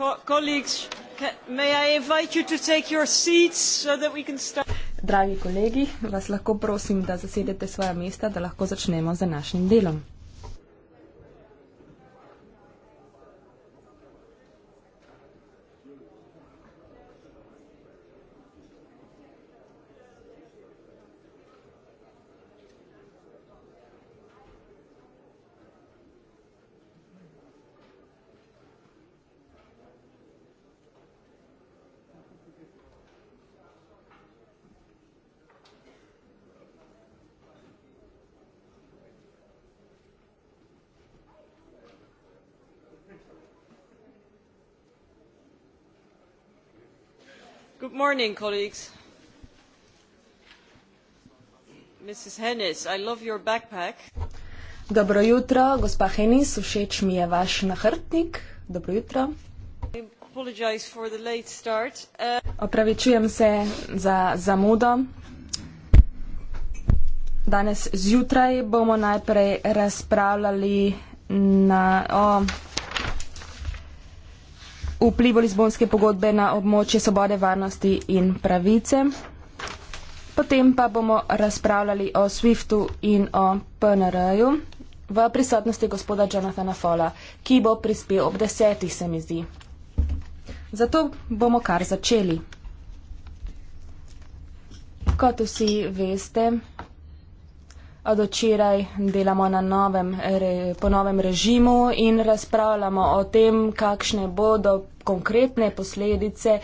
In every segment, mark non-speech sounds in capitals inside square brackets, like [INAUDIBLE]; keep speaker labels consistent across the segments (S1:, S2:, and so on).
S1: Dragi kolegi,
S2: vas lahko prosim, da zasedete svoja mesta, da lahko začnemo z današnjim delom.
S1: Good morning, colleagues. Mrs. Hennis, I love your backpack.
S2: Dobro jutro, gospa Hennis, všeč mi je vaš nahrbtnik. Dobro jutro.
S1: Apologize for the late start. Uh,
S2: Opravičujem se za zamudo. Danes zjutraj bomo najprej razpravljali na o vplivu Lizbonske pogodbe na območje svobode, varnosti in pravice. Potem pa bomo razpravljali o SWIFT-u in o PNR-ju v prisotnosti gospoda Jonathana Fola, ki bo prispel ob desetih, se mi zdi. Zato bomo kar začeli. Kot vsi veste, Od včeraj delamo na novem, re, po novem režimu in razpravljamo o tem, kakšne bodo konkretne posledice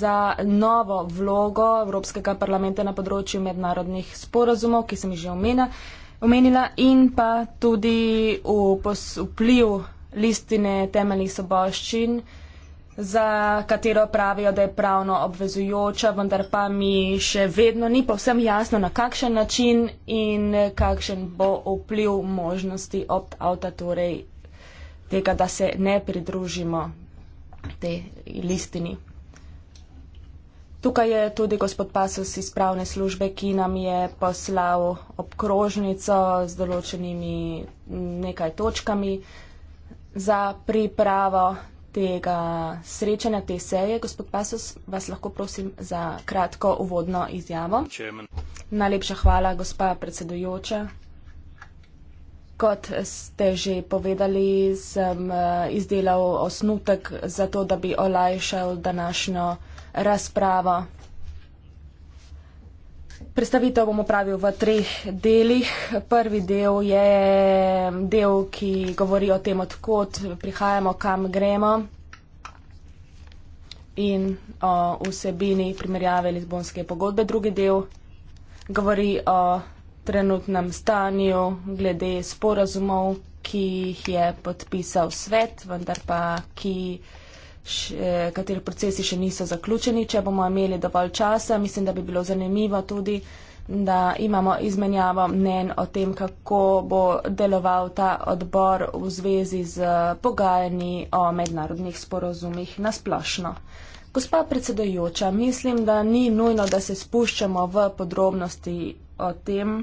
S2: za novo vlogo Evropskega parlamenta na področju mednarodnih sporazumov, ki sem jih že omenila, in pa tudi v vpliv listine temeljnih soboščin za katero pravijo, da je pravno obvezujoča, vendar pa mi še vedno ni povsem jasno, na kakšen način in kakšen bo vpliv možnosti opt-outa, torej tega, da se ne pridružimo te listini. Tukaj je tudi gospod Pasos iz pravne službe, ki nam je poslal obkrožnico z določenimi nekaj točkami za pripravo tega srečanja, te seje. Gospod Pasos, vas lahko prosim za kratko uvodno izjavo. Chairman. Najlepša hvala, gospa predsedujoča. Kot ste že povedali, sem eh, izdelal osnutek za to, da bi olajšal današnjo razpravo. Predstavitev bom opravil v treh delih. Prvi del je del, ki govori o tem, odkot prihajamo, kam gremo in o vsebini primerjave Lizbonske pogodbe. Drugi del govori o trenutnem stanju glede sporazumov, ki jih je podpisal svet, vendar pa ki še, eh, kateri procesi še niso zaključeni. Če bomo imeli dovolj časa, mislim, da bi bilo zanimivo tudi, da imamo izmenjavo mnen o tem, kako bo deloval ta odbor v zvezi z pogajanji o mednarodnih sporozumih nasplošno. Gospa predsedojoča, mislim, da ni nujno, da se spuščamo v podrobnosti o tem,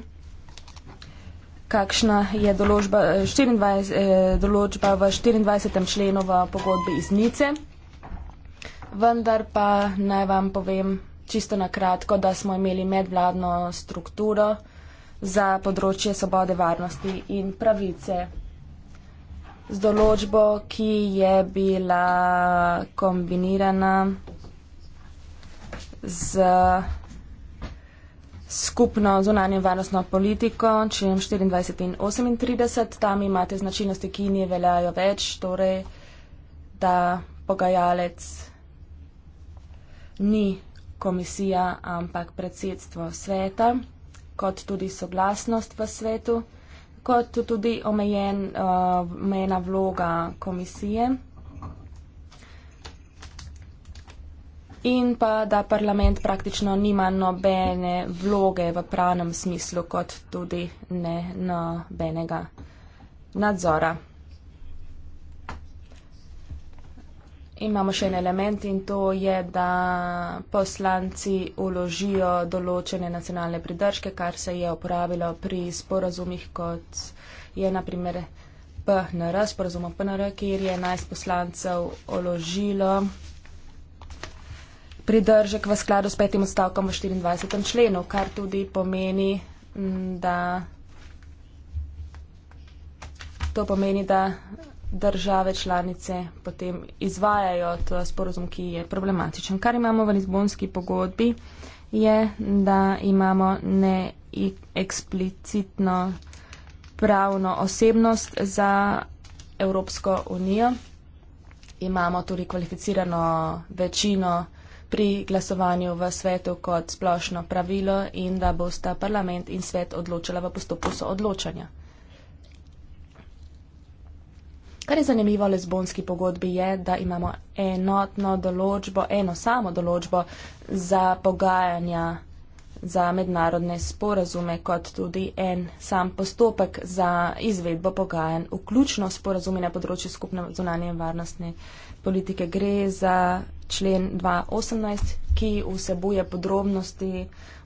S2: kakšna je določba, 24, eh, eh, določba v 24. členu v pogodbi iz Nice vendar pa naj vam povem čisto na kratko, da smo imeli medvladno strukturo za področje svobode, varnosti in pravice z določbo, ki je bila kombinirana z skupno zunanjo varnostno politiko, čim 24 in 38, tam imate značilnosti, ki ne veljajo več, torej da pogajalec ni komisija, ampak predsedstvo sveta, kot tudi soglasnost v svetu, kot tudi omejen, uh, omejena vloga komisije. In pa, da parlament praktično nima nobene vloge v pravnem smislu, kot tudi ne nobenega nadzora. Imamo še en element in to je, da poslanci uložijo določene nacionalne pridržke, kar se je uporabilo pri sporazumih, kot je naprimer PNR, sporazum o PNR, kjer je 11 poslancev uložilo pridržek v skladu s petim odstavkom v 24. členu, kar tudi pomeni, mm, da. To pomeni, da države članice potem izvajajo ta sporozum, ki je problematičen. Kar imamo v Lizbonski pogodbi, je, da imamo neeksplicitno pravno osebnost za Evropsko unijo. Imamo tudi kvalificirano večino pri glasovanju v svetu kot splošno pravilo in da bosta parlament in svet odločala v postopku soodločanja. Kar je zanimivo v lezbonski pogodbi je, da imamo enotno določbo, eno samo določbo za pogajanja za mednarodne sporazume, kot tudi en sam postopek za izvedbo pogajan, vključno sporazumi na področju skupne zunanje in varnostne politike. Gre za člen 218, ki vsebuje podrobnosti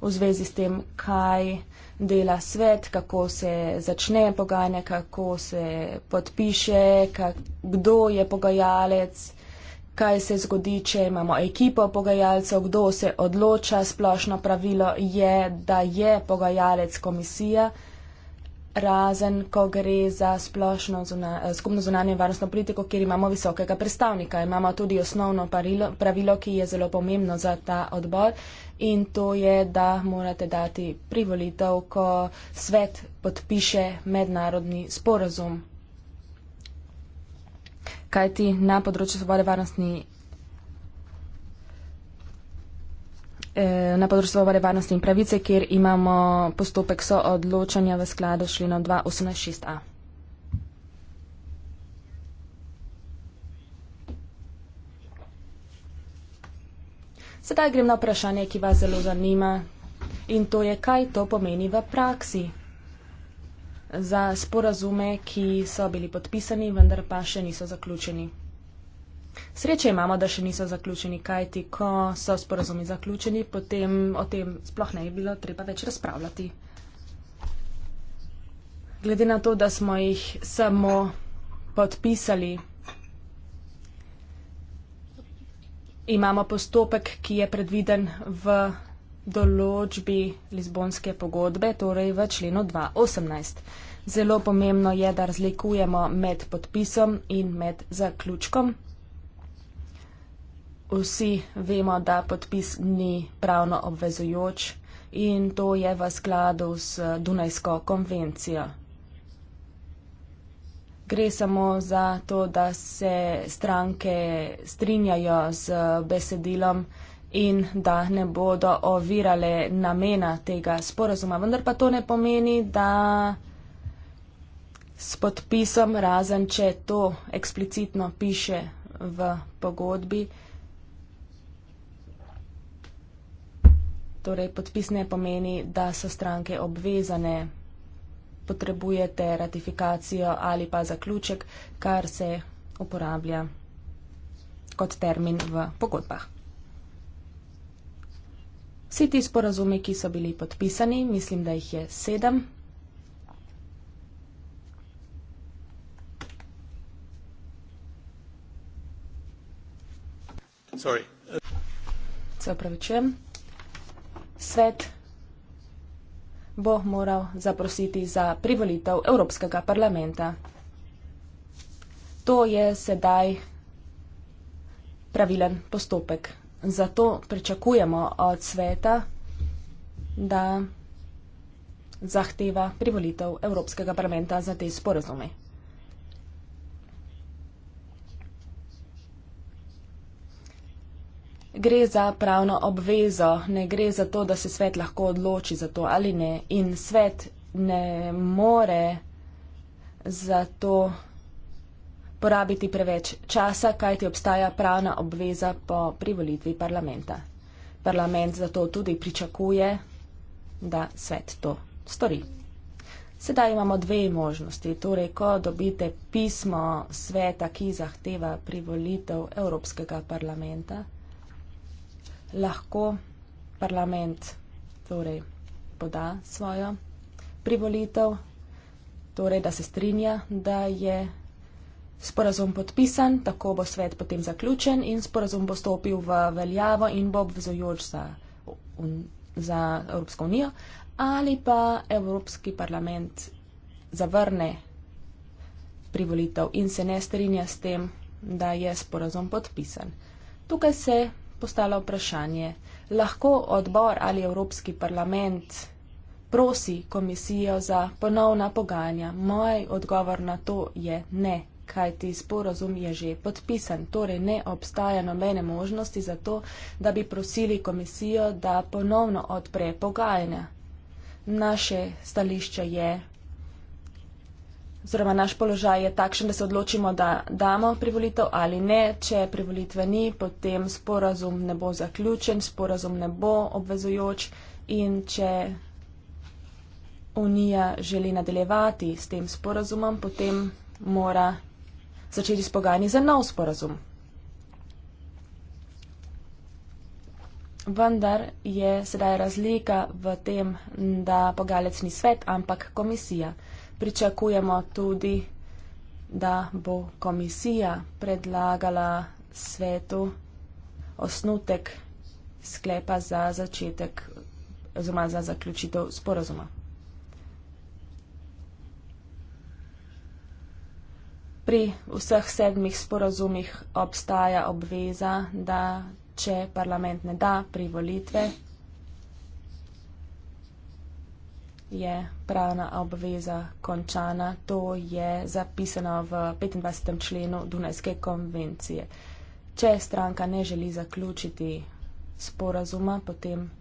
S2: v zvezi s tem, kaj dela svet, kako se začne pogajanje, kako se podpiše, kdo je pogajalec, kaj se zgodi, če imamo ekipo pogajalcev, kdo se odloča. Splošno pravilo je, da je pogajalec komisija, razen ko gre za splošno zuna, skupno zunanje varnostno politiko, kjer imamo visokega predstavnika. Imamo tudi osnovno pravilo, pravilo ki je zelo pomembno za ta odbor in to je, da morate dati privolitev, ko svet podpiše mednarodni sporazum. Kaj ti na področju svobode varnosti? Eh, na področju svobode varnosti in pravice, kjer imamo postopek soodločanja v skladu s členom 286a. Sedaj grem na vprašanje, ki vas zelo zanima. In to je, kaj to pomeni v praksi za sporazume, ki so bili podpisani, vendar pa še niso zaključeni. Sreče imamo, da še niso zaključeni, kajti ko so sporazumi zaključeni, potem o tem sploh ne bi bilo treba več razpravljati. Glede na to, da smo jih samo podpisali. imamo postopek, ki je predviden v določbi Lizbonske pogodbe, torej v členu 218. Zelo pomembno je, da razlikujemo med podpisom in med zaključkom. Vsi vemo, da podpis ni pravno obvezujoč in to je v skladu s Dunajsko konvencijo gre samo za to, da se stranke strinjajo z besedilom in da ne bodo ovirale namena tega sporozuma. Vendar pa to ne pomeni, da s podpisom, razen če to eksplicitno piše v pogodbi, torej podpis ne pomeni, da so stranke obvezane potrebujete ratifikacijo ali pa zaključek, kar se uporablja kot termin v pogodbah. Vsi ti sporazumi, ki so bili podpisani, mislim, da jih je sedem. Sorry. Se opravičujem. Svet bo moral zaprositi za privolitev Evropskega parlamenta. To je sedaj pravilen postopek. Zato pričakujemo od sveta, da zahteva privolitev Evropskega parlamenta za te sporozume. gre za pravno obvezo, ne gre za to, da se svet lahko odloči za to ali ne. In svet ne more za to porabiti preveč časa, kajti obstaja pravna obveza po privolitvi parlamenta. Parlament zato tudi pričakuje, da svet to stori. Sedaj imamo dve možnosti. Torej, ko dobite pismo sveta, ki zahteva privolitev Evropskega parlamenta, lahko parlament torej poda svojo privolitev, torej da se strinja, da je sporazum podpisan, tako bo svet potem zaključen in sporazum bo stopil v veljavo in bo obvezujoč za, za Evropsko unijo, ali pa Evropski parlament zavrne privolitev in se ne strinja s tem, da je sporazum podpisan. Tukaj se postala vprašanje, lahko odbor ali Evropski parlament prosi komisijo za ponovna pogajanja. Moj odgovor na to je ne, kajti sporozum je že podpisan, torej ne obstaja nobene možnosti za to, da bi prosili komisijo, da ponovno odpre pogajanja. Naše stališče je, oziroma naš položaj je takšen, da se odločimo, da damo privolitev ali ne. Če privolitve ni, potem sporazum ne bo zaključen, sporazum ne bo obvezujoč in če Unija želi nadaljevati s tem sporazumom, potem mora začeti s pogajanji za nov sporazum. Vendar je sedaj razlika v tem, da pogajalec ni svet, ampak komisija pričakujemo tudi, da bo komisija predlagala svetu osnutek sklepa za začetek oziroma za zaključitev sporozuma. Pri vseh sedmih sporozumih obstaja obveza, da če parlament ne da privolitve, je pravna obveza končana. To je zapisano v 25. členu Dunajske konvencije. Če stranka ne želi zaključiti sporazuma, potem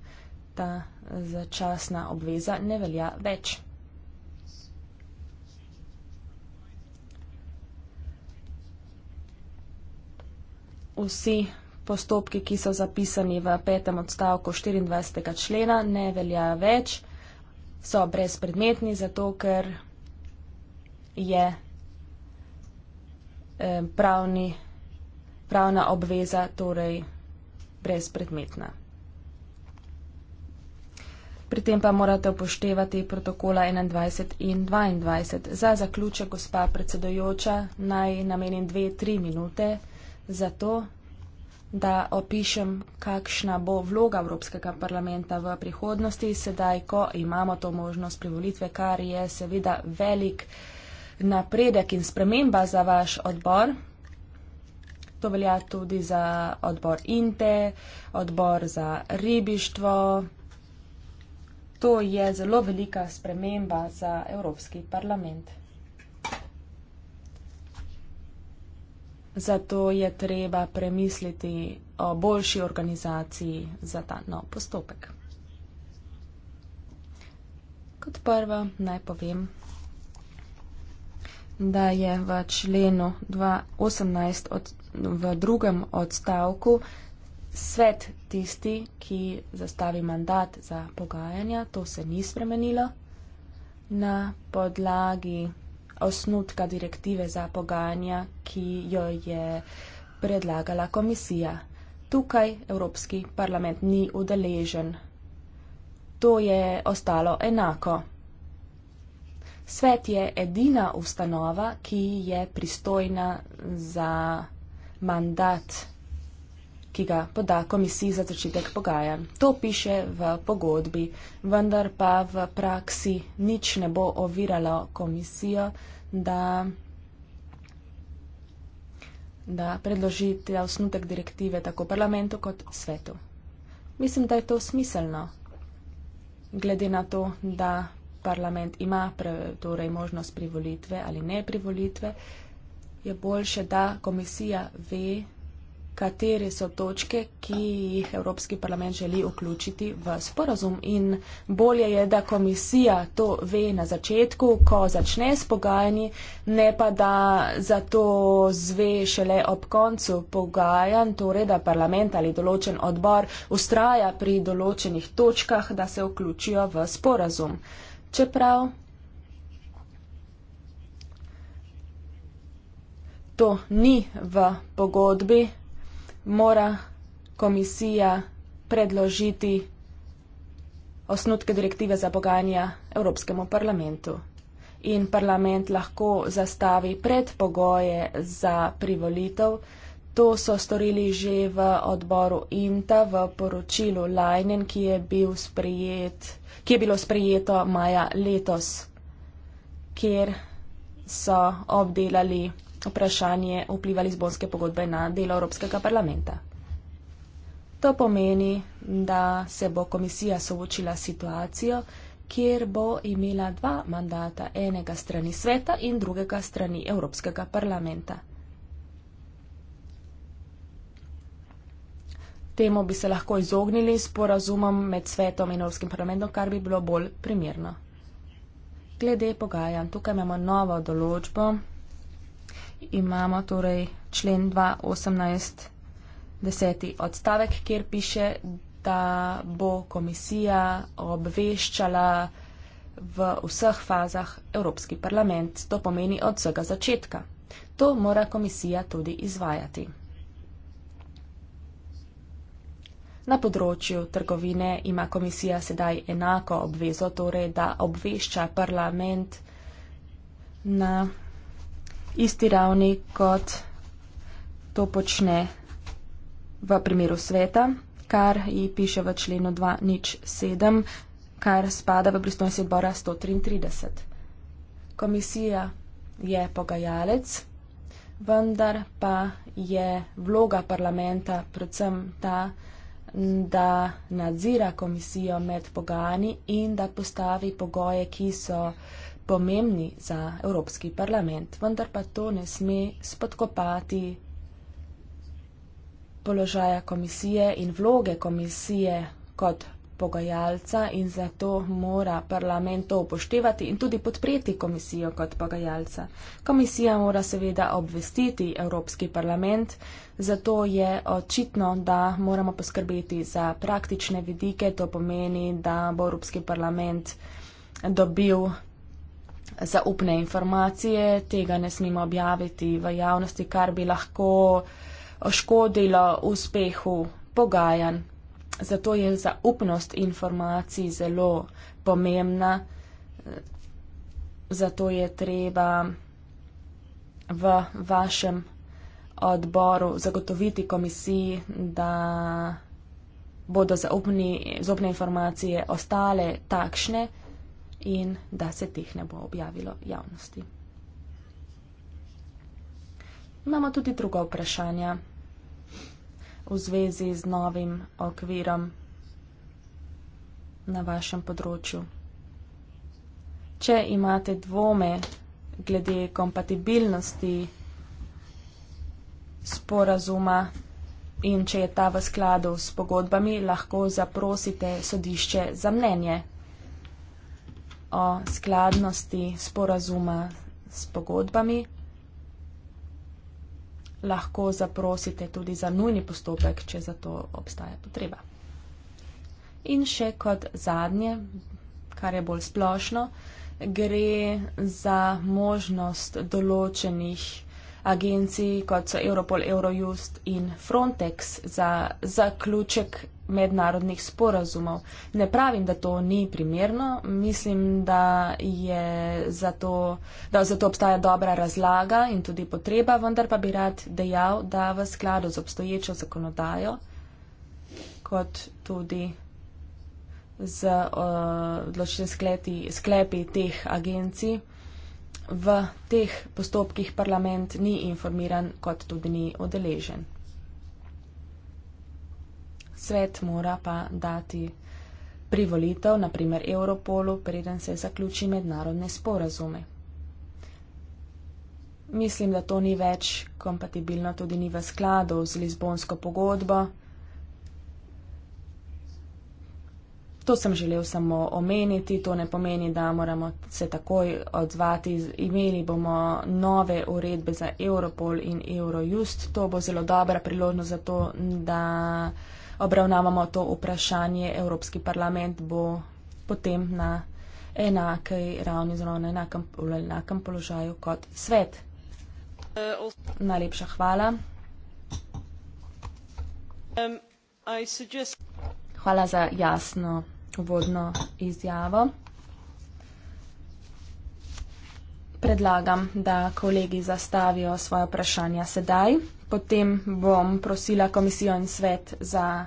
S2: ta začasna obveza ne velja več. Vsi postopki, ki so zapisani v petem odstavku 24. člena, ne veljajo več so brezpredmetni, zato ker je eh, pravni, pravna obveza torej brezpredmetna. Pri tem pa morate upoštevati protokola 21 in 22. Za zaključek, gospa predsedojoča, naj namenim dve, tri minute za to, da opišem, kakšna bo vloga Evropskega parlamenta v prihodnosti, sedaj, ko imamo to možnost privolitve, kar je seveda velik napredek in sprememba za vaš odbor. To velja tudi za odbor INTE, odbor za ribištvo. To je zelo velika sprememba za Evropski parlament. Zato je treba premisliti o boljši organizaciji za ta nov postopek. Kot prvo naj povem, da je v členu 218 od, v drugem odstavku svet tisti, ki zastavi mandat za pogajanja. To se ni spremenilo. Na podlagi osnutka direktive za pogajanja, ki jo je predlagala komisija. Tukaj Evropski parlament ni udeležen. To je ostalo enako. Svet je edina ustanova, ki je pristojna za mandat ki ga poda komisiji za začetek pogajanj. To piše v pogodbi, vendar pa v praksi nič ne bo oviralo komisijo, da, da predloži ta osnutek direktive tako parlamentu kot svetu. Mislim, da je to smiselno, glede na to, da parlament ima pre, torej možnost privolitve ali ne privolitve, je boljše, da komisija ve, katere so točke, ki jih Evropski parlament želi vključiti v sporazum. In bolje je, da komisija to ve na začetku, ko začne s pogajanji, ne pa da za to zve šele ob koncu pogajanj, torej da parlament ali določen odbor ustraja pri določenih točkah, da se vključijo v sporazum. Čeprav to ni v pogodbi, mora komisija predložiti osnutke direktive za pogajanja Evropskemu parlamentu. In parlament lahko zastavi predpogoje za privolitev. To so storili že v odboru INTA v poročilu Lajnen, ki je, bil sprejet, ki je bilo sprejeto maja letos, kjer so obdelali vprašanje vpliva Lizbonske pogodbe na delo Evropskega parlamenta. To pomeni, da se bo komisija soočila s situacijo, kjer bo imela dva mandata, enega strani sveta in drugega strani Evropskega parlamenta. Temu bi se lahko izognili s porazumom med svetom in Evropskim parlamentom, kar bi bilo bolj primerno. Glede pogajanj, tukaj imamo novo določbo, imamo torej člen 2.18.10. odstavek, kjer piše, da bo komisija obveščala v vseh fazah Evropski parlament. To pomeni od vsega začetka. To mora komisija tudi izvajati. Na področju trgovine ima komisija sedaj enako obvezo, torej da obvešča parlament na isti ravni, kot to počne v primeru sveta, kar ji piše v členu 2.07, kar spada v pristojnost odbora 133. Komisija je pogajalec, vendar pa je vloga parlamenta predvsem ta, da nadzira komisijo med pogajanji in da postavi pogoje, ki so uh, pomembni za Evropski parlament, vendar pa to ne sme spodkopati položaja komisije in vloge komisije kot pogajalca in zato mora parlament to upoštevati in tudi podpreti komisijo kot pogajalca. Komisija mora seveda obvestiti Evropski parlament, zato je očitno, da moramo poskrbeti za praktične vidike, to pomeni, da bo Evropski parlament dobil zaupne informacije, tega ne smemo objaviti v javnosti, kar bi lahko škodilo uspehu pogajan. Zato je zaupnost informacij zelo pomembna, zato je treba v vašem odboru zagotoviti komisiji, da bodo zaupni, zaupne informacije ostale takšne, in da se teh ne bo objavilo javnosti. Imamo tudi druga vprašanja v zvezi z novim okvirom na vašem področju. Če imate dvome glede kompatibilnosti sporazuma in če je ta v skladu s pogodbami, lahko zaprosite sodišče za mnenje o skladnosti sporazuma s pogodbami. Lahko zaprosite tudi za nujni postopek, če za to obstaja potreba. In še kot zadnje, kar je bolj splošno, gre za možnost določenih agencij, kot so Europol, Eurojust in Frontex, za zaključek mednarodnih sporazumov. Ne pravim, da to ni primerno, mislim, da, zato, da zato obstaja dobra razlaga in tudi potreba, vendar pa bi rad dejal, da v skladu z obstoječo zakonodajo, kot tudi z eh, odločenimi sklepi, sklepi teh agencij, v teh postopkih parlament ni informiran, kot tudi ni odeležen svet mora pa dati privolitev, naprimer Europolu, preden se zaključi mednarodne sporazume. Mislim, da to ni več kompatibilno, tudi ni v skladu z Lizbonsko pogodbo. To sem želel samo omeniti, to ne pomeni, da moramo se takoj odzvati. Imeli bomo nove uredbe za Europol in Eurojust. To bo zelo dobra priložnost za to, da obravnavamo to vprašanje, Evropski parlament bo potem na enakej ravni, zelo na enakem, enakem položaju kot svet. Najlepša hvala. Um, hvala za jasno uvodno izjavo. Predlagam, da kolegi zastavijo svoje vprašanja sedaj potem bom prosila komisijo in svet za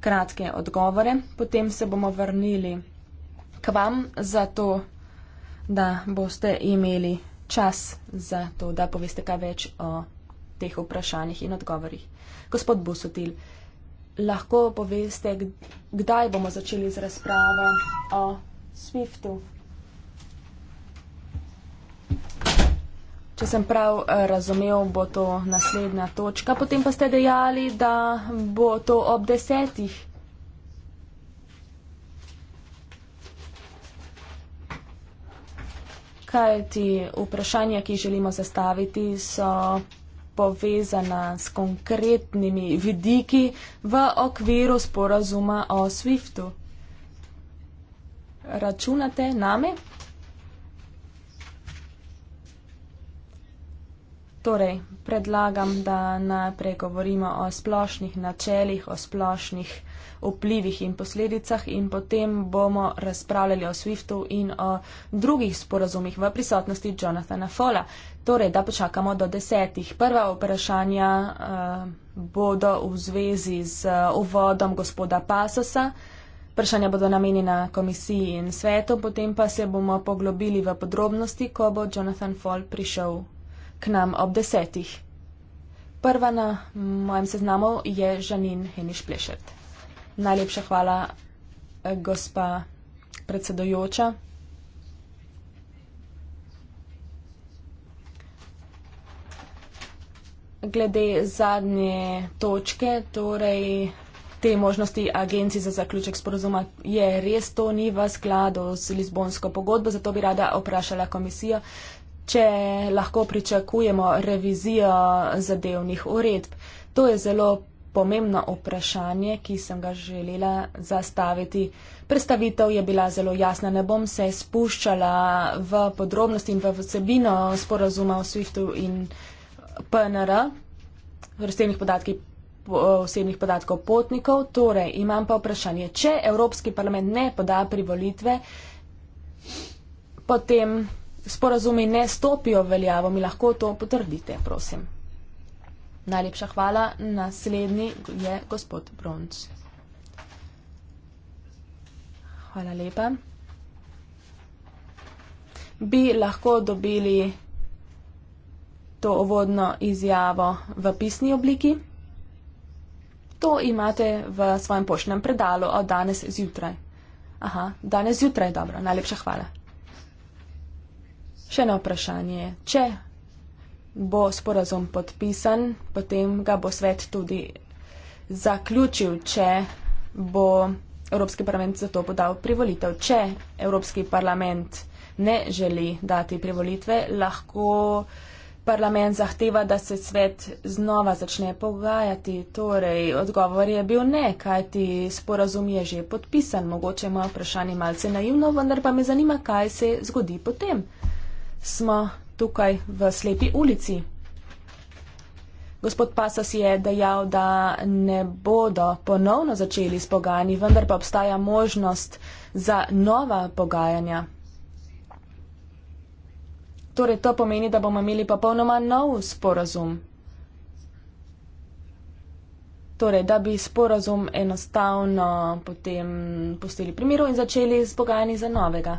S2: kratke odgovore, potem se bomo vrnili k vam, zato da boste imeli čas za to, da poveste kaj več o teh vprašanjih in odgovorih. Gospod Busutil, lahko poveste, kdaj bomo začeli z razpravo o Swiftu? Če sem prav eh, razumel, bo to naslednja točka. Potem pa ste dejali, da bo to ob desetih. Kaj ti vprašanja, ki želimo zastaviti, so povezana s konkretnimi vidiki v okviru sporazuma o SWIFT-u. Računate name? Torej, predlagam, da najprej govorimo o splošnih načelih, o splošnih vplivih in posledicah in potem bomo razpravljali o SWIFT-u in o drugih sporazumih v prisotnosti Jonathana Fola. Torej, da počakamo do desetih. Prva vprašanja uh, bodo v zvezi z eh, uvodom gospoda Pasosa. Vprašanja bodo namenjena komisiji in svetu, potem pa se bomo poglobili v podrobnosti, ko bo Jonathan Fall prišel k nam ob desetih. Prva na mojem seznamu je Žanin Heniš Plešet. Najlepša hvala, eh, gospa predsedojoča. Glede zadnje točke, torej te možnosti agencij za zaključek sporozuma, je res to ni v skladu z Lizbonsko pogodbo, zato bi rada vprašala komisijo, če lahko pričakujemo revizijo zadevnih uredb. To je zelo pomembno vprašanje, ki sem ga želela zastaviti. Predstavitev je bila zelo jasna. Ne bom se spuščala v podrobnosti in v vsebino sporazuma o SWIFT-u in PNR, vrstevnih podatkih osebnih podatkov potnikov. Torej, imam pa vprašanje, če Evropski parlament ne poda privolitve, potem sporazumi ne stopijo veljavo, mi lahko to potrdite, prosim. Najlepša hvala. Naslednji je gospod Bronc. Hvala lepa. Bi lahko dobili to ovodno izjavo v pisni obliki? To imate v svojem poštnem predalu od danes zjutraj. Aha, danes zjutraj, dobro. Najlepša hvala. Še eno vprašanje. Če bo sporazum podpisan, potem ga bo svet tudi zaključil, če bo Evropski parlament za to podal privolitev. Če Evropski parlament ne želi dati privolitve, lahko parlament zahteva, da se svet znova začne pogajati. Torej, odgovor je bil ne, kajti sporazum je že podpisan. Mogoče ima vprašanje malce naivno, vendar pa me zanima, kaj se zgodi potem smo tukaj v slepi ulici. Gospod Pasas je dejal, da ne bodo ponovno začeli s pogajanji, vendar pa obstaja možnost za nova pogajanja. Torej, to pomeni, da bomo imeli popolnoma nov sporazum. Torej, da bi sporazum enostavno potem pustili primiru in začeli s pogajanji za novega.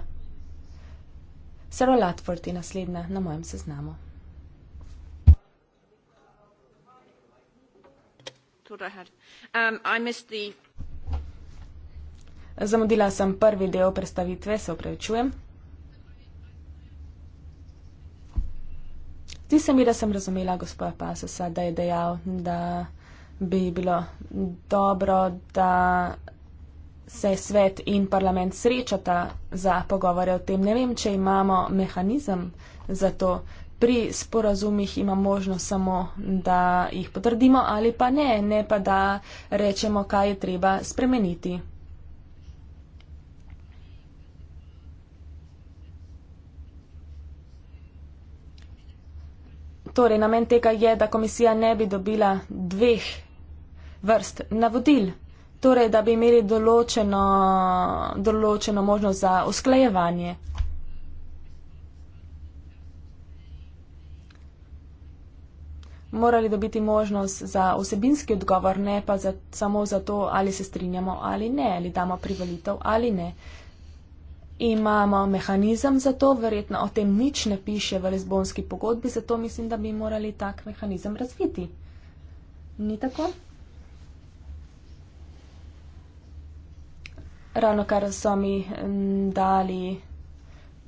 S2: Sarah Latford je naslednja na mojem seznamu.
S1: Um,
S2: Zamudila sem prvi del predstavitve, se opravičujem. Zdi se mi, da sem razumela gospoda Passausa, da je dejal, da bi bilo dobro, da se svet in parlament srečata za pogovore o tem. Ne vem, če imamo mehanizem za to. Pri sporazumih ima možnost samo, da jih potrdimo ali pa ne, ne pa da rečemo, kaj je treba spremeniti. Torej, namen tega je, da komisija ne bi dobila dveh vrst navodil torej, da bi imeli določeno, določeno možnost za usklajevanje. Morali dobiti možnost za osebinski odgovor, ne pa za, samo za to, ali se strinjamo ali ne, ali damo privolitev ali ne. Imamo mehanizem za to, verjetno o tem nič ne piše v lezbonski pogodbi, zato mislim, da bi morali tak mehanizem razviti. Ni tako? Ravno kar so mi mm, dali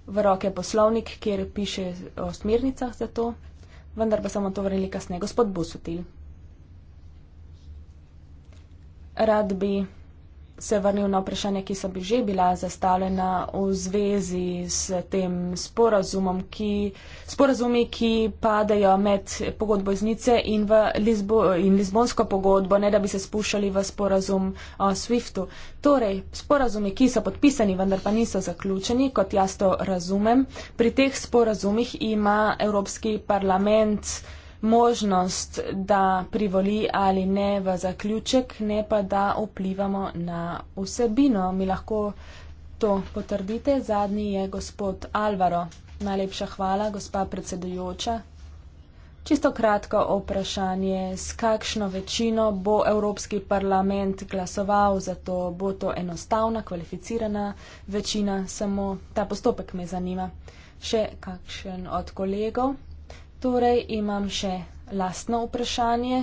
S2: v roke poslovnik, kjer piše o smernicah za to, vendar pa samo to vrnili kasneje. Gospod Busutil. Rad bi se vrnil na vprašanje, ki so bi že bila zastavljena v zvezi s tem sporazumom, ki, sporazumi, ki padajo med pogodbo iz Nice in, Lizbo, in Lizbonsko pogodbo, ne da bi se spuščali v sporazum o SWIFT-u. Torej, sporazumi, ki so podpisani, vendar pa niso zaključeni, kot jaz to razumem, pri teh sporazumih ima Evropski parlament možnost, da privoli ali ne v zaključek, ne pa da vplivamo na vsebino. Mi lahko to potrdite. Zadnji je gospod Alvaro. Najlepša hvala, gospa predsedujoča. Čisto kratko vprašanje, s kakšno večino bo Evropski parlament glasoval, zato bo to enostavna, kvalificirana večina, samo ta postopek me zanima. Še kakšen od kolegov? Torej imam še lastno vprašanje,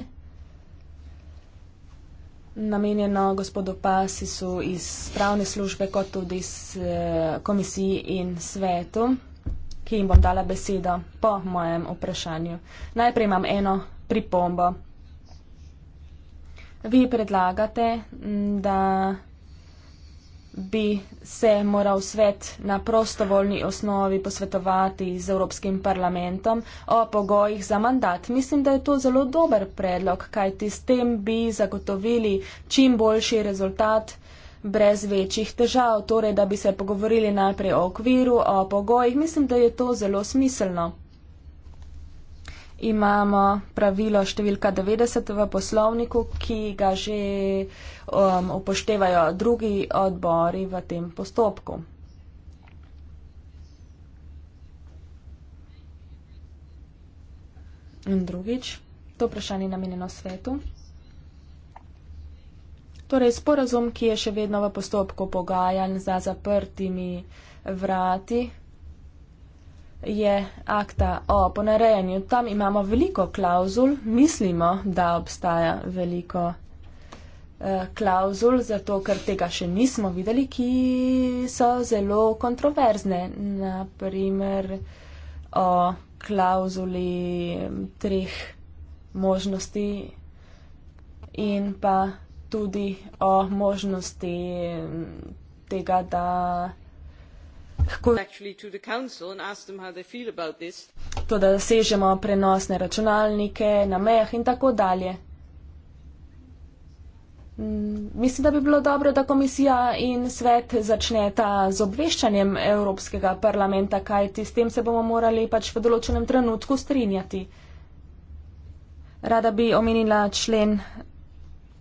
S2: namenjeno gospodu Pasisu iz pravne službe, kot tudi s eh, komisiji in svetu, ki jim bom dala besedo po mojem vprašanju. Najprej imam eno pripombo. Vi predlagate, da bi se moral svet na prostovoljni osnovi posvetovati z Evropskim parlamentom o pogojih za mandat. Mislim, da je to zelo dober predlog, kajti s tem bi zagotovili čim boljši rezultat brez večjih težav, torej da bi se pogovorili najprej o okviru, o pogojih. Mislim, da je to zelo smiselno imamo pravilo številka 90 v poslovniku, ki ga že um, upoštevajo drugi odbori v tem postopku. In drugič, to vprašanje je namenjeno svetu. Torej, sporazum, ki je še vedno v postopku pogajanj za zaprtimi vrati, je akta o ponarejanju. Tam imamo veliko klauzul, mislimo, da obstaja veliko eh, klauzul, zato ker tega še nismo videli, ki so zelo kontroverzne. Naprimer o klauzuli mm, treh možnosti in pa tudi o možnosti mm, tega, da To, da dosežemo prenosne računalnike na mejah in tako dalje. Mm, mislim, da bi bilo dobro, da komisija in svet začneta z obveščanjem Evropskega parlamenta, kajti s tem se bomo morali pač v določenem trenutku strinjati. Rada bi omenila člen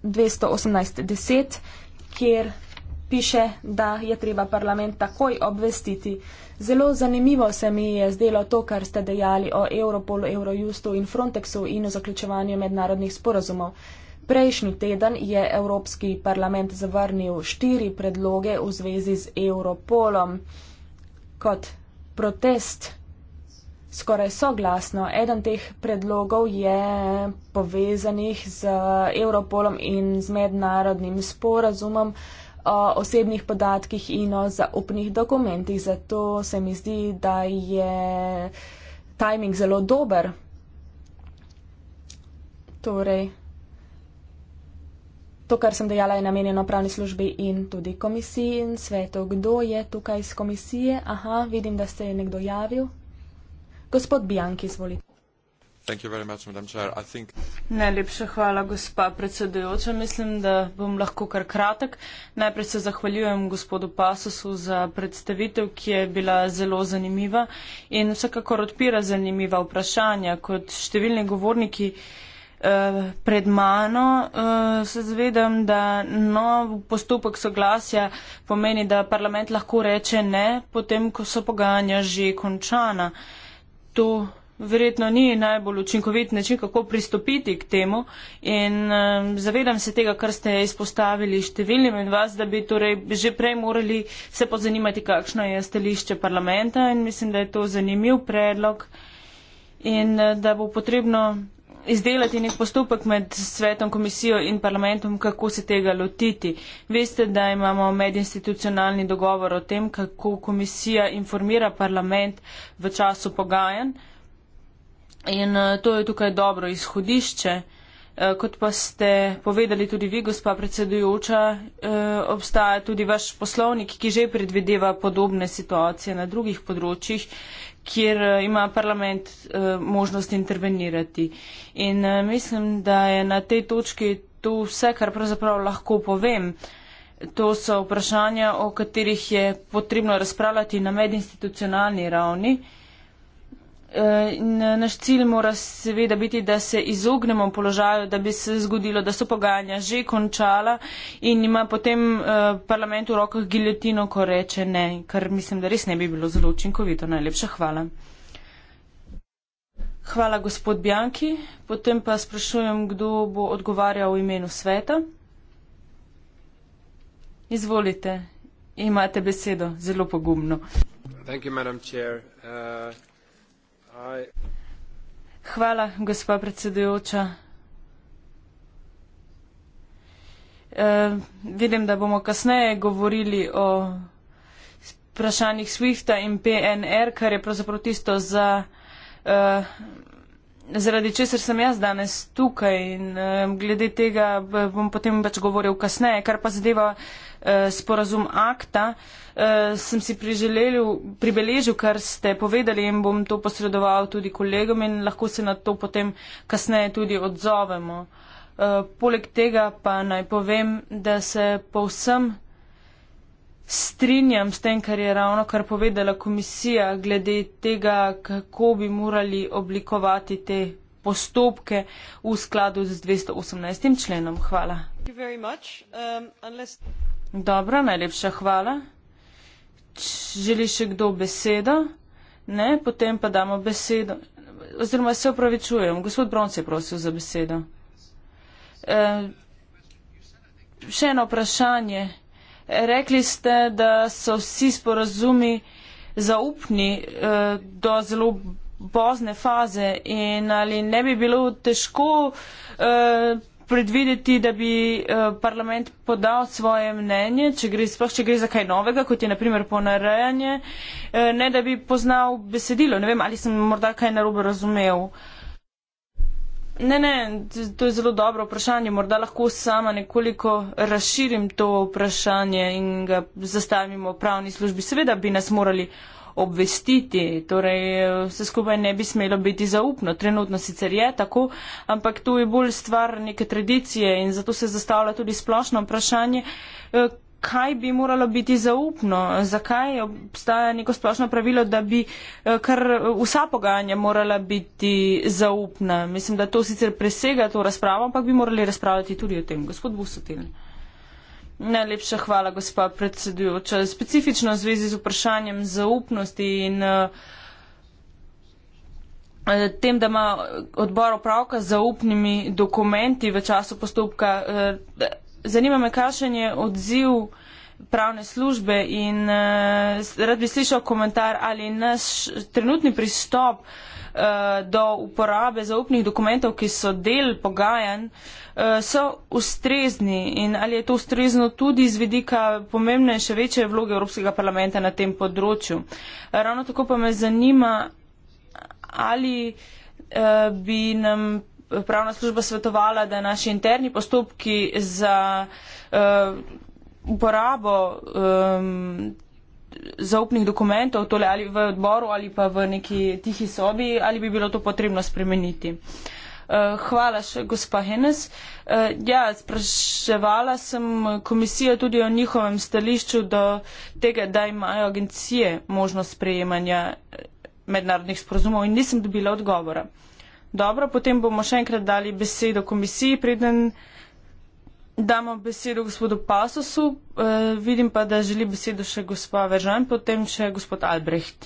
S2: 218.10, kjer piše, da je treba parlament takoj obvestiti. Zelo zanimivo se mi je zdelo to, kar ste dejali o Europolu, Eurojustu in Frontexu in o zaključevanju mednarodnih sporazumov. Prejšnji teden je Evropski parlament zavrnil štiri predloge v zvezi z Europolom kot protest. Skoraj soglasno, eden teh predlogov je povezanih z Europolom in z mednarodnim sporazumom, o osebnih podatkih in o zaupnih dokumentih. Zato se mi zdi, da je timing zelo dober. Torej, to, kar sem dejala, je namenjeno pravni službi in tudi komisiji in svetu. Kdo je tukaj iz komisije? Aha, vidim, da se je nekdo javil. Gospod Bianchi, izvolite.
S1: Najlepša hvala, gospa predsedujoča. Mislim, da bom lahko kar kratek. Najprej se zahvaljujem gospodu Pasosu za predstavitev, ki je bila zelo zanimiva in vsekakor odpira zanimiva vprašanja. Kot številni govorniki eh, pred mano eh, se zvedam, da nov postopek soglasja pomeni, da parlament lahko reče ne, potem, ko so pogajanja že končana. To verjetno ni najbolj učinkovit način, kako pristopiti k temu. In um, zavedam se tega, kar ste izpostavili številnim in vas, da bi torej že prej morali se pozanimati, kakšno je stališče parlamenta in mislim, da je to zanimiv predlog in uh, da bo potrebno izdelati nek postopek med svetom, komisijo in parlamentom, kako se tega lotiti. Veste, da imamo medinstitucionalni dogovor o tem, kako komisija informira parlament v času pogajanj. In eh, to je tukaj dobro izhodišče. Eh, kot pa ste povedali tudi vi, gospa predsedujoča, eh, obstaja tudi vaš poslovnik, ki že predvideva podobne situacije na drugih področjih, kjer ima parlament možnost intervenirati. In mislim, da je na tej točki to vse, kar pravzaprav lahko povem. To so vprašanja, o katerih je potrebno razpravljati na medinstitucionalni ravni. In eh, naš cilj mora seveda biti, da se izognemo položaju, da bi se zgodilo, da so pogajanja že končala in ima potem eh, parlament v rokah giljotino, ko reče ne, kar mislim, da res ne bi bilo zelo učinkovito. Najlepša hvala. Hvala, gospod Bjanki. Potem pa sprašujem, kdo bo odgovarjal v imenu sveta. Izvolite, imate besedo, zelo pogumno.
S3: Hvala, gospod Bjanki.
S1: Hvala, gospa predsedujoča. Uh, vidim, da bomo kasneje govorili o vprašanjih SWIFT-a in PNR, kar je pravzaprav tisto za uh, zaradi česar sem jaz danes tukaj in glede tega eh, bom potem pač govoril kasneje, kar pa zadeva eh, sporazum akta, eh, sem si priželelil, pribeležil, kar ste povedali in bom to posredoval tudi kolegom in lahko se na to potem kasneje tudi odzovemo. Poleg tega pa naj povem, da se povsem strinjam s tem, kar je ravno kar povedala komisija glede tega, kako bi morali oblikovati te postopke v skladu z 218. členom. Hvala. Um, unless... Dobro, najlepša hvala. Želi še kdo besedo? Ne, potem pa damo besedo. Oziroma se opravičujem. Gospod Bronc je prosil za besedo. Um, še eno vprašanje. Rekli ste, da so vsi sporazumi zaupni eh, do zelo pozne faze in ali ne bi bilo težko eh, predvideti, da bi eh, parlament podal svoje mnenje, če gre, sploh če gre za kaj novega, kot je naprimer ponarejanje, ne da bi poznal besedilo. Ne vem, ali sem morda kaj narobe razumel. Ne, ne, to je zelo dobro vprašanje. Morda lahko sama nekoliko razširim to vprašanje in ga zastavimo pravni službi. Seveda bi nas morali obvestiti, torej vse skupaj ne bi smelo biti zaupno. Trenutno sicer je tako, ampak to je bolj stvar neke tradicije in zato se zastavlja tudi splošno vprašanje, kaj bi moralo biti zaupno, zakaj obstaja neko splošno pravilo, da bi eh, kar vsa pogajanja morala biti zaupna. Mislim, da to sicer presega to razpravo, ampak bi morali razpravljati tudi o tem, gospod Busotil. Najlepša hvala, gospa predsedujoča. Specifično v zvezi z vprašanjem zaupnosti in eh, tem, da ima odbor opravka z zaupnimi dokumenti v času postopka, eh, Zanima me, kakšen je odziv pravne službe in uh, rad bi slišal komentar, ali naš trenutni pristop uh, do uporabe zaupnih dokumentov, ki so del pogajanj, uh, so ustrezni in ali je to ustrezno tudi z vidika pomembne in še večje vloge Evropskega parlamenta na tem področju. Uh, ravno tako pa me zanima, ali uh, bi nam pravna služba svetovala, da naši interni postopki za uh, uporabo um, zaupnih dokumentov, tole ali v odboru ali pa v neki tihi sobi, ali bi bilo to potrebno spremeniti. Eh, hvala še, gospa Henes. Ja, spraševala sem komisijo tudi o njihovem stališču do tega, da imajo agencije možnost sprejemanja mednarodnih sporozumov in nisem dobila odgovora. Dobro, potem bomo še enkrat dali besedo komisiji, preden damo besedo gospodu Pasosu. E, eh, vidim pa, da želi besedo še gospa Veržan, potem še gospod Albrecht.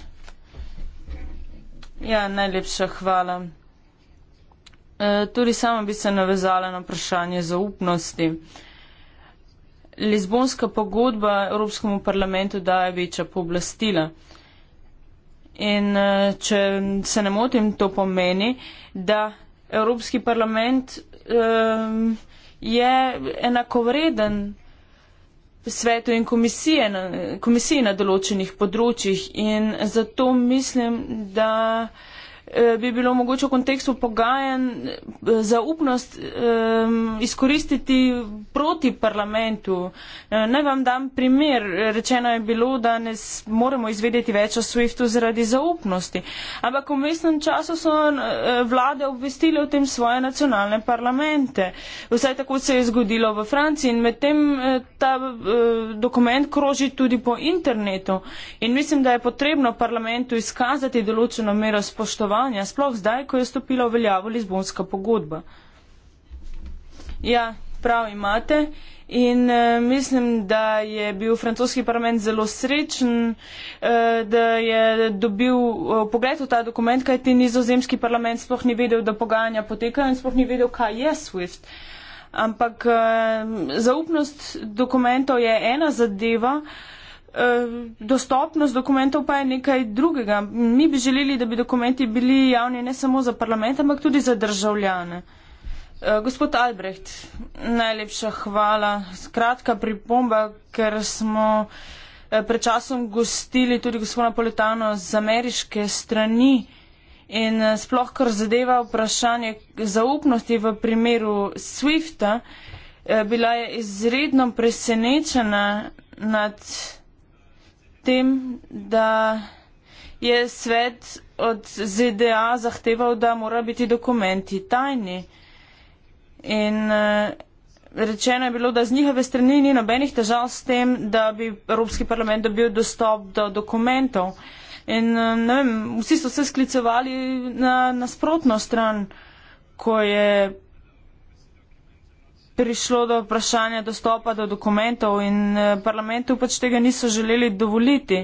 S1: Ja, najlepša hvala. E, tudi sama bi se navezala na vprašanje zaupnosti. Lizbonska pogodba Evropskemu parlamentu daje večja pooblastila. In eh, če se ne motim, to pomeni, da Evropski parlament um, je enakovreden svetu in komisije, komisiji na določenih področjih. In zato mislim, da. Eh, bi bilo mogoče v kontekstu pogajanj eh, zaupnost um, izkoristiti proti parlamentu. Naj vam dam primer. Rečeno je bilo, da ne moremo izvedeti več o SWIFT-u zaradi zaupnosti. Ampak v mestnem času so vlade obvestile o tem svoje nacionalne parlamente. Vse tako se je zgodilo v Franciji in medtem ta dokument kroži tudi po internetu. In mislim, da je potrebno parlamentu izkazati določeno mero spoštovanja delovanja, sploh zdaj, ko je stopila v veljavo Lizbonska pogodba. Ja, prav imate. In e, mislim, da je bil francoski parlament zelo srečen, e, da je dobil e, pogled v ta dokument, kajti nizozemski parlament sploh ni vedel, da pogajanja potekajo in sploh ni vedel, kaj je SWIFT. Ampak e, zaupnost dokumentov je ena zadeva. E, Eh, dostopnost dokumentov pa je nekaj drugega. Mi bi želeli, da bi dokumenti bili javni ne samo za parlament, ampak tudi za državljane. Eh, gospod Albrecht, najlepša hvala. Skratka pripomba, ker smo eh, pred časom gostili tudi gospoda Poletano z ameriške strani in sploh kar zadeva vprašanje zaupnosti v primeru Swifta, bila je izredno presenečena nad tem, da je svet od ZDA zahteval, da mora biti dokumenti tajni. In eh, rečeno je bilo, da z njihove strani ni nobenih težav s tem, da bi Evropski parlament dobil dostop do dokumentov. In eh, ne vem, vsi so se sklicovali na nasprotno stran, ko je prišlo do vprašanja dostopa do dokumentov in eh, parlamentu pač tega niso želeli dovoliti.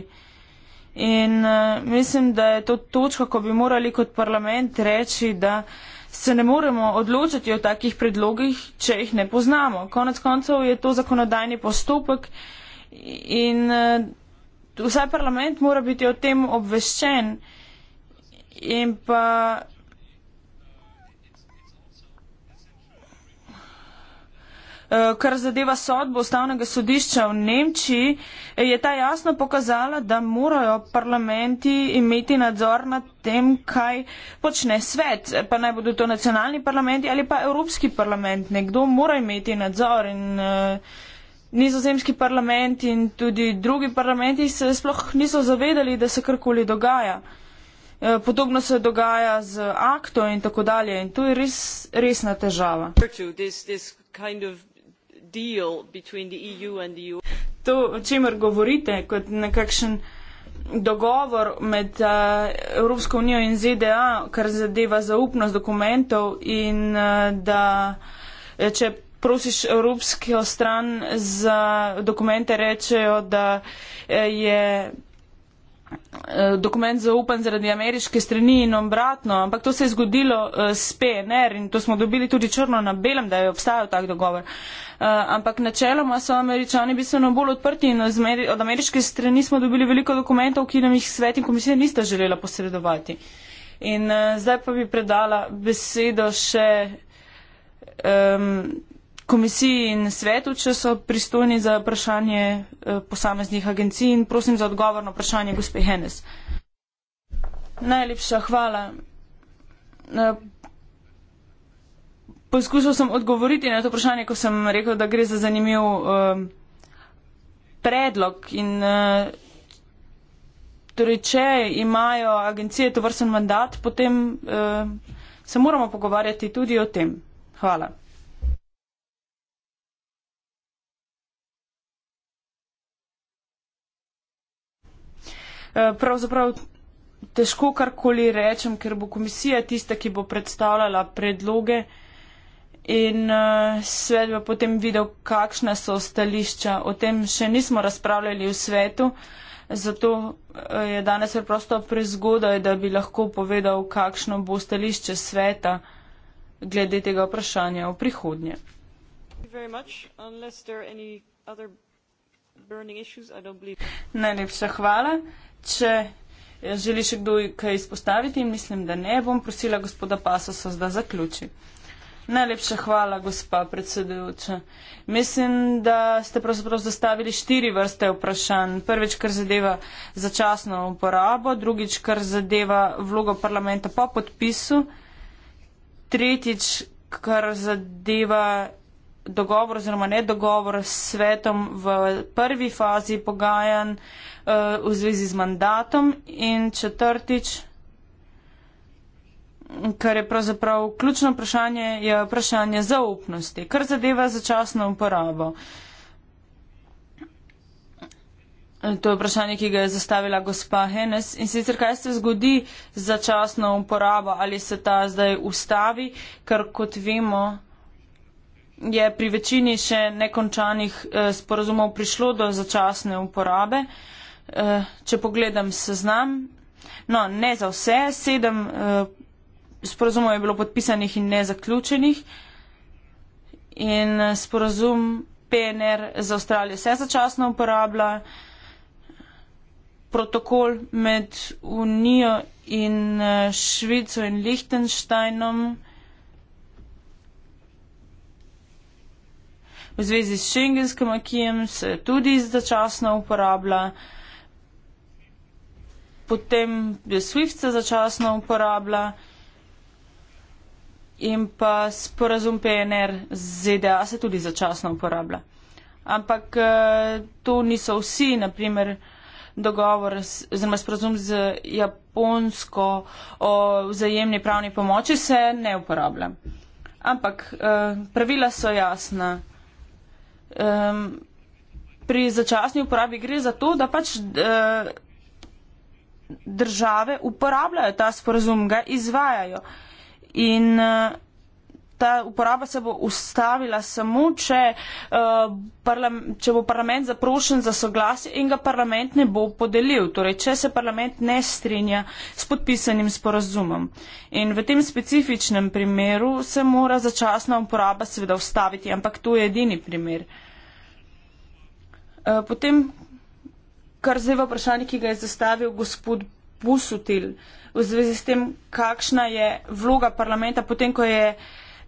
S1: In eh, mislim, da je to točka, ko bi morali kot parlament reči, da se ne moremo odločiti o takih predlogih, če jih ne poznamo. Konec koncev je to zakonodajni postopek in eh, vsaj parlament mora biti o tem obveščen. In pa Eh, kar zadeva sodbo ustavnega sodišča v Nemčiji, eh, je ta jasno pokazala, da morajo parlamenti imeti nadzor nad tem, kaj počne svet. Pa naj bodo to nacionalni parlamenti ali pa Evropski parlament. Nekdo mora imeti nadzor in eh, nizozemski parlament in tudi drugi parlamenti se sploh niso zavedali, da se karkoli dogaja. Podobno se dogaja z akto in tako dalje. In to je res resna težava. E to, o čemer govorite, kot nekakšen dogovor med uh, Evropsko unijo in ZDA, kar zadeva zaupnost dokumentov in uh, da eh, če prosiš Evropsko stran za dokumente, rečejo, da je Eh, dokument zaupan zaradi ameriške strani in obratno, ampak to se je zgodilo uh, s PNR in to smo dobili tudi črno na belem, da je obstajal tak dogovor. Uh, ampak načeloma so američani bistveno bolj odprti in od ameriške strani smo dobili veliko dokumentov, ki nam jih svet in komisija nista želela posredovati. In uh, zdaj pa bi predala besedo še. Um, komisiji in svetu, če so pristojni za vprašanje eh, posameznih agencij in prosim za odgovor na vprašanje gospe Henes. Najlepša hvala. Eh, poskušal sem odgovoriti na to vprašanje, ko sem rekel, da gre za zanimiv eh, predlog in torej, če imajo agencije to vrsten mandat, potem se moramo pogovarjati tudi o tem. Hvala. Eh, pravzaprav težko karkoli rečem, ker bo komisija tista, ki bo predstavljala predloge in eh, svet bo potem videl, kakšna so stališča. O tem še nismo razpravljali v svetu, zato eh, je danes preprosto prezgodaj, da bi lahko povedal, kakšno bo stališče sveta glede tega vprašanja v prihodnje. Najlepša hvala. Če želi še kdo kaj izpostaviti, mislim, da ne, bom prosila gospoda Pasosa, da zaključi. Najlepša hvala, gospa predsedujoča. Mislim, da ste pravzaprav zastavili štiri vrste vprašanj. Prvič, kar zadeva začasno uporabo, drugič, kar zadeva vlogo parlamenta po podpisu, tretjič, kar zadeva dogovor oziroma nedogovor s svetom v prvi fazi pogajanj eh, v zvezi z mandatom in četrtič. Kar je pravzaprav ključno vprašanje, je vprašanje zaupnosti, kar zadeva začasno uporabo. To je vprašanje, ki ga je zastavila gospa Henes. In sicer, kaj se zgodi z začasno uporabo, ali se ta zdaj ustavi, ker kot vemo, je pri večini še nekončanih eh, sporazumov prišlo do začasne uporabe. Eh, če pogledam seznam, no, ne za vse, sedem eh, sporazumov je bilo podpisanih in nezaključenih in sporazum PNR za Avstralijo se začasno uporablja. Protokol med Unijo in Švico in Lihtenštajnom. v zvezi s šengenskim akijem se tudi začasno uporablja. Potem je SWIFT se začasno uporablja in pa sporazum PNR z ZDA se tudi začasno uporablja. Ampak eh, to niso vsi, naprimer dogovor oziroma sporazum z Japonsko o vzajemni pravni pomoči se ne uporablja. Ampak eh, pravila so jasna um, pri začasni uporabi gre za to, da pač eh, države uporabljajo ta sporazum, ga izvajajo. In uh, ta uporaba se bo ustavila samo, če, uh, parlam, če bo parlament zaprošen za soglasje in ga parlament ne bo podelil. Torej, če se parlament ne strinja s podpisanim sporazumom. In v tem specifičnem primeru se mora začasna uporaba seveda ustaviti, ampak to je edini primer. Eh, potem, kar zdaj v vprašanju, ki ga je zastavil gospod Pusutil, v zvezi s tem, kakšna je vloga parlamenta, potem, ko je uh,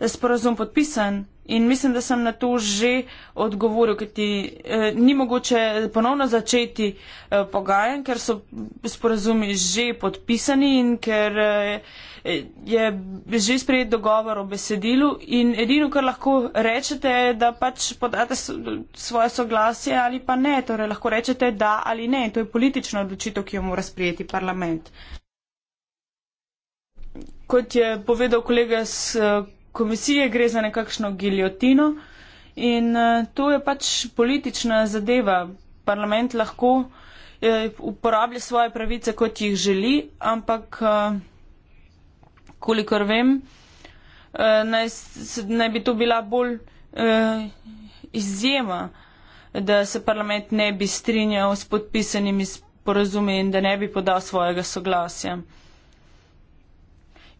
S1: sporazum podpisan. In mislim, da sem na to že odgovoril, ker ti eh, ni mogoče ponovno začeti eh, pogajan, ker so sporazumi že podpisani in ker eh, je že sprejet dogovor o besedilu. In edino, kar lahko rečete, je, da pač podate svoje soglasje ali pa ne. Torej, lahko rečete da ali ne. In to je politična odločitev, ki jo mora sprejeti parlament. Kot je povedal kolega s. Eh, komisije, gre za nekakšno giljotino in eh, to je pač politična zadeva. Parlament lahko eh, uporablja svoje pravice, kot jih želi, ampak eh, kolikor vem, naj, naj bi to bila bolj izjema, da se parlament ne bi strinjal s podpisanimi sporazumi in da ne bi podal svojega soglasja.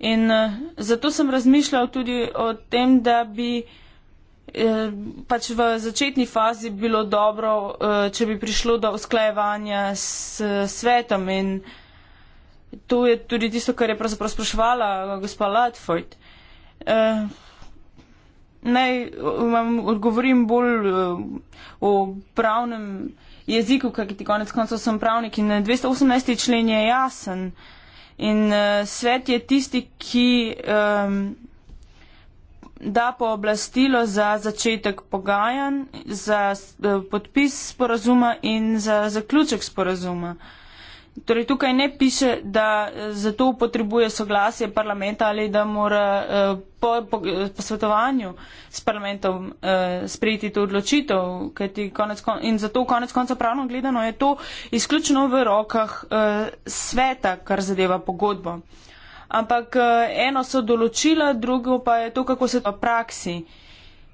S1: In uh, zato sem razmišljal tudi o tem, da bi eh, pač v začetni fazi bilo dobro, eh, če bi prišlo do usklajevanja s eh, svetom. In to je tudi tisto, kar je pravzaprav spraševala eh, gospa Latfoyt. Eh, naj vam odgovorim bolj eh, o pravnem jeziku, kajti konec koncev sem pravnik in 218. Eh, člen je jasen. In uh, svet je tisti, ki um, da pooblastilo za začetek pogajanj, za uh, podpis sporazuma in za zaključek sporazuma. Uh, Torej, tukaj ne piše, da eh, za to potrebuje soglasje parlamenta ali da mora eh, po, po, po svetovanju s parlamentom eh, sprejeti to odločitev. Konec, in zato konec konca pravno gledano je to izključno v rokah eh, sveta, kar zadeva pogodbo. Ampak eh, eno so določila, drugo pa je to, kako se to praksi.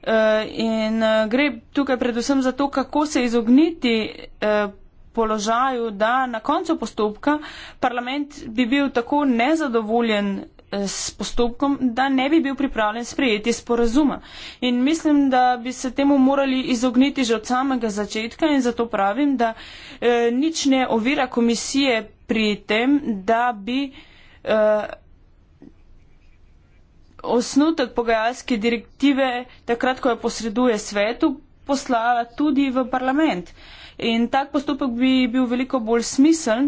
S1: Eh, in eh, gre tukaj predvsem za to, kako se izogniti. Eh, položaju, da na koncu postopka parlament bi bil tako nezadovoljen eh, s postopkom, da ne bi bil pripravljen sprejeti sporazuma. In mislim, da bi se temu morali izogniti že od samega začetka in zato pravim, da eh, nič ne ovira komisije pri tem, da bi eh, osnutek pogajalske direktive, takrat, ko jo posreduje svetu, poslala tudi v parlament. Eh, In tak postopek bi bil veliko bolj smiseln,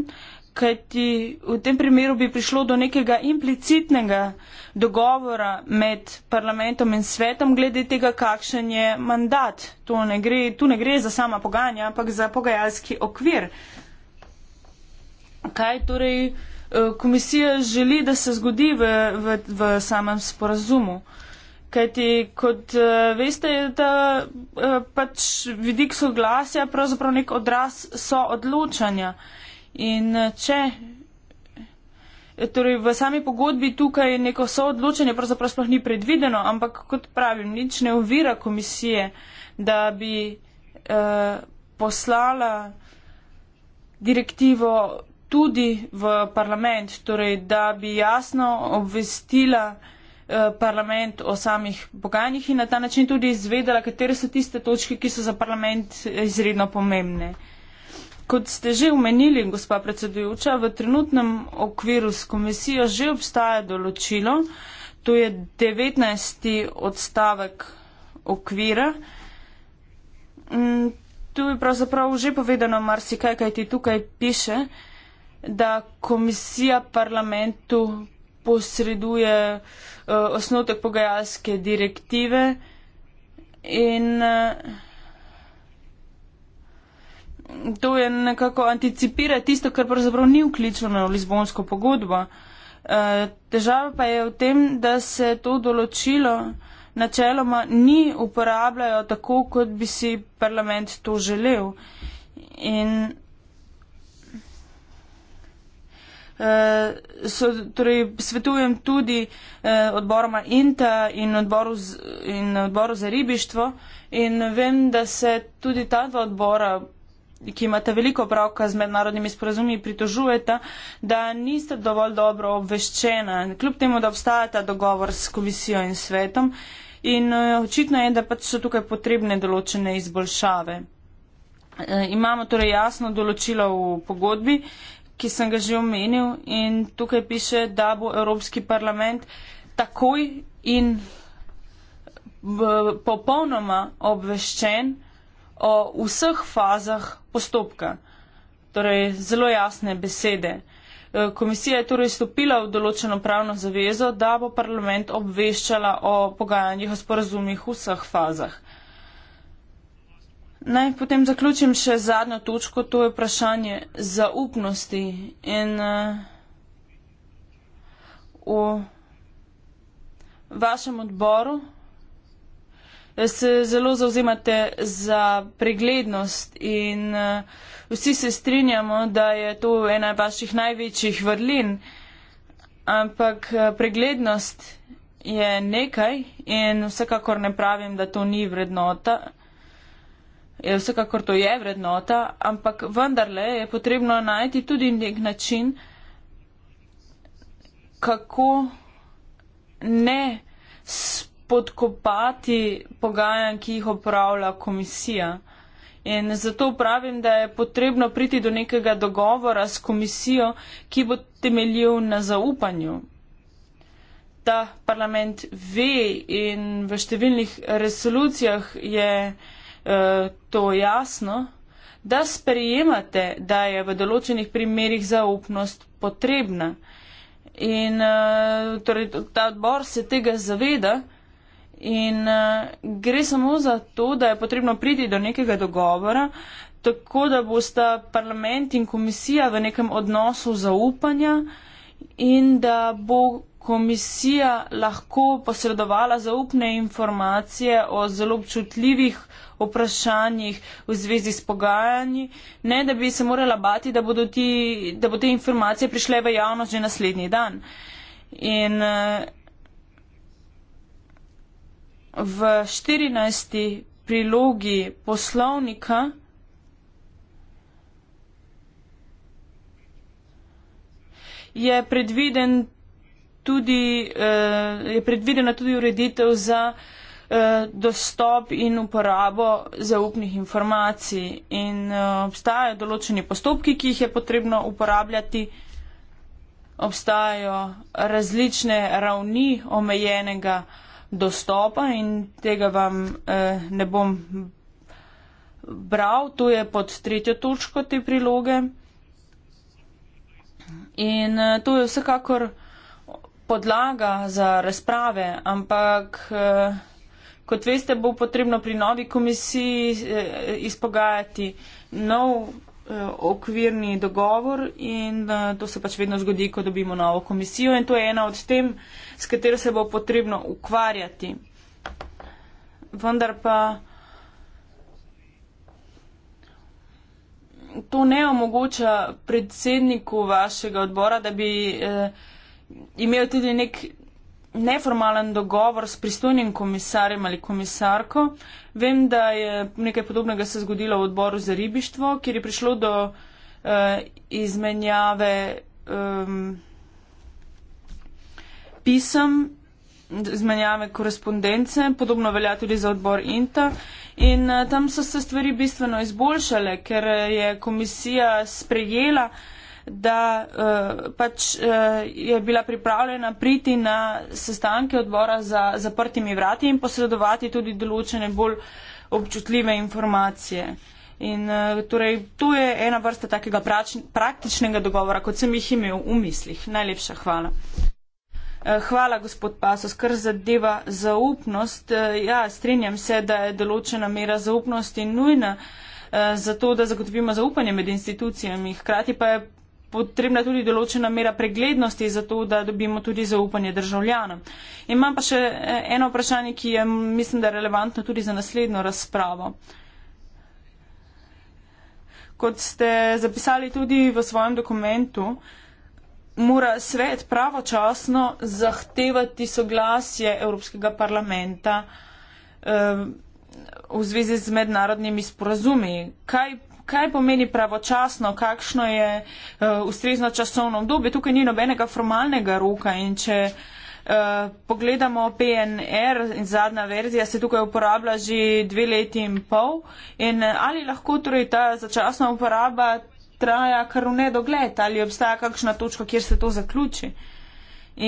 S1: kajti v tem primeru bi prišlo do nekega implicitnega dogovora med parlamentom in svetom glede tega, kakšen je mandat. Tu ne, gre, tu ne gre za sama pogajanja, ampak za pogajalski okvir. Kaj torej eh, komisija želi, da se zgodi v, v, v samem sporazumu? Uh, Kajti, kot eh, veste, je ta eh, pač vidik soglasja pravzaprav nek odraz soodločanja. In eh, če, torej v sami pogodbi tukaj neko soodločanje pravzaprav sploh ni predvideno, ampak kot pravim, nič ne ovira komisije, da bi eh, poslala direktivo tudi v parlament, torej da bi jasno obvestila, Eh, parlament o samih pogajanjih in na ta način tudi izvedela, katere so tiste točke, ki so za parlament izredno pomembne. Kot ste že omenili, gospa predsedujoča, v trenutnem okviru s komisijo že obstaja določilo, to je 19. odstavek okvira. Mm, tu je pravzaprav že povedano marsikaj, kaj ti tukaj piše, da komisija parlamentu posreduje uh, eh, osnotek pogajalske direktive in uh, to je nekako anticipira tisto, kar pravzaprav ni vključeno v Lizbonsko pogodbo. Uh, težava pa je v tem, da se to določilo načeloma ni uporabljajo tako, kot bi si parlament to želel. In, Eh, so, torej, svetujem tudi eh, odboroma INTA in odboru, z, in odboru za ribištvo in vem, da se tudi ta dva odbora, ki imata veliko pravka z mednarodnimi sporazumi, pritožujeta, da niste dovolj dobro obveščena, kljub temu, da obstaja ta dogovor s komisijo in svetom. In eh, očitno je, da pač so tukaj potrebne določene izboljšave. E, imamo torej jasno določilo v pogodbi, ki sem ga že omenil in tukaj piše, da bo Evropski parlament takoj in b, popolnoma obveščen o vseh fazah postopka. Torej, zelo jasne besede. E, komisija je torej stopila v določeno pravno zavezo, da bo parlament obveščala o pogajanjih, o sporazumih v vseh fazah. Naj potem zaključim še zadnjo točko, to je vprašanje zaupnosti in uh, v vašem odboru eh, se zelo zauzemate za preglednost in uh, vsi se strinjamo, da je to ena vaših največjih vrlin, ampak preglednost je nekaj in vsekakor ne pravim, da to ni vrednota je vsekakor to je vrednota, ampak vendarle je potrebno najti tudi nek način, kako ne spodkopati pogajanj, ki jih opravlja komisija. In zato pravim, da je potrebno priti do nekega dogovora s komisijo, ki bo temeljil na zaupanju. Da parlament ve in v številnih resolucijah je Eh, to jasno, da sprejemate, da je v določenih primerjih zaupnost potrebna. In uh, torej, ta odbor se tega zaveda in uh, gre samo za to, da je potrebno priti do nekega dogovora, tako da bosta parlament in komisija v nekem odnosu zaupanja in da bo komisija lahko posredovala zaupne informacije o zelo občutljivih vprašanjih v zvezi s pogajanji, ne da bi se morala bati, da, ti, da bo te informacije prišle v javnost že naslednji dan. In eh, v 14. prilogi poslovnika je predviden tudi, eh, je predvidena tudi ureditev za eh, dostop in uporabo zaupnih informacij. In eh, obstajajo določeni postopki, ki jih je potrebno uporabljati. Obstajajo različne ravni omejenega dostopa in tega vam ne bom bral. To je pod tretjo točko te priloge. In to je vsekakor podlaga za razprave, ampak eh, kot veste, bo potrebno pri novi komisiji eh, izpogajati nov eh, okvirni dogovor in to se pač vedno zgodi, ko dobimo novo komisijo in to je ena od tem, s katero se bo potrebno ukvarjati. Vendar pa to ne omogoča predsedniku vašega odbora, da bi eh, imel tudi nek neformalen dogovor s pristojnim komisarjem ali komisarko. Vem, da je nekaj podobnega se zgodilo v odboru za ribištvo, kjer je prišlo do uh, izmenjave um, pisem, izmenjave korespondence, podobno velja tudi za odbor INTA. In uh, tam so se stvari bistveno izboljšale, ker eh, je komisija sprejela uh, da uh, pač uh, je bila pripravljena priti na sestanke odbora za zaprtimi vrati in posredovati tudi določene bolj občutljive informacije. In uh, torej to je ena vrsta takega prač, praktičnega dogovora, kot sem jih imel v mislih. Najlepša hvala. Hvala, gospod Pasos, kar zadeva zaupnost. Ja, strinjam se, da je določena mera zaupnosti nujna za to, da zagotovimo zaupanje med institucijami. Hkrati pa je potrebna tudi določena mera preglednosti, zato da dobimo tudi zaupanje državljanom. Imam pa še e, eno vprašanje, ki je mislim, da je relevantno tudi za naslednjo razpravo. Kot ste zapisali tudi v svojem dokumentu, mora svet pravočasno zahtevati soglasje Evropskega parlamenta e, v zvezi z mednarodnimi sporazumi. Kaj kaj pomeni pravočasno, kakšno je uh, ustrezno časovno obdobje. Tukaj ni nobenega formalnega roka in če uh, pogledamo PNR in zadnja verzija se tukaj uporablja že dve leti in pol in eh, ali lahko torej ta začasna uporaba traja kar v nedogled ali obstaja kakšna točka, kjer se to zaključi.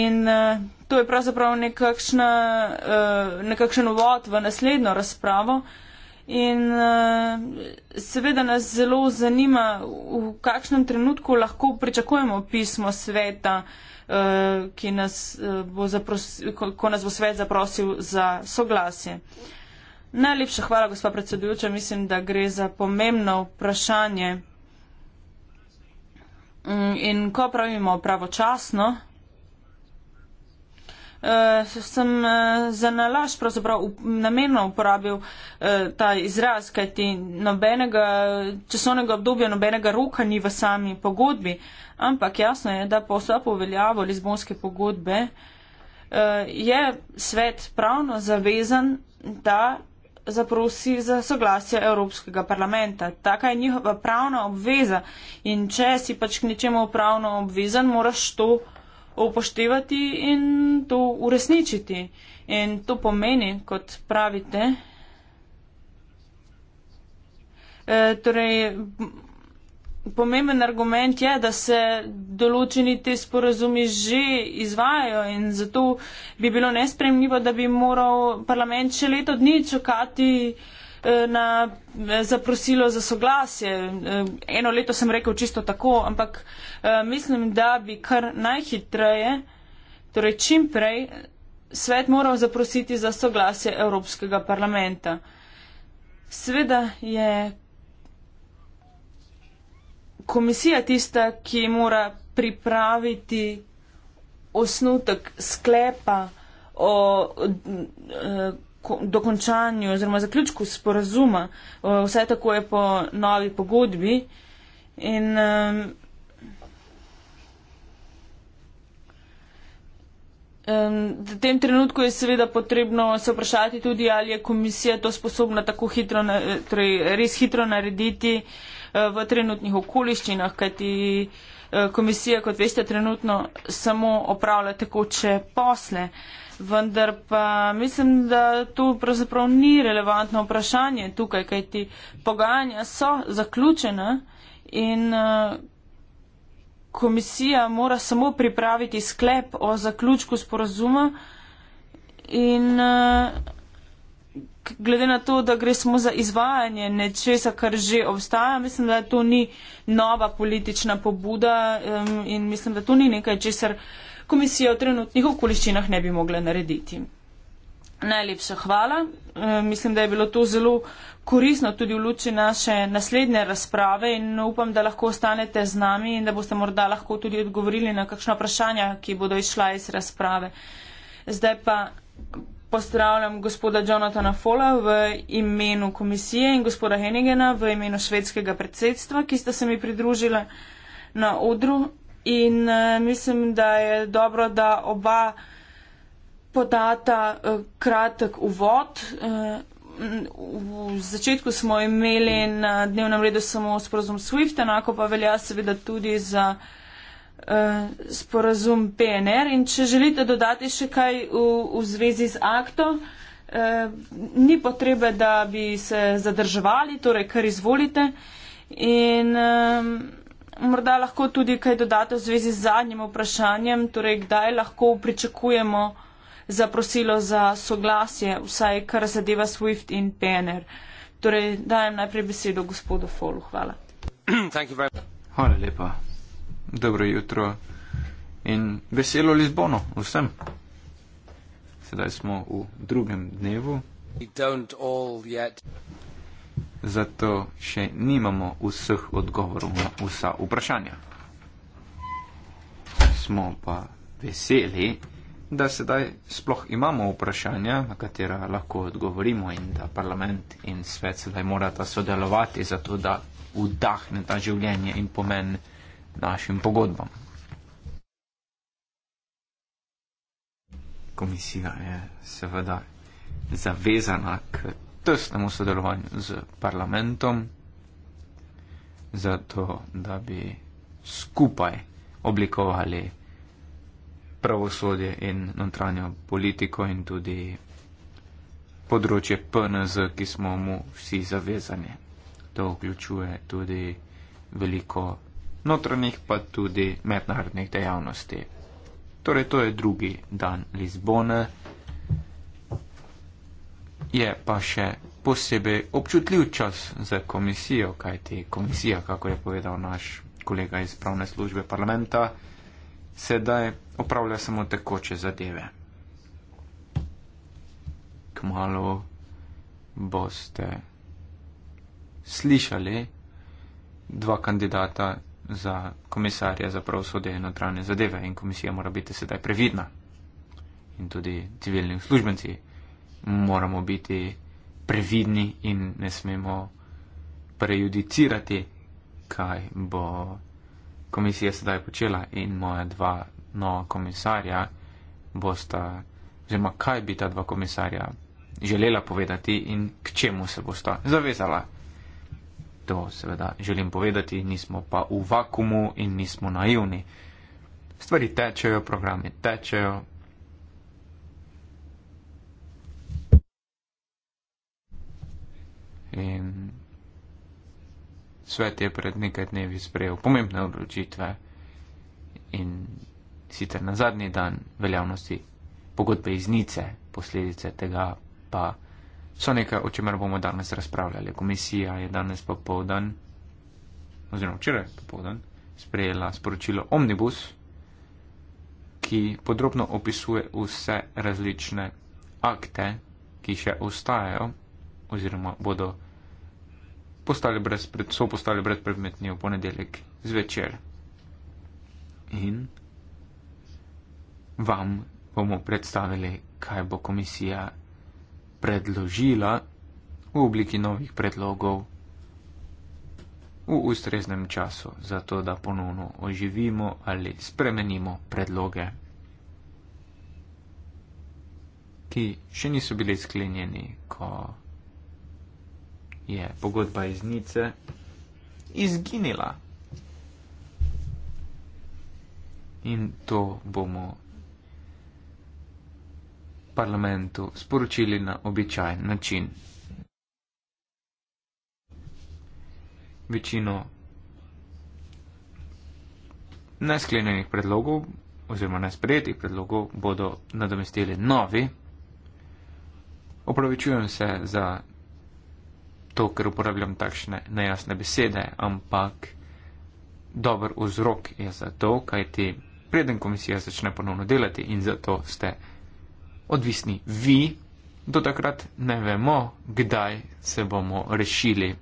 S1: In uh, to je pravzaprav nekakšna, uh, nekakšen uvod v naslednjo razpravo. Uh, In uh, seveda nas zelo zanima, v kakšnem trenutku lahko pričakujemo pismo sveta, uh, ki nas, uh, bo zaprosil, ko, ko nas bo svet zaprosil za soglasje. Najlepša hvala, gospa predsedujoča. Mislim, da gre za pomembno vprašanje. Mm, in ko pravimo pravočasno, uh, sem uh, za nalaž pravzaprav up, namenno uporabil uh, ta izraz, kajti nobenega časovnega obdobja, nobenega roka ni v sami pogodbi, ampak jasno je, da pa vsa poveljavo Lizbonske pogodbe uh, je svet pravno zavezan, da zaprosi za soglasje Evropskega parlamenta. Taka je njihova pravna obveza in če si pač k nečemu pravno obvezan, moraš to upoštevati in to uresničiti. In to pomeni, kot pravite, e, torej, pomemben argument je, da se določeni te sporazumi že izvajajo in zato bi bilo nespremljivo, da bi moral parlament še leto dni čakati. Eh, na, eh, zaprosilo za soglasje. Eh, eno leto sem rekel čisto tako, ampak mislim, da bi kar najhitreje, torej čim prej, svet moral zaprositi za soglasje Evropskega parlamenta. Sveda je komisija tista, ki mora pripraviti osnutek sklepa o, o, o dokončanju oziroma zaključku sporazuma, vse tako je po novi pogodbi. In, um, um, v tem trenutku je seveda potrebno se vprašati tudi, ali je komisija to sposobna tako hitro, eh, torej res hitro narediti eh, v trenutnih okoliščinah, kajti eh, komisija, kot veste, trenutno samo opravlja tekoče posle. Uh, vendar pa mislim, da to pravzaprav ni relevantno vprašanje tukaj, kaj ti pogajanja so zaključena in eh, komisija mora samo pripraviti sklep o zaključku sporazuma in eh, glede na to, da gre samo za izvajanje nečesa, kar že obstaja, mislim, da to ni nova politična pobuda eh, in mislim, da to ni nekaj česar komisija v trenutnih okoliščinah ne bi mogla narediti. Najlepša hvala. E, mislim, da je bilo to zelo korisno tudi v luči naše naslednje razprave in upam, da lahko ostanete z nami in da boste morda lahko tudi odgovorili na kakšna vprašanja, ki bodo išla iz razprave. Zdaj pa pozdravljam gospoda Jonathana Fola v imenu komisije in gospoda Henigena v imenu švedskega predsedstva, ki sta se mi pridružila na odru. In uh, mislim, da je dobro, da oba podata uh, kratek uvod. Uh, V začetku smo imeli na dnevnem redu samo sporazum SWIFT, enako pa velja seveda tudi za eh, sporazum PNR. In če želite dodati še kaj v, v zvezi z akto, eh, ni potrebe, da bi se zadrževali, torej kar izvolite. In, eh, morda lahko tudi kaj dodate v zvezi z zadnjim vprašanjem, torej kdaj lahko pričakujemo zaprosilo za soglasje, vsaj kar zadeva SWIFT in PNR. Torej, dajem najprej besedo gospodu Folu. Hvala. [CLEARS THROAT]
S3: Hvala lepa. Dobro jutro in veselo Lizbono vsem. Sedaj smo v drugem dnevu zato še nimamo vseh odgovorov na vsa vprašanja. Smo pa veseli, da sedaj sploh imamo vprašanja, na katera lahko odgovorimo in da parlament in svet sedaj morata sodelovati, zato da vdahne ta življenje in pomen našim pogodbam. Komisija je seveda zavezana k tesnemu sodelovanju z parlamentom, zato da bi skupaj oblikovali pravosodje in notranjo politiko in tudi področje PNZ, ki smo mu vsi zavezani. To vključuje tudi veliko notranjih, pa tudi mednarodnih dejavnosti. Torej, to je drugi dan Lizbone je pa še posebej občutljiv čas za komisijo, kajti komisija, kako je povedal naš kolega iz pravne službe parlamenta, sedaj opravlja samo tekoče zadeve. Kmalo boste slišali dva kandidata za komisarja za pravosodje in notranje zadeve in komisija mora biti sedaj previdna. In tudi civilni uslužbenci moramo biti previdni in ne smemo prejudicirati, kaj bo komisija sedaj počela in moja dva nova komisarja bosta, oziroma kaj bi ta dva komisarja želela povedati in k čemu se bosta zavezala. To seveda želim povedati, nismo pa v vakumu in nismo naivni. Stvari tečejo, programe tečejo, svet je pred nekaj dnevi sprejel pomembne odločitve in sicer na zadnji dan veljavnosti pogodbe iz Nice, posledice tega pa so nekaj, o čemer bomo danes razpravljali. Komisija je danes popovdan, oziroma včeraj popovdan, sprejela sporočilo Omnibus, ki podrobno opisuje vse različne akte, ki še ostajajo oziroma bodo postali brez, so postali brezpredmetni v ponedeljek zvečer. In vam bomo predstavili, kaj bo komisija predložila v obliki novih predlogov v ustreznem času, zato da ponovno oživimo ali spremenimo predloge, ki še niso bili sklenjeni, ko je pogodba iz Nice izginila. In to bomo parlamentu sporočili na običajen način. Večino nesklenjenih predlogov oziroma nesprejetih predlogov bodo nadomestili novi. Opravičujem se za zato, ker uporabljam takšne nejasne besede, ampak dober vzrok je za to, kajti preden komisija začne ponovno delati in zato ste odvisni vi, do takrat ne vemo, kdaj se bomo rešili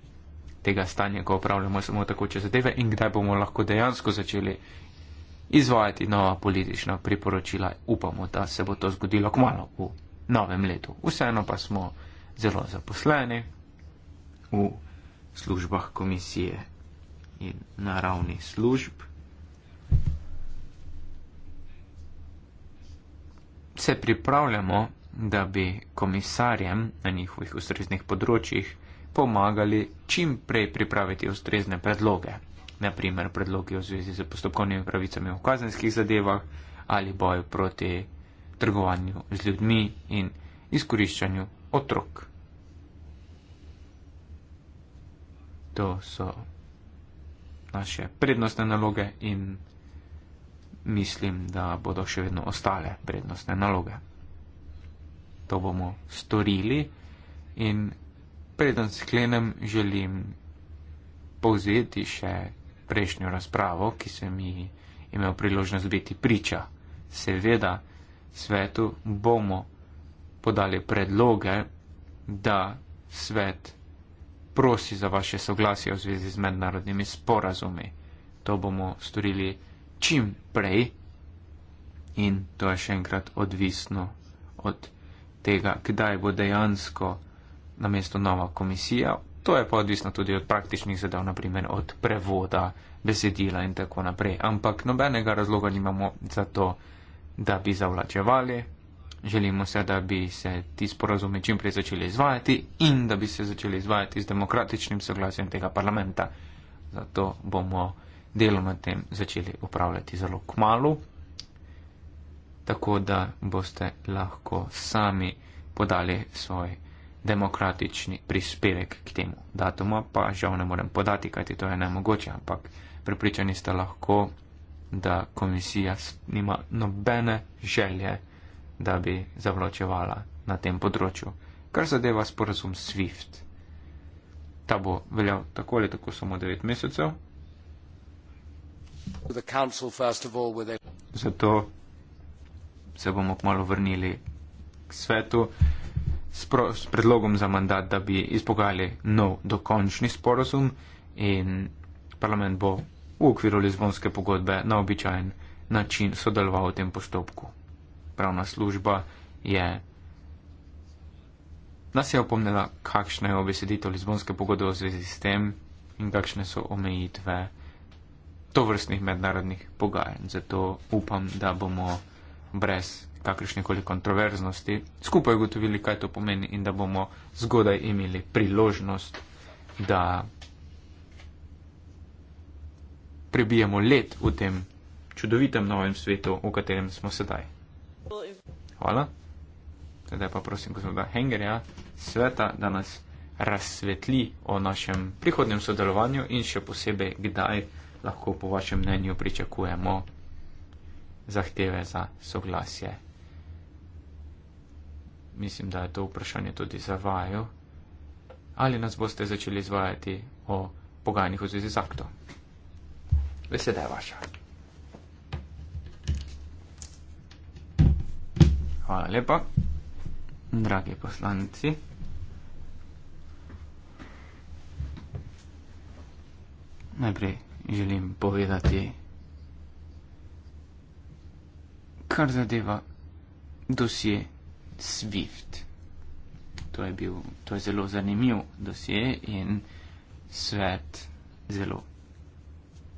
S3: tega stanja, ko upravljamo samo takoče zadeve in kdaj bomo lahko dejansko začeli izvajati nova politična priporočila. Upamo, da se bo to zgodilo kmalo v novem letu. Vseeno pa smo zelo zaposleni v službah komisije in na ravni služb. Se pripravljamo, da bi komisarjem na njihovih ustreznih področjih pomagali čim prej pripraviti ustrezne predloge, naprimer predloge v zvezi z postopkovnimi pravicami v kazenskih zadevah ali boju proti trgovanju z ljudmi in izkoriščanju otrok. to so naše prednostne naloge in mislim, da bodo še vedno ostale prednostne naloge. To bomo storili in preden sklenem, želim povzeti še prejšnjo razpravo, ki sem ji imel priložnost biti priča. Seveda, svetu bomo podali predloge, da svet prosi za vaše soglasje v zvezi z mednarodnimi sporazumi. To bomo storili čim prej in to je še enkrat odvisno od tega, kdaj bo dejansko na mesto nova komisija. To je pa odvisno tudi od praktičnih zadev, naprimer od prevoda, besedila in tako naprej. Ampak nobenega razloga nimamo za to, da bi zavlačevali. Želimo se, da bi se ti sporazumi čim prej začeli izvajati in da bi se začeli izvajati z demokratičnim soglasjem tega parlamenta. Zato bomo delo na tem začeli upravljati zelo kmalo, tako da boste lahko sami podali svoj demokratični prispevek k temu datumu, pa žal ne morem podati, kajti to je nemogoče, ampak pripričani ste lahko, da komisija nima nobene želje da bi zavlačevala na tem področju. Kar zadeva sporazum SWIFT. Ta bo veljal tako ali tako samo 9 mesecev. Zato se bomo kmalo vrnili k svetu s, pro, s predlogom za mandat, da bi izpogajali nov dokončni sporozum in parlament bo v okviru Lizbonske pogodbe na običajen način sodeloval v tem postopku pravna služba je nas je opomnila, kakšna je obeseditev Lizbonske pogodbe v zvezi s tem in kakšne so omejitve tovrstnih mednarodnih pogajanj. Zato upam, da bomo brez kakršnekoli kontroverznosti skupaj ugotovili, kaj to pomeni in da bomo zgodaj imeli priložnost, da prebijemo let v tem čudovitem novem svetu, v katerem smo sedaj. Hvala. Zdaj pa prosim gospoda Hengerja, sveta, da nas razsvetli o našem prihodnem sodelovanju in še posebej, kdaj lahko po vašem mnenju pričakujemo zahteve za soglasje. Mislim, da je to vprašanje tudi za vaju. Ali nas boste začeli izvajati o pogajanjih v zvezi z aktom? Veseda je vaša. Hvala lepa. Dragi poslanci. Najprej želim povedati, kar zadeva dosje SWIFT. To je, bil, to je zelo zanimiv dosje in svet zelo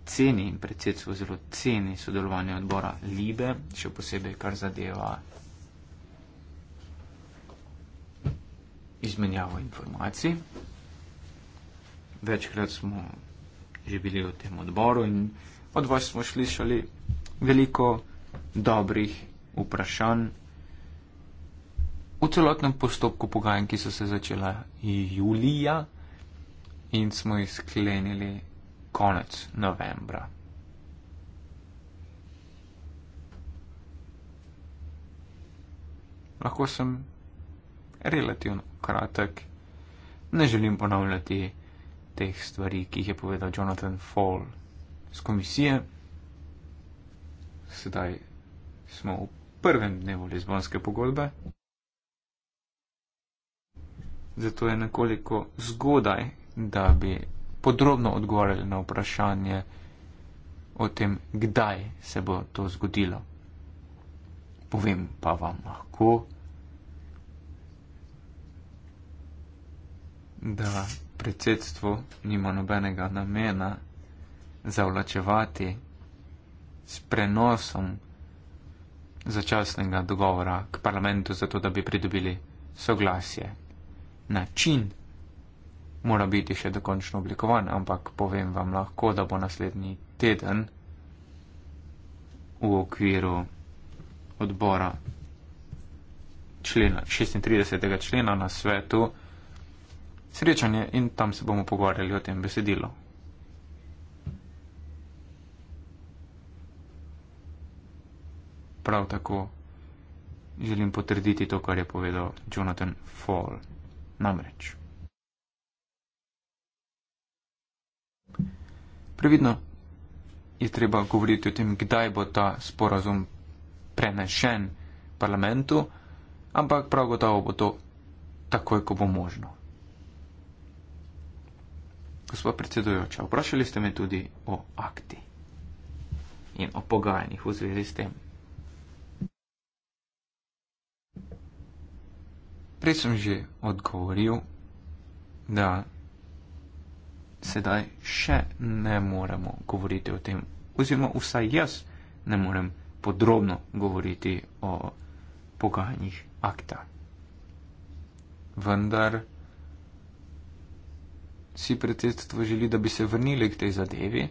S3: ceni in predsedstvo zelo ceni sodelovanje odbora Libe, še posebej kar zadeva izmenjavo informacij. Večkrat smo že bili v tem odboru in od vas smo slišali veliko dobrih vprašanj. V celotnem postopku pogajanj, ki so se začela julija in smo jih sklenili konec novembra. Lahko sem relativno kratek. Ne želim ponavljati teh stvari, ki jih je povedal Jonathan Fall z komisije. Sedaj smo v prvem dnevu Lizbonske pogodbe. Zato je nekoliko zgodaj, da bi podrobno odgovarjali na vprašanje o tem, kdaj se bo to zgodilo. Povem pa vam lahko, da predsedstvo nima nobenega namena zavlačevati s prenosom začasnega dogovora k parlamentu, zato da bi pridobili soglasje. Način mora biti še dokončno oblikovan, ampak povem vam lahko, da bo naslednji teden v okviru odbora člena, 36. člena na svetu srečanje in tam se bomo pogovarjali o tem besedilu. Prav tako želim potrditi to, kar je povedal Jonathan Fall. Namreč. Previdno je treba govoriti o tem, kdaj bo ta sporazum prenešen parlamentu, ampak prav gotovo bo to takoj, ko bo možno. Gospod predsedujoča, vprašali ste me tudi o akti in o pogajanjih v zvezi s tem. Prej sem že odgovoril, da sedaj še ne moremo govoriti o tem, oziroma vsaj jaz ne morem podrobno govoriti o pogajanjih akta. Vendar si predsedstvo želi, da bi se vrnili k tej zadevi.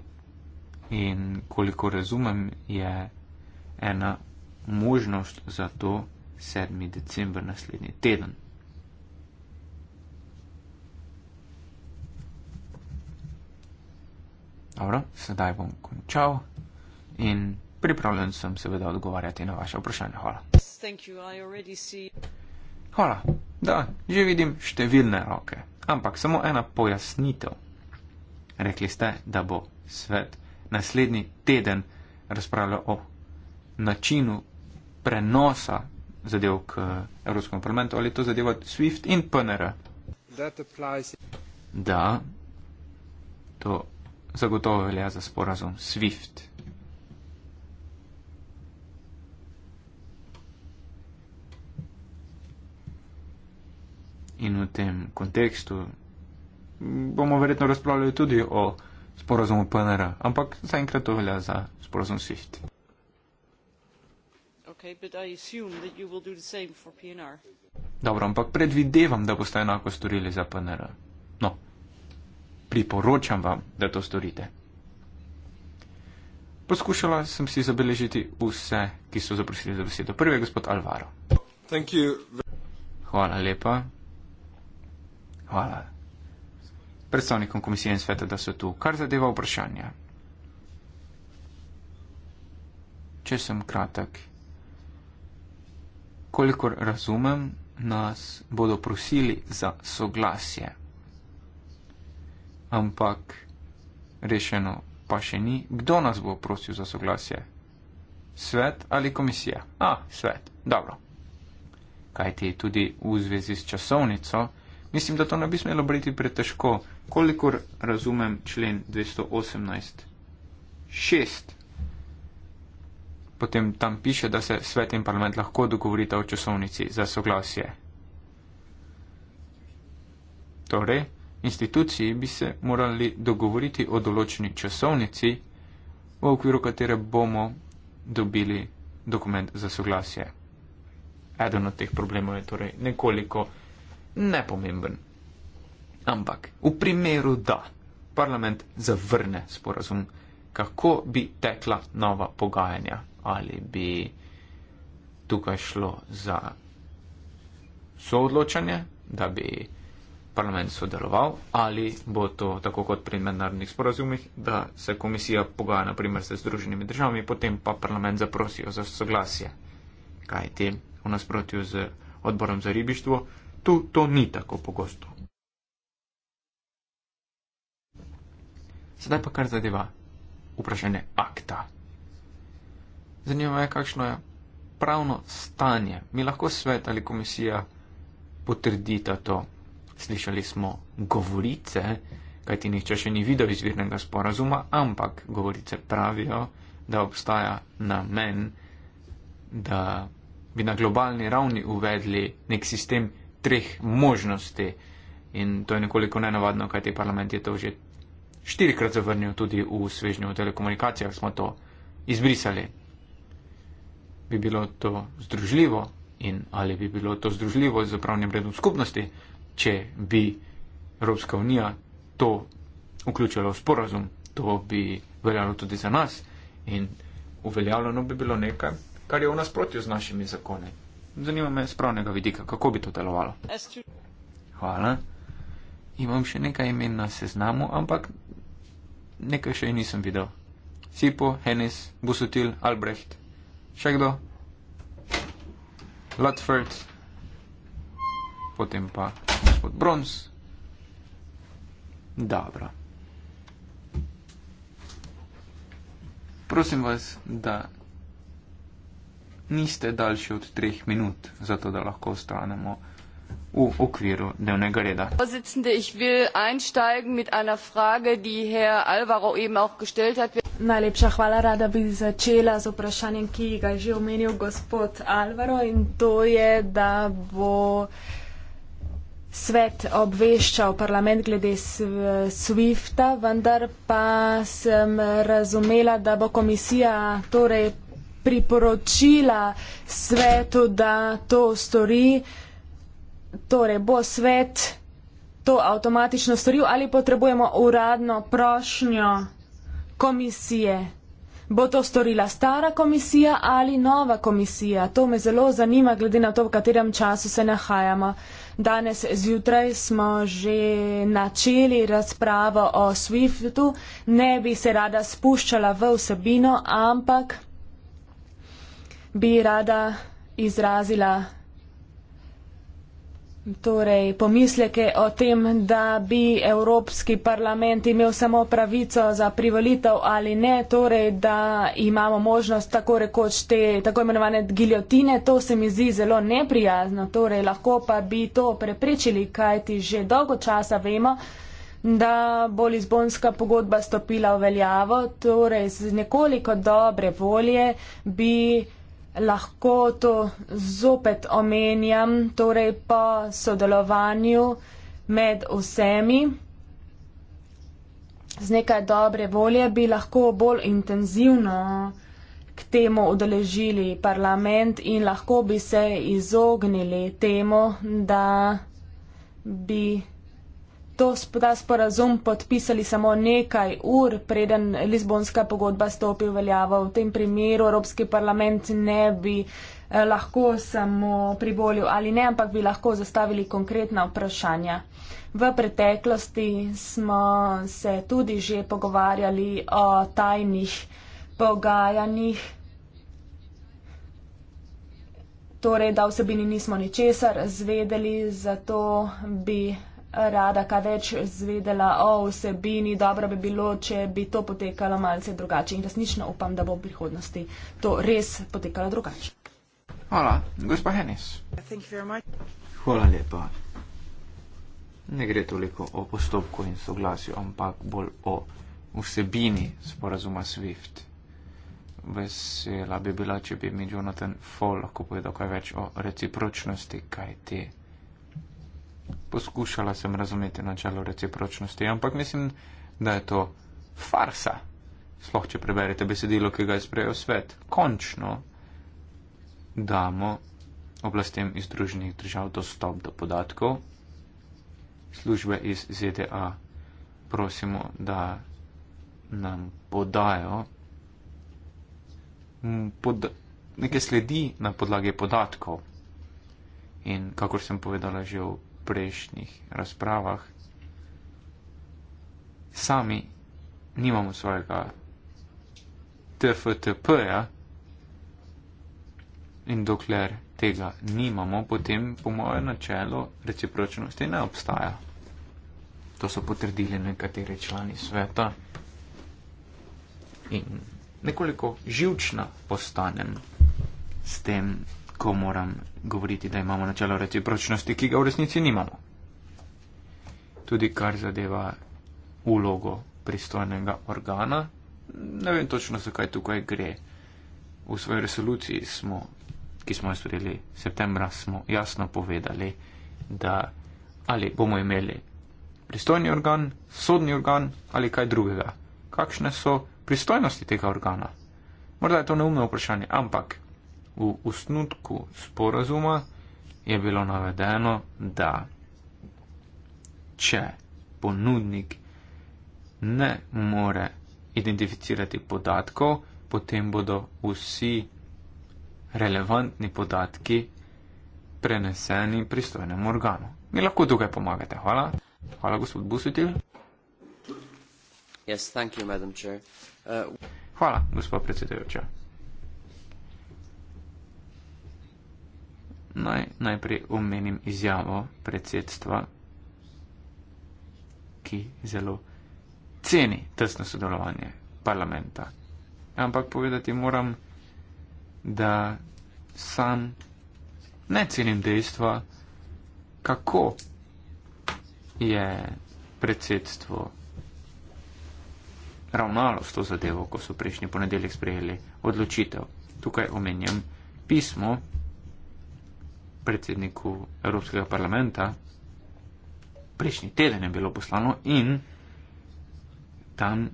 S3: In koliko razumem, je ena možnost za to 7. decembr naslednji teden. Dobro, sedaj bom končal in pripravljen sem seveda odgovarjati na vaše vprašanje. Hvala. Hvala. Da, že vidim številne roke. Ampak samo ena pojasnitev. Rekli ste, da bo svet naslednji teden razpravljal o načinu prenosa zadev k eh, Evropskemu parlamentu, ali to zadeva SWIFT in PNR. Da, to zagotovo velja za sporazum SWIFT. in v tem kontekstu bomo verjetno razpravljali tudi o sporozumu PNR, ampak zaenkrat to velja za sporozum SIFT. Okay, Dobro, ampak predvidevam, da boste enako storili za PNR. No, priporočam vam, da to storite. Poskušala sem si zabeležiti vse, ki so zaprosili za besedo. Prvi je gospod Alvaro. Hvala lepa. Hvala. Predstavnikom komisije in sveta, da so tu, kar zadeva vprašanja. Če sem kratek, kolikor razumem, nas bodo prosili za soglasje. Ampak rešeno pa še ni, kdo nas bo prosil za soglasje. Svet ali komisija? A, svet. Dobro. Kajti tudi v zvezi s časovnico. Mislim, da to ne bi smelo biti pretežko, kolikor razumem člen 218. 6. Potem tam piše, da se svet in parlament lahko dogovorita o časovnici za soglasje. Torej, instituciji bi se morali dogovoriti o določeni časovnici, v okviru katere bomo dobili dokument za soglasje. Eden od teh problemov je torej nekoliko nepomemben. Ampak v primeru, da parlament zavrne sporazum, kako bi tekla nova pogajanja? Ali bi tukaj šlo za soodločanje, da bi parlament sodeloval, ali bo to tako kot pri mednarodnih sporazumih, da se komisija pogaja naprimer se združenimi državami, potem pa parlament zaprosijo za soglasje. Kaj ti v nasprotju z odborom za ribištvo? tu to ni tako pogosto. Sedaj pa kar zadeva vprašanje akta. Zanima me, kakšno je pravno stanje. Mi lahko svet ali komisija potrdita to. Slišali smo govorice, kajti nihče še ni videl izvirnega sporazuma, ampak govorice pravijo, da obstaja namen, da bi na globalni ravni uvedli nek sistem treh možnosti. In to je nekoliko nenavadno, kaj te parlament je to že štirikrat zavrnil tudi v svežnju v telekomunikacijah, smo to izbrisali. Bi bilo to združljivo in ali bi bilo to združljivo z upravnim redom skupnosti, če bi Evropska unija to vključila v sporazum, to bi veljalo tudi za nas in uveljavljeno bi bilo nekaj, kar je v nasprotju z našimi zakoni. Zanima me z pravnega vidika, kako bi to delovalo. Hvala. Imam še nekaj imen na seznamu, ampak nekaj še nisem videl. Sipo, Henis, Busutil, Albrecht. Še kdo? Lutford. Potem pa gospod Brons. Dobro. Prosim vas, da niste daljši od treh minut, zato da lahko ostanemo v okviru dnevnega reda.
S2: Najlepša hvala, rada bi začela z vprašanjem, ki ga je že omenil gospod Alvaro in to je, da bo svet obveščal parlament glede Swifta, vendar pa sem razumela, da bo komisija torej priporočila svetu, da to stori. Torej, bo svet to avtomatično storil ali potrebujemo uradno prošnjo komisije? Bo to storila stara komisija ali nova komisija? To me zelo zanima, glede na to, v katerem času se nahajamo. Danes zjutraj smo že načeli razpravo o SWIFT-u. Ne bi se rada spuščala v vsebino, ampak bi rada izrazila torej, pomisleke o tem, da bi Evropski parlament imel samo pravico za privolitev ali ne, torej, da imamo možnost tako rekoč te tako imenovane giljotine. To se mi zdi zelo neprijazno, torej, lahko pa bi to preprečili, kajti že dolgo časa vemo, da bo Lizbonska pogodba stopila v veljavo, torej z nekoliko dobre volje bi lahko to zopet omenjam, torej po sodelovanju med vsemi. Z nekaj dobre volje bi lahko bolj intenzivno k temu odeležili parlament in lahko bi se izognili temu, da bi to, ta sporazum podpisali samo nekaj ur, preden Lizbonska pogodba stopi v veljavo. V tem primeru Evropski parlament ne bi eh, lahko samo privolil ali ne, ampak bi lahko zastavili konkretna vprašanja. V preteklosti smo se tudi že pogovarjali o tajnih pogajanjih, torej da vsebini nismo ničesar zvedeli, zato bi rada kaj več zvedela o vsebini, dobro bi bilo, če bi to potekalo malce drugače in resnično upam, da bo v prihodnosti to res potekalo drugače.
S3: Hvala, gospod Henes. Hvala lepa. Ne gre toliko o postopku in soglasju, ampak bolj o vsebini sporazuma SWIFT. Vesela bi bila, če bi mi Jonathan Fall lahko povedal kaj več o recipročnosti, kaj te poskušala sem razumeti načelo recipročnosti, ampak mislim, da je to farsa. Sloh, če preberete besedilo, ki ga je sprejel svet, končno damo oblastem iz druženih držav dostop do podatkov. Službe iz ZDA prosimo, da nam podajo pod, neke sledi na podlagi podatkov. In kakor sem povedala že v prejšnjih razpravah, sami nimamo svojega TFTP-ja in dokler tega nimamo, potem po mojem načelu recipročnosti ne obstaja. To so potrdili nekateri člani sveta in nekoliko živčna postanem s tem ko moram govoriti, da imamo načelo recipročnosti, ki ga v resnici nimamo. Tudi kar zadeva ulogo pristojnega organa, ne vem točno, zakaj tukaj gre. V svoji resoluciji, smo, ki smo jo sprejeli septembra, smo jasno povedali, da ali bomo imeli pristojni organ, sodni organ ali kaj drugega. Kakšne so pristojnosti tega organa? Morda je to neumno vprašanje, ampak V osnutku sporazuma je bilo navedeno, da če ponudnik ne more identificirati podatkov, potem bodo vsi relevantni podatki preneseni pristojnemu organu. Mi lahko tukaj pomagate. Hvala. Hvala, gospod Busutil.
S1: Yes, thank you, madam chair. Uh, Hvala,
S3: gospod predsedujoča. naj najprej omenim izjavo predsedstva, ki zelo ceni tesno sodelovanje parlamenta. Ampak povedati moram, da sam ne cenim dejstva, kako je predsedstvo ravnalo s to zadevo, ko so prejšnji ponedeljek sprejeli odločitev. Tukaj omenjam pismo predsedniku Evropskega parlamenta. Prejšnji teden je bilo poslano in tam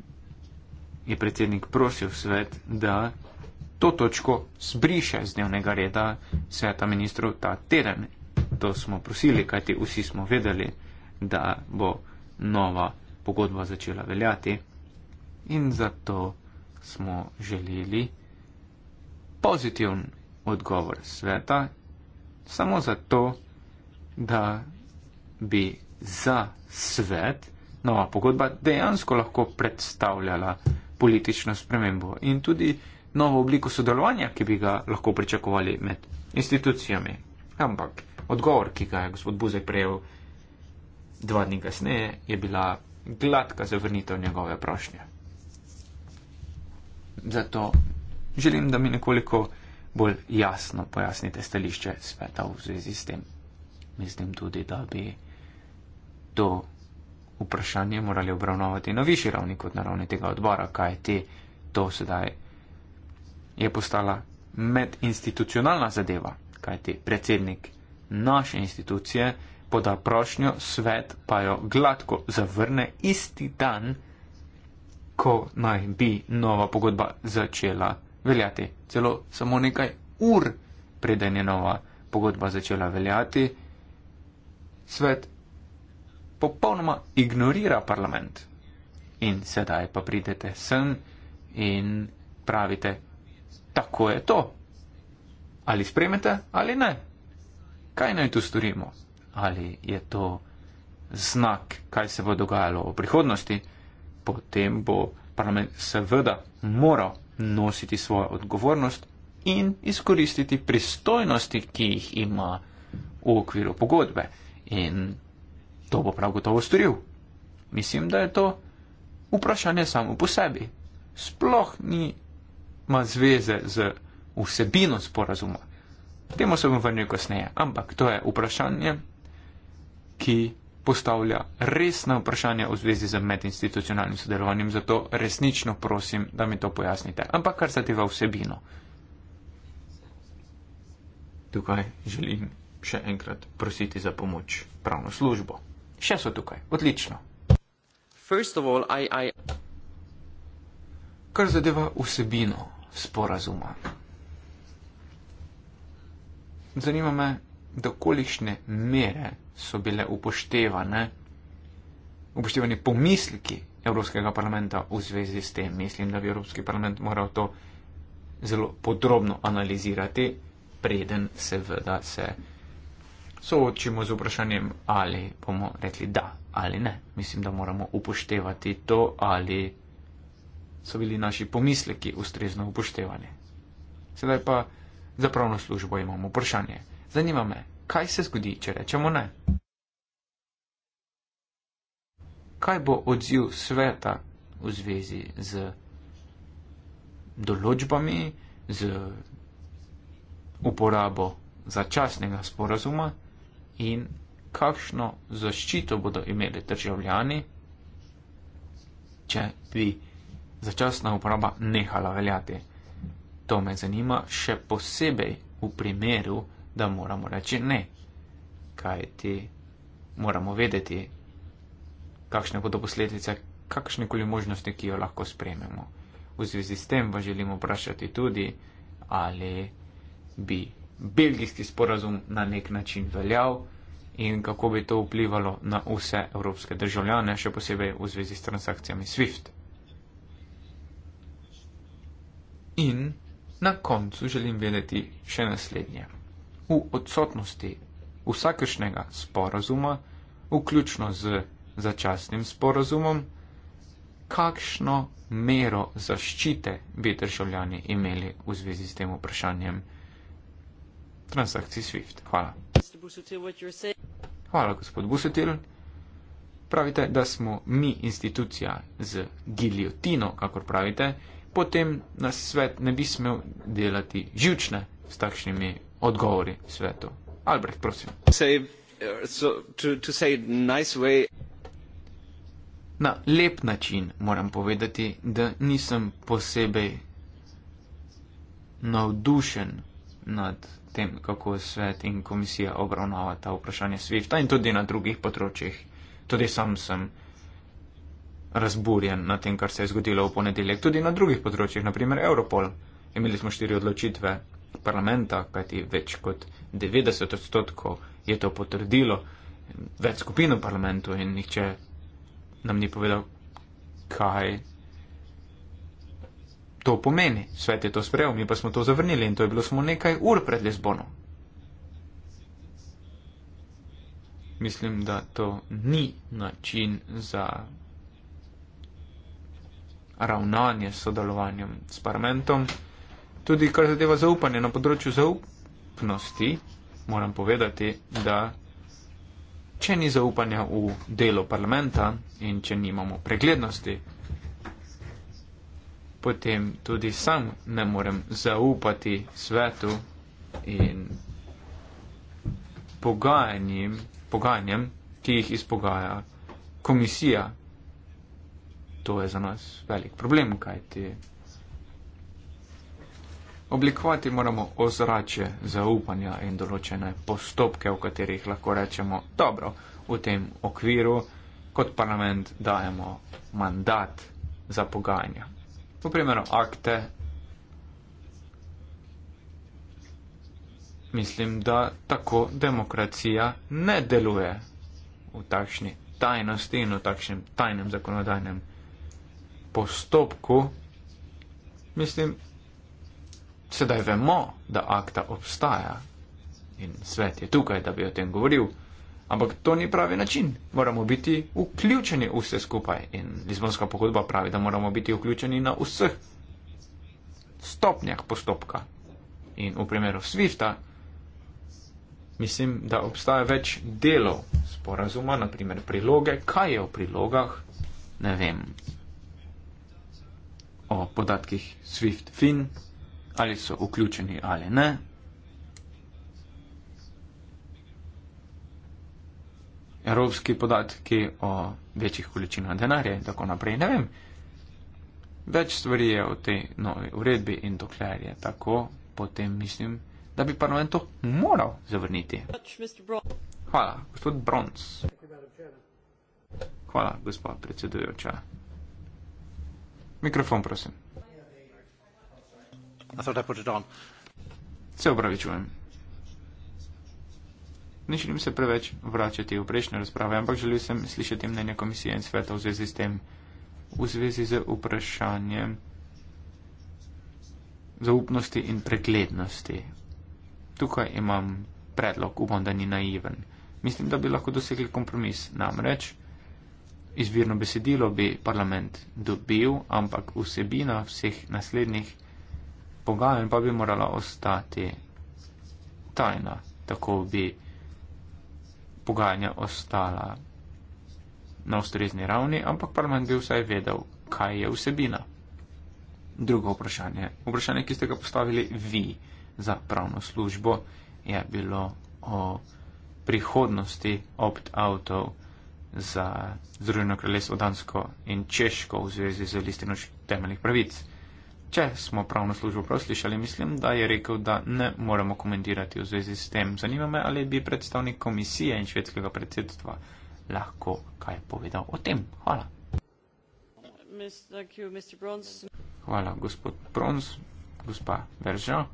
S3: je predsednik prosil svet, da to točko zbriše z dnevnega reda sveta ministrov ta teden. To smo prosili, kajti vsi smo vedeli, da bo nova pogodba začela veljati in zato smo želeli pozitiven odgovor sveta samo zato, da bi za svet nova pogodba dejansko lahko predstavljala politično spremembo in tudi novo obliko sodelovanja, ki bi ga lahko pričakovali med institucijami. Ampak odgovor, ki ga je gospod Buzek prejel dva dni kasneje, je bila gladka zavrnitev njegove prošnje. Zato želim, da mi nekoliko bolj jasno pojasnite stališče sveta v zvezi s tem. Mislim tudi, da bi to vprašanje morali obravnavati na višji ravni kot na ravni tega odbora, kaj ti to sedaj je postala medinstitucionalna zadeva, kaj ti predsednik naše institucije poda prošnjo, svet pa jo gladko zavrne isti dan, ko naj bi nova pogodba začela veljati. Celo samo nekaj ur, preden je nova pogodba začela veljati, svet popolnoma ignorira parlament. In sedaj pa pridete sen in pravite, tako je to. Ali spremete ali ne. Kaj naj tu storimo? Ali je to znak, kaj se bo dogajalo v prihodnosti? Potem bo parlament seveda moral nositi svojo odgovornost in izkoristiti pristojnosti, ki jih ima v okviru pogodbe. In to bo prav gotovo storil. Mislim, da je to vprašanje samo po sebi. Sploh ni ma zveze z vsebino sporazuma. Temu se bom vrnil kasneje, ampak to je vprašanje, ki postavlja resna vprašanja v zvezi z medinstitucionalnim sodelovanjem, zato resnično prosim, da mi to pojasnite. Ampak kar zadeva vsebino. Tukaj želim še enkrat prositi za pomoč pravno službo. Še so tukaj, odlično. First of all, I, I... Kar zadeva vsebino sporazuma. Zanima me, do kolikšne mere so bile upoštevane, upoštevani pomisliki Evropskega parlamenta v zvezi s tem. Mislim, da bi Evropski parlament moral to zelo podrobno analizirati, preden seveda se soočimo z vprašanjem, ali bomo rekli da ali ne. Mislim, da moramo upoštevati to, ali so bili naši pomisliki ustrezno upoštevani. Sedaj pa za pravno službo imamo vprašanje. Zanima me, kaj se zgodi, če rečemo ne? Kaj bo odziv sveta v zvezi z določbami, z uporabo začasnega sporazuma in kakšno zaščito bodo imeli državljani, če bi začasna uporaba nehala veljati? To me zanima še posebej v primeru, da moramo reči ne, kaj ti moramo vedeti, kakšne bodo posledice, kakšne koli možnosti, ki jo lahko sprememo. V zvezi s tem pa želimo vprašati tudi, ali bi belgijski sporazum na nek način veljal in kako bi to vplivalo na vse evropske državljane, še posebej v zvezi s transakcijami SWIFT. In na koncu želim vedeti še naslednje v odsotnosti vsakršnega sporazuma, vključno z začasnim sporazumom, kakšno mero zaščite bi državljani imeli v zvezi s tem vprašanjem transakcij SWIFT. Hvala. Hvala, gospod Busetil. Pravite, da smo mi institucija z giljotino, kakor pravite, potem nas svet ne bi smel delati žučne s takšnimi odgovori svetu. Albrecht, prosim. Say, uh, so, to, to say nice way. Na lep način moram povedati, da nisem posebej navdušen nad tem, kako svet in komisija obravnavata vprašanje SWIFT-a in tudi na drugih področjih. Tudi sam sem razburjen na tem, kar se je zgodilo v ponedeljek. Tudi na drugih področjih, naprimer Europol. Imeli smo štiri odločitve parlamenta, kajti več kot 90 odstotkov je to potrdilo, več skupin v parlamentu in nihče nam ni povedal, kaj to pomeni. Svet je to sprejel, mi pa smo to zavrnili in to je bilo samo nekaj ur pred Lizbono. Mislim, da to ni način za ravnanje s sodelovanjem s parlamentom tudi kar zadeva zaupanje na področju zaupnosti, moram povedati, da če ni zaupanja v delo parlamenta in če nimamo preglednosti, potem tudi sam ne morem zaupati svetu in pogajanjem, pogajanjem ki jih izpogaja komisija. To je za nas velik problem, kajti Oblikovati moramo ozračje zaupanja in določene postopke, v katerih lahko rečemo, dobro, v tem okviru kot parlament dajemo mandat za pogajanja. V primeru akte mislim, da tako demokracija ne deluje v takšni tajnosti in v takšnem tajnem zakonodajnem postopku. Mislim, sedaj vemo, da akta obstaja in svet je tukaj, da bi o tem govoril, ampak to ni pravi način. Moramo biti vključeni vse skupaj in Lizbonska pogodba pravi, da moramo biti vključeni na vseh stopnjah postopka. In v primeru Swifta mislim, da obstaja več delov sporazuma, naprimer priloge, kaj je v prilogah, ne vem. O podatkih SWIFT-FIN, ali so vključeni ali ne. Evropski podatki o večjih količinah denarja in tako naprej, ne vem. Več stvari je v tej novi uredbi in dokler je tako, potem mislim, da bi parlament to moral zavrniti. Hvala, gospod Bronc. Hvala, gospod predsedujoča. Mikrofon, prosim. I thought I'd put it on. Se upravičujem. Ne želim se preveč vračati v prejšnje razprave, ampak želim sem slišati mnenje komisije in sveta v zvezi s tem. V zvezi z vprašanjem zaupnosti in preglednosti. Tukaj imam predlog, upam, da ni naiven. Mislim, da bi lahko dosegli kompromis. Namreč, izvirno besedilo bi parlament dobil, ampak vsebina vseh naslednjih pogajanj pa bi morala ostati tajna, tako bi pogajanja ostala na ustrezni ravni, ampak parlament bi vsaj vedel, kaj je vsebina. Drugo vprašanje, vprašanje, ki ste ga postavili vi za pravno službo, je bilo o prihodnosti opt-outov za Združeno kraljestvo Dansko in Češko v zvezi z listino temeljnih pravic. Če smo pravno službo prav slišali, mislim, da je rekel, da ne moramo komentirati v zvezi s tem. Zanima me, ali bi predstavnik komisije in švedskega predsedstva lahko kaj povedal o tem. Hvala. Hvala, gospod Brons, gospa Veržan.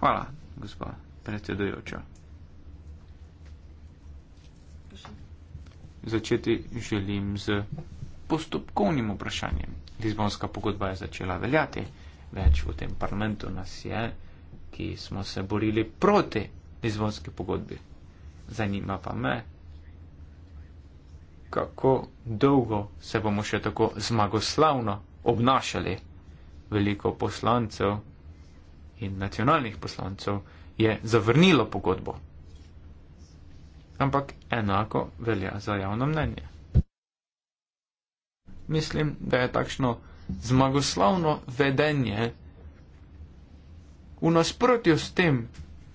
S3: Hvala, gospa predsedujoča. Začeti želim z postopkovnim vprašanjem. Lizbonska pogodba je začela veljati, več v tem parlamentu nas je, ki smo se borili proti Lizbonski pogodbi. Zanima pa me, kako dolgo se bomo še tako zmagoslavno obnašali. Veliko poslancev in nacionalnih poslancev je zavrnilo pogodbo. Ampak enako velja za javno mnenje mislim, da je takšno zmagoslavno vedenje v nasprotju s tem,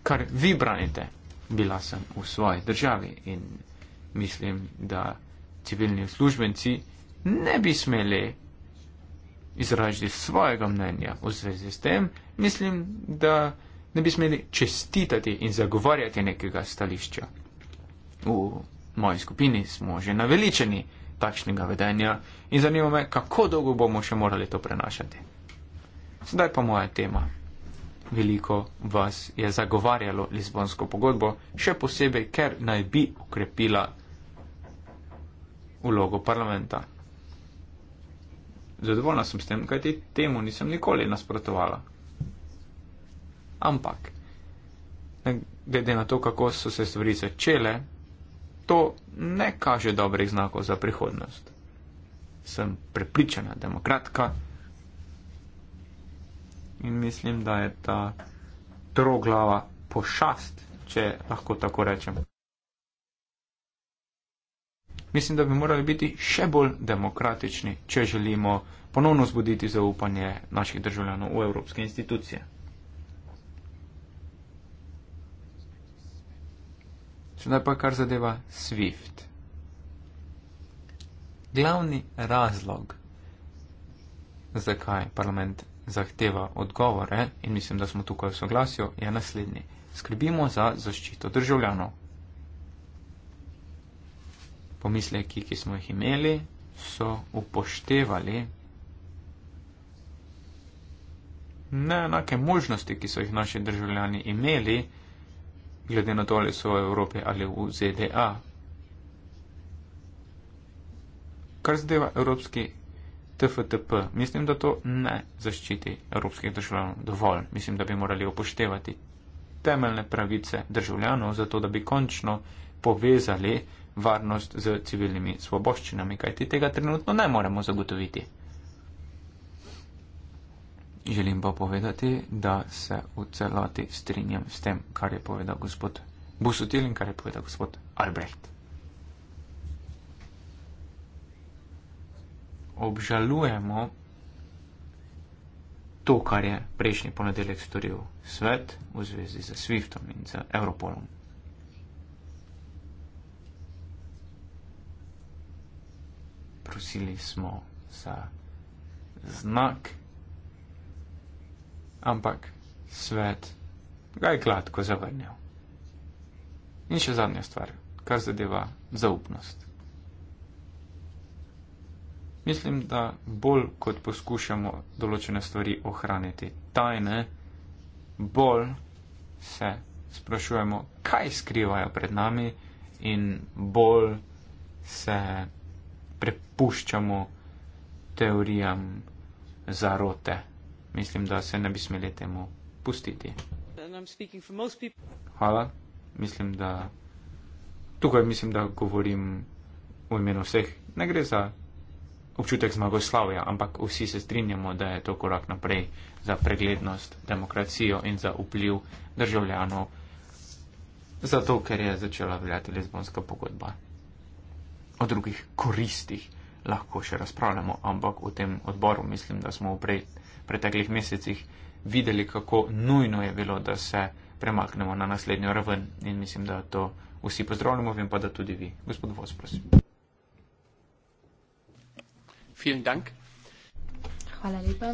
S3: kar vi branite. Bila sem v svoji državi in mislim, da civilni službenci ne bi smeli izražiti svojega mnenja v zvezi s tem. Mislim, da ne bi smeli čestitati in zagovarjati nekega stališča. V moji skupini smo že naveličeni, takšnega vedenja in zanima me, kako dolgo bomo še morali to prenašati. Sedaj pa moja tema. Veliko vas je zagovarjalo Lizbonsko pogodbo, še posebej, ker naj bi ukrepila vlogo parlamenta. Zadovoljna sem s tem, kajti temu nisem nikoli nasprotovala. Ampak, glede na to, kako so se stvari začele, to ne kaže dobrih znakov za prihodnost. Sem prepričana demokratka in mislim, da je ta troglava pošast, če lahko tako rečem. Mislim, da bi morali biti še bolj demokratični, če želimo ponovno zbuditi zaupanje naših državljanov v evropske institucije. Sedaj pa kar zadeva SWIFT. Glavni razlog, zakaj parlament zahteva odgovore in mislim, da smo tukaj v soglasju, je naslednji. Skrbimo za zaščito državljanov. Pomisleki, ki smo jih imeli, so upoštevali neenake možnosti, ki so jih naši državljani imeli, glede na to, ali so v Evropi ali v ZDA. Kar zadeva evropski TFTP, mislim, da to ne zaščiti evropskih državljanov dovolj. Mislim, da bi morali upoštevati temeljne pravice državljanov, zato da bi končno povezali varnost z civilnimi svoboščinami, kajti tega trenutno ne moremo zagotoviti. Želim pa povedati, da se v celoti strinjam s tem, kar je povedal gospod Busutil in kar je povedal gospod Albrecht. Obžalujemo to, kar je prejšnji ponedeljek storil svet v zvezi z Swiftom in z Europolom. Prosili smo za znak ampak svet ga je gladko zavrnil. In še zadnja stvar, kar zadeva zaupnost. Mislim, da bolj kot poskušamo določene stvari ohraniti tajne, bolj se sprašujemo, kaj skrivajo pred nami in bolj se prepuščamo teorijam zarote mislim, da se ne bi smeli temu pustiti. Hvala. Mislim, da tukaj mislim, da govorim v imenu vseh. Ne gre za občutek zmagoslavja, ampak vsi se strinjamo, da je to korak naprej za preglednost, demokracijo in za vpliv državljanov, zato ker je začela veljati lezbonska pogodba. O drugih koristih lahko še razpravljamo, ampak v tem odboru mislim, da smo v prej preteklih mesecih videli, kako nujno je bilo, da se premaknemo na naslednjo raven in mislim, da to vsi pozdravljamo, vem pa, da tudi vi. Gospod Vos, prosim.
S2: Hvala lepa.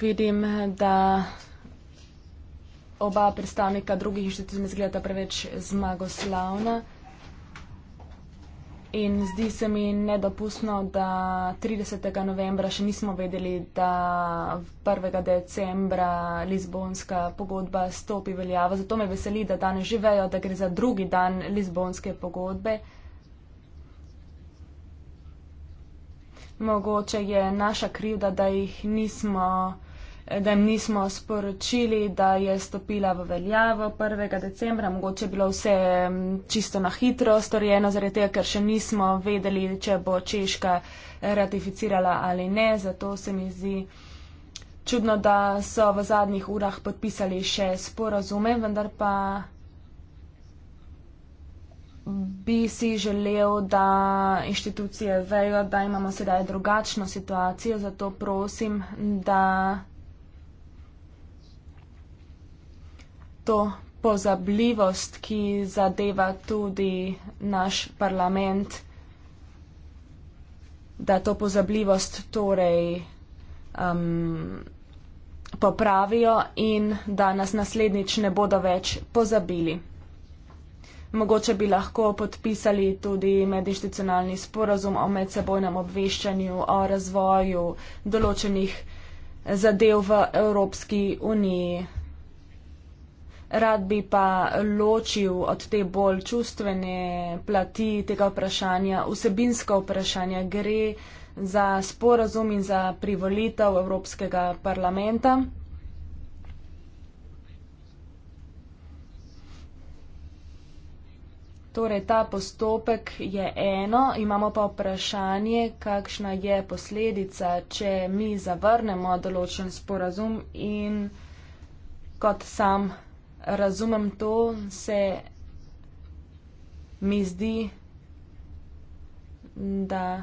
S2: Vidim, da oba predstavnika drugih inštitucij ne zgledata preveč zmagoslavna. In zdi se mi nedopustno, da 30. novembra še nismo vedeli, da 1. decembra Lizbonska pogodba stopi veljavo. Zato me veseli, da danes živejo, da gre za drugi dan Lizbonske pogodbe. Mogoče je naša krivda, da jih nismo da jim nismo sporočili, da je stopila v veljavo 1. decembra. Mogoče je bilo vse mm, čisto na hitro storjeno, zaradi tega, ker še nismo vedeli, če bo Češka ratificirala ali ne. Zato se mi zdi čudno, da so v zadnjih urah podpisali še sporozume, vendar pa bi si želel, da inštitucije vejo, da imamo sedaj drugačno situacijo, zato prosim, da to pozabljivost, ki zadeva tudi naš parlament, da to pozabljivost torej um, popravijo in da nas naslednjič ne bodo več pozabili. Mogoče bi lahko podpisali tudi medinstitucionalni sporazum o medsebojnem obveščanju o razvoju določenih zadev v Evropski uniji. Rad bi pa ločil od te bolj čustvene plati tega vprašanja, vsebinsko vprašanje gre za sporazum in za privolitev Evropskega parlamenta. Torej, ta postopek je eno, imamo pa vprašanje, kakšna je posledica, če mi zavrnemo določen sporazum in kot sam razumem to, se mi zdi, da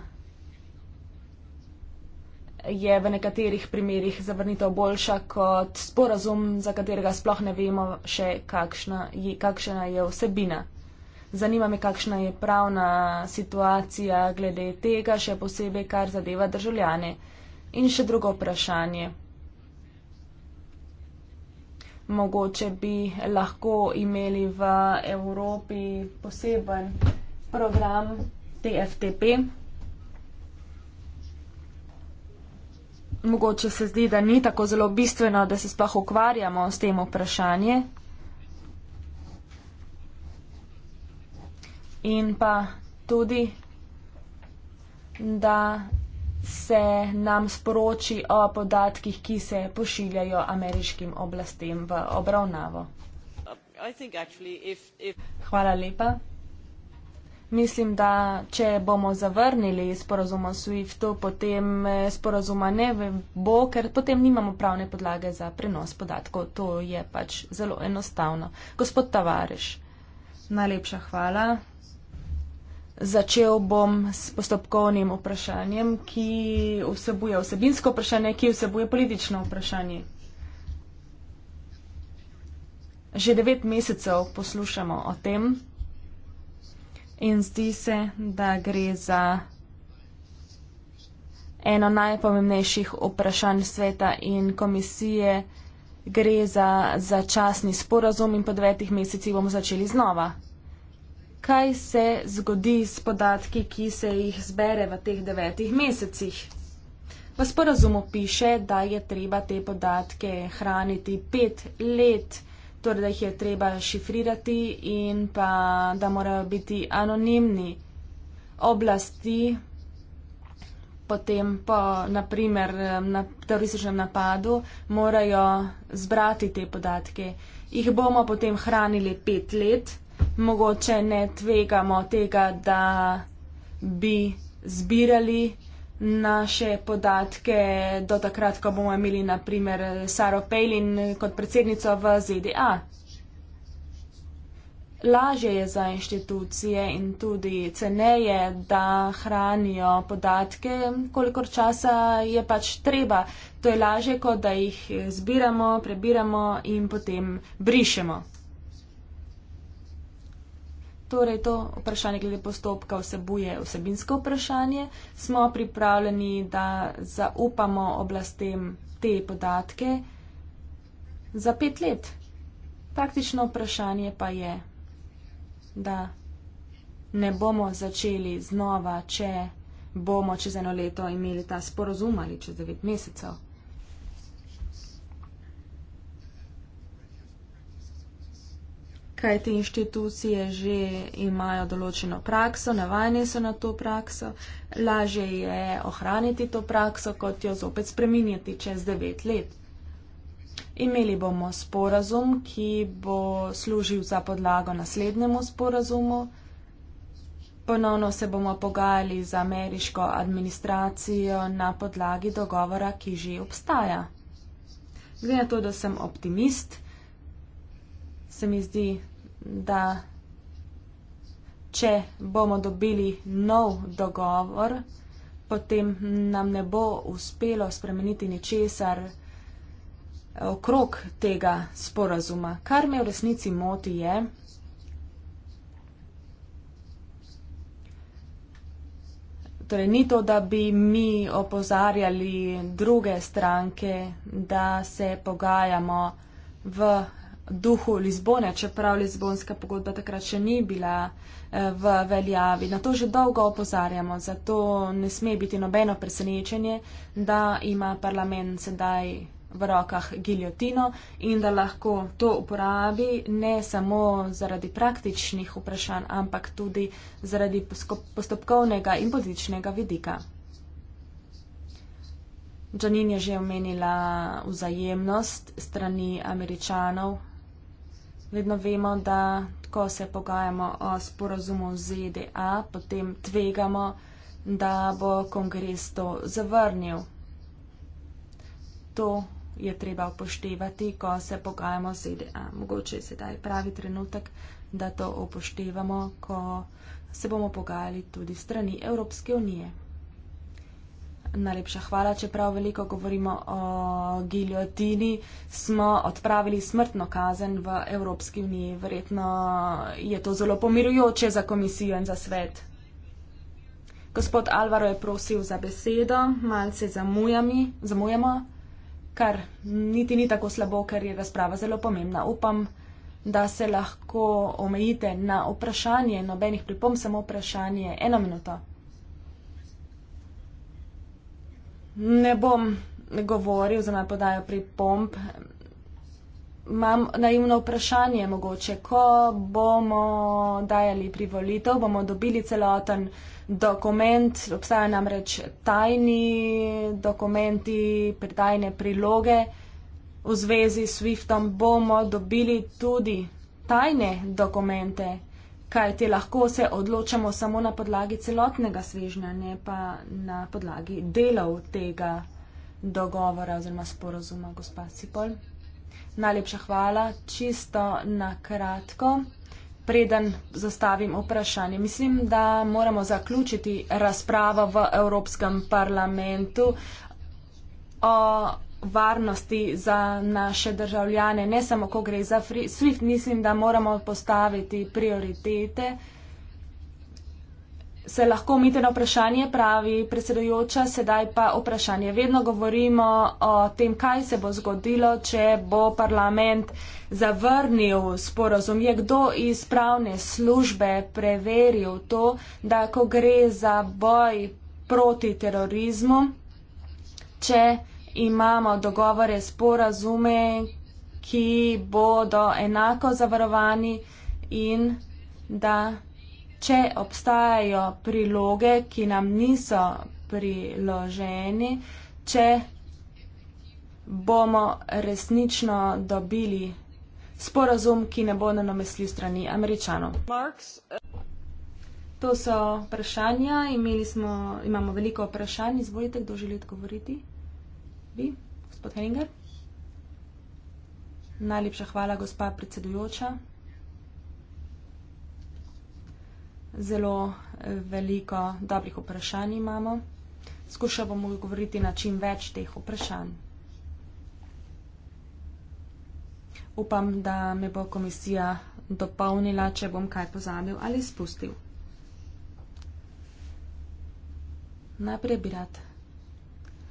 S2: je v nekaterih primerjih zavrnitev boljša kot sporazum, za katerega sploh ne vemo še, kakšna je, kakšna je vsebina. Zanima me, kakšna je pravna situacija glede tega, še posebej, kar zadeva državljane. In še drugo vprašanje mogoče bi lahko imeli v Evropi poseben program TFTP. Mogoče se zdi, da ni tako zelo bistveno, da se sploh ukvarjamo s tem vprašanjem. In pa tudi, da se nam sporoči o podatkih, ki se pošiljajo ameriškim oblastem v obravnavo. Hvala lepa. Mislim, da če bomo zavrnili sporozum o SWIFT-u, potem eh, sporozuma ne bo, ker potem nimamo pravne podlage za prenos podatkov. To je pač zelo enostavno. Gospod Tavareš, najlepša hvala. Začel bom s postopkovnim vprašanjem, ki vsebuje vsebinsko vprašanje, ki vsebuje politično vprašanje. Že devet mesecev poslušamo o tem in zdi se, da gre za eno najpomembnejših vprašanj sveta in komisije. Gre za začasni sporazum in po devetih mesecih bomo začeli znova kaj se zgodi s podatki, ki se jih zbere v teh devetih mesecih. V sporazumu piše, da je treba te podatke hraniti pet let, torej da jih je treba šifrirati in pa da morajo biti anonimni oblasti. Potem, po, naprimer, na terorističnem napadu morajo zbrati te podatke. Ih bomo potem hranili pet let mogoče ne tvegamo tega, da bi zbirali naše podatke do takrat, ko bomo imeli naprimer Saro Pejlin kot predsednico v ZDA. Lažje je za inštitucije in tudi ceneje, da hranijo podatke, kolikor časa je pač treba. To je lažje, kot da jih zbiramo, prebiramo in potem brišemo. Torej, to vprašanje glede postopka vsebuje vsebinsko vprašanje. Smo pripravljeni, da zaupamo oblastem te podatke za pet let. Praktično vprašanje pa je, da ne bomo začeli znova, če bomo čez eno leto imeli ta sporozum ali čez devet mesecev. kaj te inštitucije že imajo določeno prakso, navajeni so na to prakso, lažje je ohraniti to prakso, kot jo zopet spreminjati čez devet let. Imeli bomo sporazum, ki bo služil za podlago naslednjemu sporazumu. Ponovno se bomo pogajali z ameriško administracijo na podlagi dogovora, ki že obstaja. Glede na to, da sem optimist, se mi zdi, da če bomo dobili nov dogovor, potem nam ne bo uspelo spremeniti ničesar okrog tega sporazuma. Kar me v resnici moti je, Torej, ni to, da bi mi opozarjali druge stranke, da se pogajamo v duhu Lizbone, čeprav Lizbonska pogodba takrat še ni bila eh, v veljavi. Na to že dolgo opozarjamo, zato ne sme biti nobeno presenečenje, da ima parlament sedaj v rokah giljotino in da lahko to uporabi ne samo zaradi praktičnih vprašanj, ampak tudi zaradi postopkovnega in političnega vidika. Janin je že omenila vzajemnost strani američanov vedno vemo, da ko se pogajamo o sporazumu z ZDA, potem tvegamo, da bo kongres to zavrnil. To je treba upoštevati, ko se pogajamo z ZDA. Mogoče je sedaj pravi trenutek, da to upoštevamo, ko se bomo pogajali tudi strani Evropske unije najlepša hvala. Čeprav veliko govorimo o giljotini, smo odpravili smrtno kazen v Evropski uniji. Verjetno je to zelo pomirujoče za komisijo in za svet. Gospod Alvaro je prosil za besedo, malce zamujami, zamujamo, kar niti ni tako slabo, ker je razprava zelo pomembna. Upam, da se lahko omejite na vprašanje, nobenih pripom, samo vprašanje, eno minuto. ne bom govoril, zelo podajo pripomp. Imam naivno vprašanje, mogoče, ko bomo dajali privolitev, bomo dobili celoten dokument, obstaja namreč tajni dokumenti, predajne priloge v zvezi s Swiftom, bomo dobili tudi tajne dokumente kaj te lahko se odločamo samo na podlagi celotnega svežnja, ne pa na podlagi delov tega dogovora oziroma sporozuma, gospa Sipol. Najlepša hvala, čisto na kratko. Preden zastavim vprašanje, mislim, da moramo zaključiti razpravo v Evropskem parlamentu o varnosti za naše državljane, ne samo ko gre za free, SWIFT, mislim, da moramo postaviti prioritete. Se lahko umite na vprašanje, pravi predsedujoča, sedaj pa vprašanje. Vedno govorimo o tem, kaj se bo zgodilo, če bo parlament zavrnil sporozum. Je kdo iz pravne službe preveril to, da ko gre za boj proti terorizmu, če imamo dogovore, sporazume, ki bodo enako zavarovani in da če obstajajo priloge, ki nam niso priloženi, če bomo resnično dobili sporazum, ki ne bo nanomesli strani američanov. To so vprašanja, imeli smo, imamo veliko vprašanj, izvolite, kdo želi odgovoriti. Vi, gospod Henger. Najlepša hvala, gospa predsedujoča. Zelo eh, veliko dobrih vprašanj imamo. Skušal bom odgovoriti na čim več teh vprašanj. Upam, da me bo komisija dopolnila, če bom kaj pozabil ali spustil. Najprej bi rad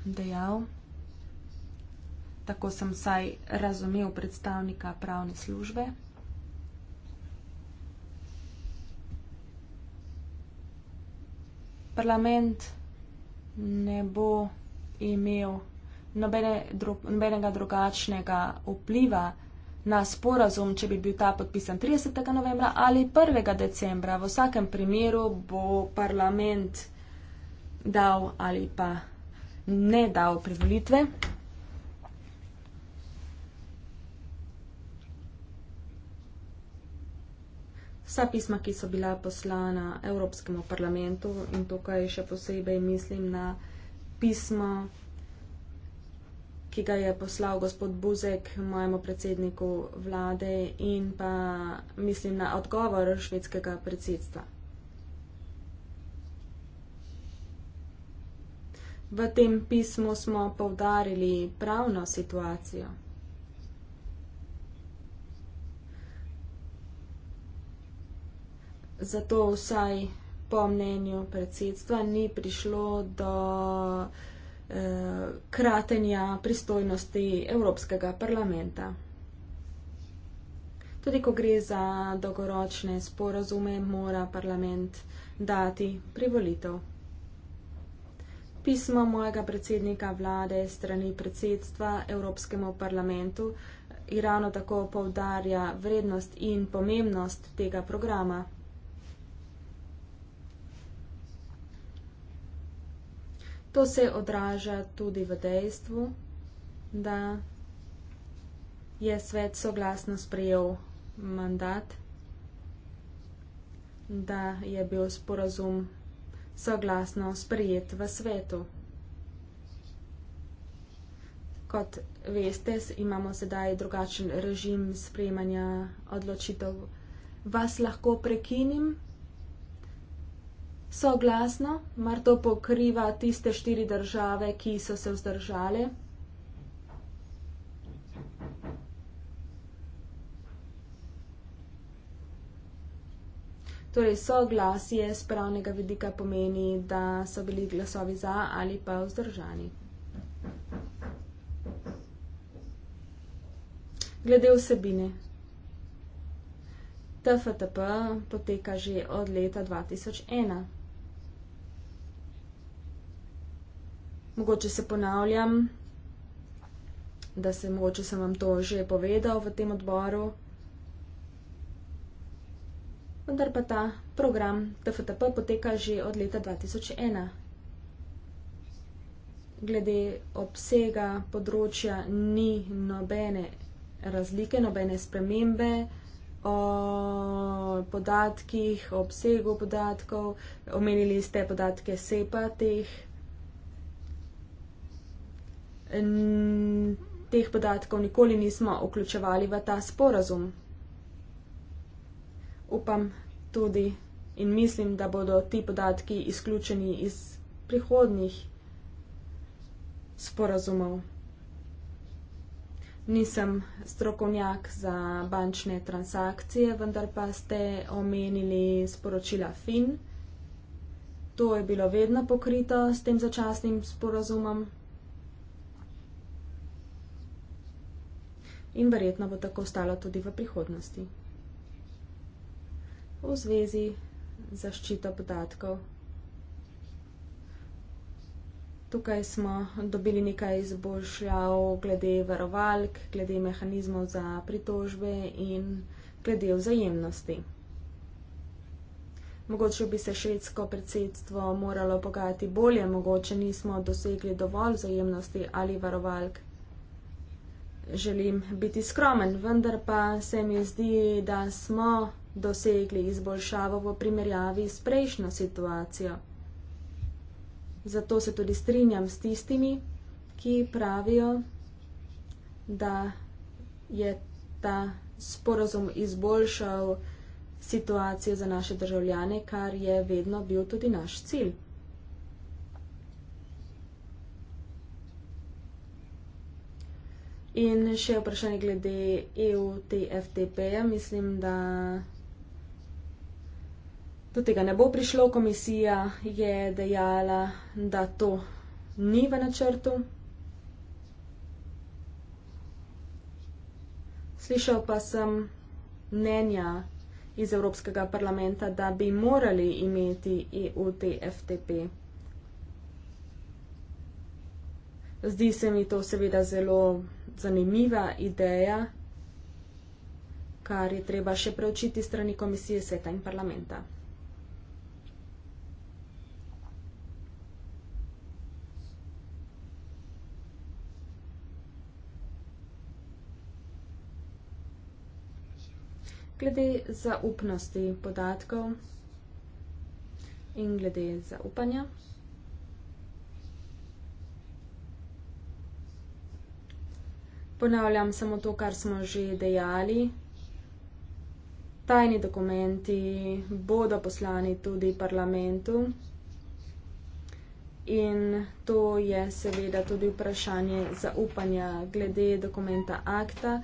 S2: dejal, tako sem saj razumel predstavnika pravne službe. Parlament ne bo imel nobene, dro, nobenega drugačnega vpliva na sporazum, če bi bil ta podpisan 30. novembra ali 1. decembra. V vsakem primeru bo parlament dal ali pa ne dal privolitve. vsa pisma, ki so bila poslana Evropskemu parlamentu in tukaj še posebej mislim na pismo, ki ga je poslal gospod Buzek mojemu predsedniku vlade in pa mislim na odgovor švedskega predsedstva. V tem pismu smo povdarili pravno situacijo. zato vsaj po mnenju predsedstva ni prišlo do eh, kratenja pristojnosti Evropskega parlamenta. Tudi ko gre za dolgoročne sporazume, mora parlament dati privolitev. Pismo mojega predsednika vlade strani predsedstva Evropskemu parlamentu Irano tako povdarja vrednost in pomembnost tega programa. To se odraža tudi v dejstvu, da je svet soglasno sprejel mandat, da je bil sporazum soglasno sprejet v svetu. Kot veste, imamo sedaj drugačen režim sprejemanja odločitev. Vas lahko prekinim soglasno, mar to pokriva tiste štiri države, ki so se vzdržale? Torej, soglasje z pravnega vidika pomeni, da so bili glasovi za ali pa vzdržani. Glede vsebine. TFTP poteka že od leta 2001. mogoče se ponavljam, da se mogoče sem vam to že povedal v tem odboru. Vendar pa ta program TFTP poteka že od leta 2001. Glede obsega področja ni nobene razlike, nobene spremembe o podatkih, o obsegu podatkov. Omenili ste podatke SEPA, teh teh podatkov nikoli nismo vključevali v ta sporazum. Upam tudi in mislim, da bodo ti podatki izključeni iz prihodnjih sporazumov. Nisem strokovnjak za bančne transakcije, vendar pa ste omenili sporočila FIN. To je bilo vedno pokrito s tem začasnim sporazumom. in verjetno bo tako ostalo tudi v prihodnosti. V zvezi z zaščito podatkov. Tukaj smo dobili nekaj izboljšav glede varovalk, glede mehanizmov za pritožbe in glede vzajemnosti. Mogoče bi se švedsko predsedstvo moralo pogajati bolje, mogoče nismo dosegli dovolj vzajemnosti ali varovalk želim biti skromen, vendar pa se mi zdi, da smo dosegli izboljšavo v primerjavi s prejšnjo situacijo. Zato se tudi strinjam s tistimi, ki pravijo, da je ta sporozum izboljšal situacijo za naše državljane, kar je vedno bil tudi naš cilj. In še vprašanje glede EU-TFTP-ja. Mislim, da do tega ne bo prišlo. Komisija je dejala, da to ni v načrtu. Slišal pa sem mnenja iz Evropskega parlamenta, da bi morali imeti EU-TFTP. Zdi se mi to seveda zelo zanimiva ideja, kar je treba še preučiti strani komisije Sveta in parlamenta. Glede zaupnosti podatkov in glede zaupanja. ponavljam samo to, kar smo že dejali. Tajni dokumenti bodo poslani tudi parlamentu. In to je seveda tudi vprašanje zaupanja glede dokumenta akta.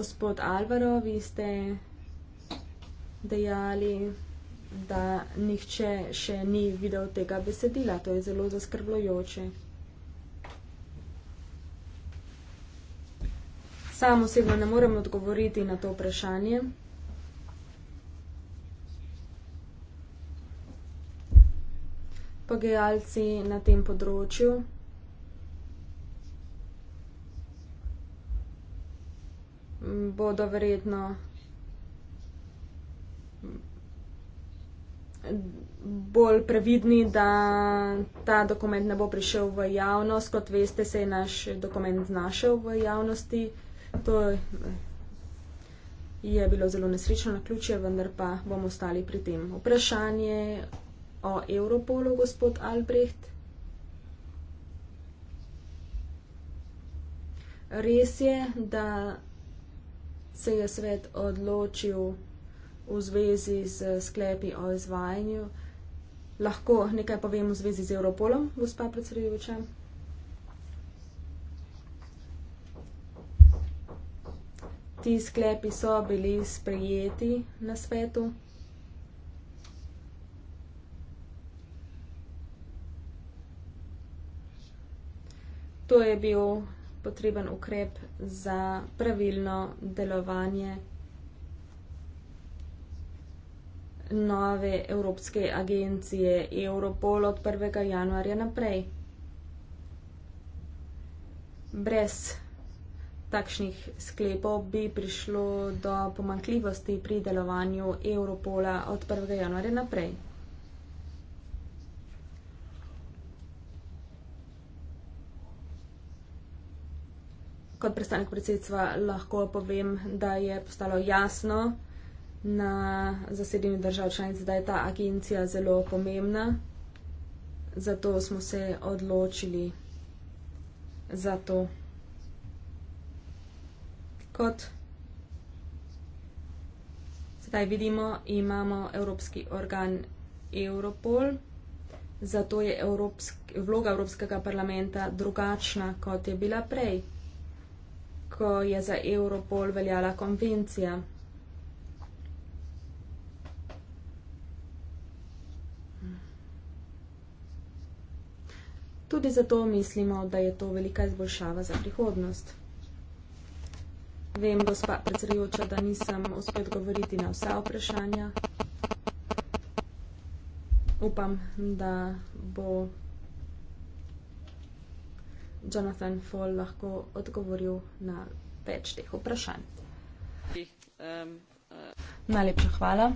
S2: Gospod Alvaro, vi ste dejali, da nihče še ni videl tega besedila. To je zelo zaskrbljujoče. Sam osebno ne morem odgovoriti na to vprašanje. Pogajalci na tem področju bodo verjetno. Bolj previdni, da ta dokument ne bo prišel v javnost. Kot veste, se je naš dokument znašel v javnosti. To je bilo zelo nesrečno na ključje, vendar pa bomo ostali pri tem. Vprašanje o Europolu, gospod Albrecht. Res je, da se je svet odločil v zvezi z sklepi o izvajanju. Lahko nekaj povem v zvezi z Europolom, gospa predsedujoča. ti sklepi so bili sprejeti na svetu. To je bil potreben ukrep za pravilno delovanje nove Evropske agencije Europol od 1. januarja naprej. Brez takšnih sklepov bi prišlo do pomankljivosti pri delovanju Europola od 1. januarja naprej. Kot predstavnik predsedstva lahko povem, da je postalo jasno na zasedanju držav članic, da je ta agencija zelo pomembna. Zato smo se odločili za to kot sedaj vidimo, imamo evropski organ Europol. Zato je evropsk, vloga Evropskega parlamenta drugačna, kot je bila prej, ko je za Europol veljala konvencija. Tudi zato mislimo, da je to velika izboljšava za prihodnost. Vem, gospa predsedujoča, da nisem uspel odgovoriti na vsa vprašanja. Upam, da bo Jonathan Fall lahko odgovoril na več teh vprašanj.
S1: Um, uh,
S2: Najlepša hvala.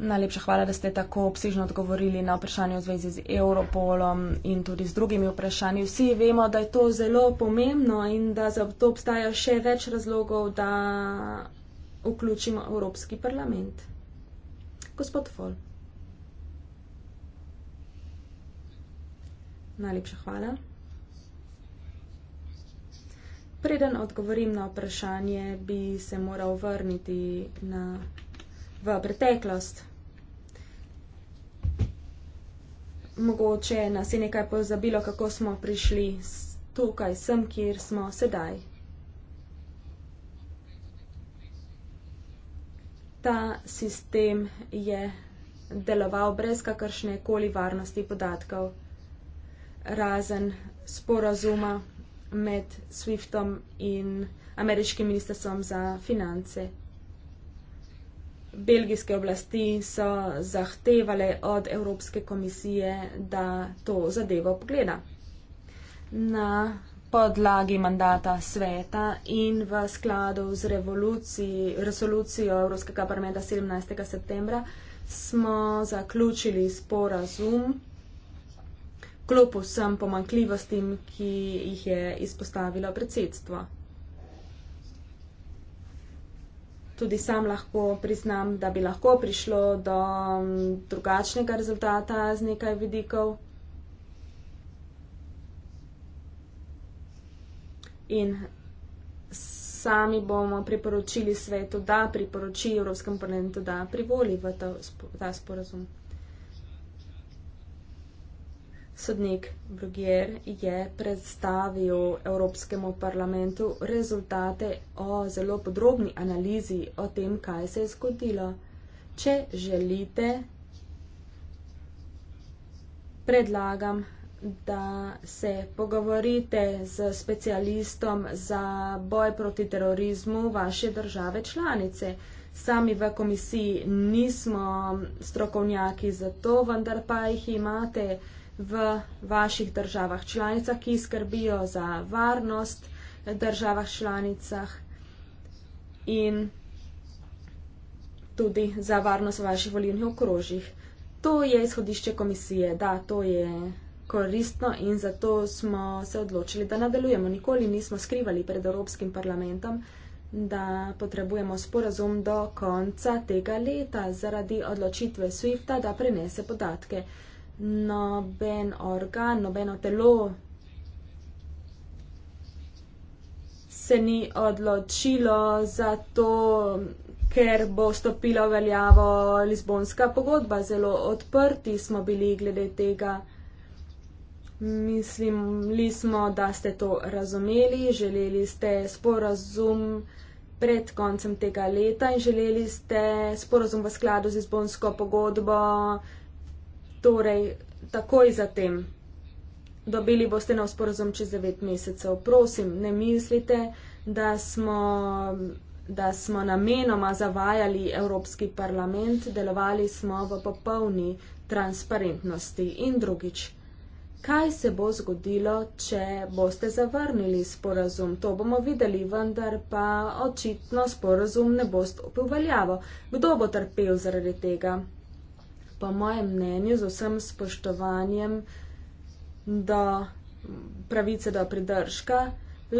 S2: Najlepša hvala, da ste tako obsežno odgovorili na vprašanje v zvezi z Europolom in tudi z drugimi vprašanji. Vsi vemo, da je to zelo pomembno in da za to obstaja še več razlogov, da vključimo Evropski parlament. Gospod Fol. Najlepša hvala. Preden odgovorim na vprašanje, bi se moral vrniti na v preteklost. Mogoče nas je nekaj pozabilo, kako smo prišli tukaj, sem, kjer smo sedaj. Ta sistem je deloval brez kakršne koli varnosti podatkov, razen sporazuma med Swiftom in ameriškim ministrstvom za finance belgijske oblasti so zahtevali od Evropske komisije, da to zadevo pogleda. Na podlagi mandata sveta in v skladu z resolucijo Evropskega parlamenta 17. septembra smo zaključili sporazum. Kljub vsem pomankljivostim, ki jih je izpostavilo predsedstvo. tudi sam lahko priznam, da bi lahko prišlo do mm, drugačnega rezultata z nekaj vidikov. In sami bomo priporočili svetu, da priporoči Evropskem parlamentu, da privoli v ta sporazum. Sodnik Brugger je predstavil Evropskemu parlamentu rezultate o zelo podrobni analizi o tem, kaj se je zgodilo. Če želite, predlagam, da se pogovorite z specialistom za boj proti terorizmu vaše države članice. Sami v komisiji nismo strokovnjaki za to, vendar pa jih imate v vaših državah članicah, ki skrbijo za varnost v državah članicah in tudi za varnost v vaših volivnih okrožjih. To je izhodišče komisije, da, to je koristno in zato smo se odločili, da nadaljujemo. Nikoli nismo skrivali pred Evropskim parlamentom, da potrebujemo sporazum do konca tega leta zaradi odločitve SWIFT-a, da prenese podatke noben organ, nobeno telo se ni odločilo za to, ker bo stopila v veljavo Lizbonska pogodba. Zelo odprti smo bili glede tega. Mislili smo, da ste to razumeli, želeli ste sporazum pred koncem tega leta in želeli ste sporazum v skladu z Lizbonsko pogodbo Torej, takoj zatem. Dobili boste nov sporozum čez 9 mesecev. Prosim, ne mislite, da smo, da smo namenoma zavajali Evropski parlament, delovali smo v popolni transparentnosti. In drugič, kaj se bo zgodilo, če boste zavrnili sporozum? To bomo videli, vendar pa očitno sporozum ne bo stopil veljavo. Kdo bo trpel zaradi tega? po mojem mnenju, z vsem spoštovanjem do pravice do pridržka,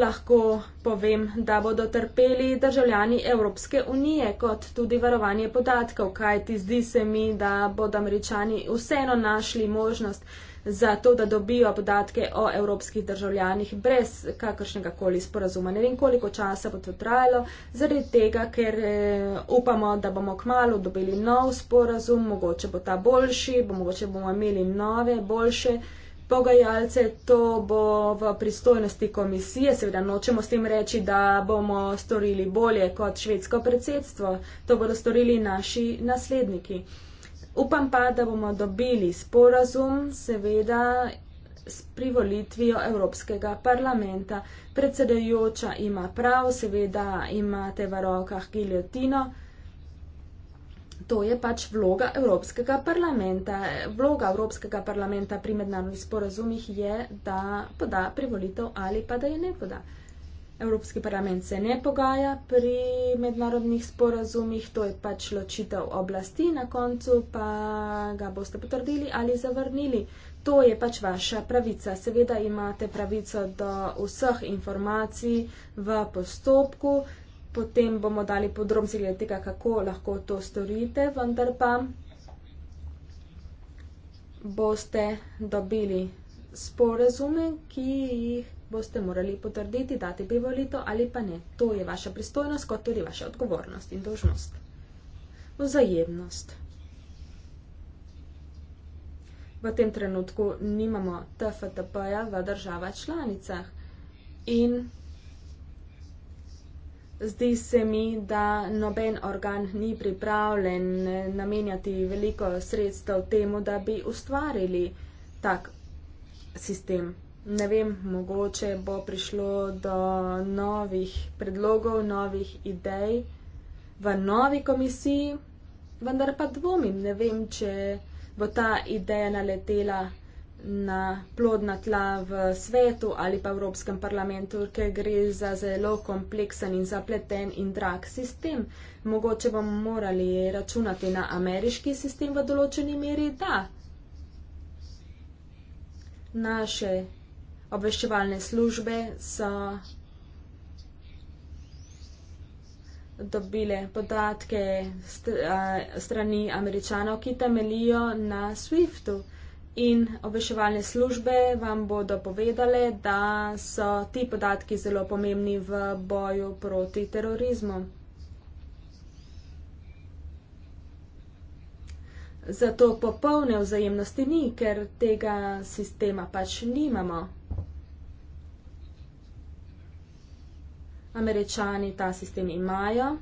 S2: lahko povem, da bodo trpeli državljani Evropske unije, kot tudi varovanje podatkov, kajti zdi se mi, da bodo američani vseeno našli možnost za to, da dobijo podatke o evropskih državljanih brez kakršnega koli sporazuma. Ne vem, koliko časa bo to trajalo, zaradi tega, ker eh, upamo, da bomo kmalo dobili nov sporazum, mogoče bo ta boljši, bo mogoče bomo imeli nove, boljše. Pogajalce to bo v pristojnosti komisije, seveda nočemo s tem reči, da bomo storili bolje kot švedsko predsedstvo, to bodo storili naši nasledniki. Upam pa, da bomo dobili sporazum, seveda s privolitvijo Evropskega parlamenta. Predsedajoča ima prav, seveda imate v rokah giljotino. To je pač vloga Evropskega parlamenta. Vloga Evropskega parlamenta pri mednarodnih sporazumih je, da poda privolitev ali pa da je ne poda. Evropski parlament se ne pogaja pri mednarodnih sporazumih, to je pač ločitev oblasti, na koncu pa ga boste potrdili ali zavrnili. To je pač vaša pravica. Seveda imate pravico do vseh informacij v postopku, potem bomo dali podrobnosti glede tega, kako lahko to storite, vendar pa boste dobili sporazume, ki jih boste morali potrditi, dati bivolito ali pa ne. To je vaša pristojnost, kot tudi vaša odgovornost in dožnost. Vzajemnost. V tem trenutku nimamo TFTP-ja v državah članicah in zdi se mi, da noben organ ni pripravljen namenjati veliko sredstev temu, da bi ustvarili tak sistem ne vem, mogoče bo prišlo do novih predlogov, novih idej v novi komisiji, vendar pa dvomim, ne vem, če bo ta ideja naletela na plodna tla v svetu ali pa v Evropskem parlamentu, ker gre za zelo kompleksen in zapleten in drag sistem. Mogoče bomo morali računati na ameriški sistem v določeni meri, da. Naše obveščevalne službe so dobile podatke strani američanov, ki temelijo na SWIFT-u. In obveščevalne službe vam bodo povedale, da so ti podatki zelo pomembni v boju proti terorizmu. Zato popolne vzajemnosti ni, ker tega sistema pač nimamo. Američani ta sistem imajo.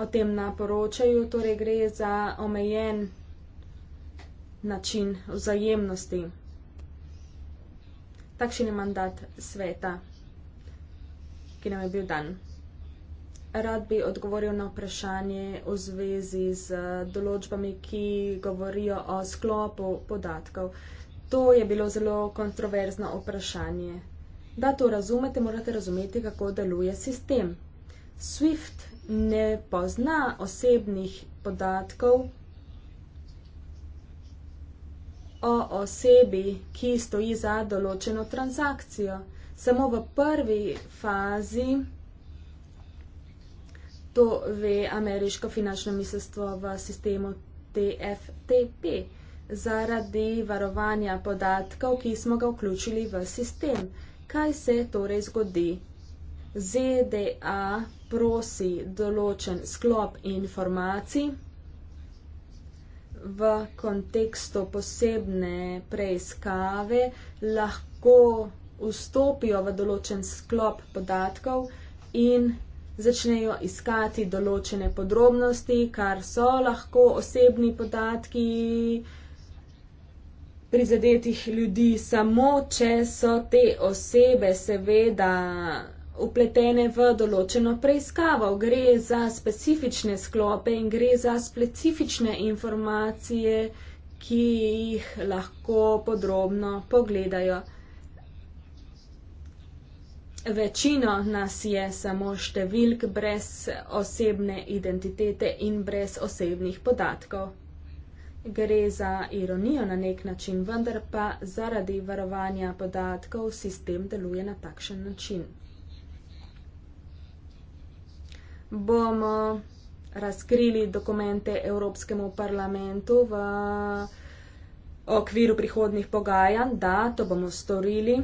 S2: O tem naporočajo, torej gre za omejen način vzajemnosti. Takšen je mandat sveta, ki nam je bil dan. Rad bi odgovoril na vprašanje v zvezi z določbami, ki govorijo o sklopu podatkov. To je bilo zelo kontroverzno vprašanje. Da to razumete, morate razumeti, kako deluje sistem. SWIFT ne pozna osebnih podatkov o osebi, ki stoji za določeno transakcijo. Samo v prvi fazi to ve ameriško finančno ministrstvo v sistemu TFTP zaradi varovanja podatkov, ki smo ga vključili v sistem. Kaj se torej zgodi? ZDA prosi določen sklop informacij v kontekstu posebne preiskave, lahko vstopijo v določen sklop podatkov in začnejo iskati določene podrobnosti, kar so lahko osebni podatki, prizadetih ljudi, samo če so te osebe seveda upletene v določeno preiskavo. Gre za specifične sklope in gre za specifične informacije, ki jih lahko podrobno pogledajo. Večino nas je samo številk brez osebne identitete in brez osebnih podatkov gre za ironijo na nek način, vendar pa zaradi varovanja podatkov sistem deluje na takšen način. Bomo razkrili dokumente Evropskemu parlamentu v okviru prihodnih pogajanj, da to bomo storili.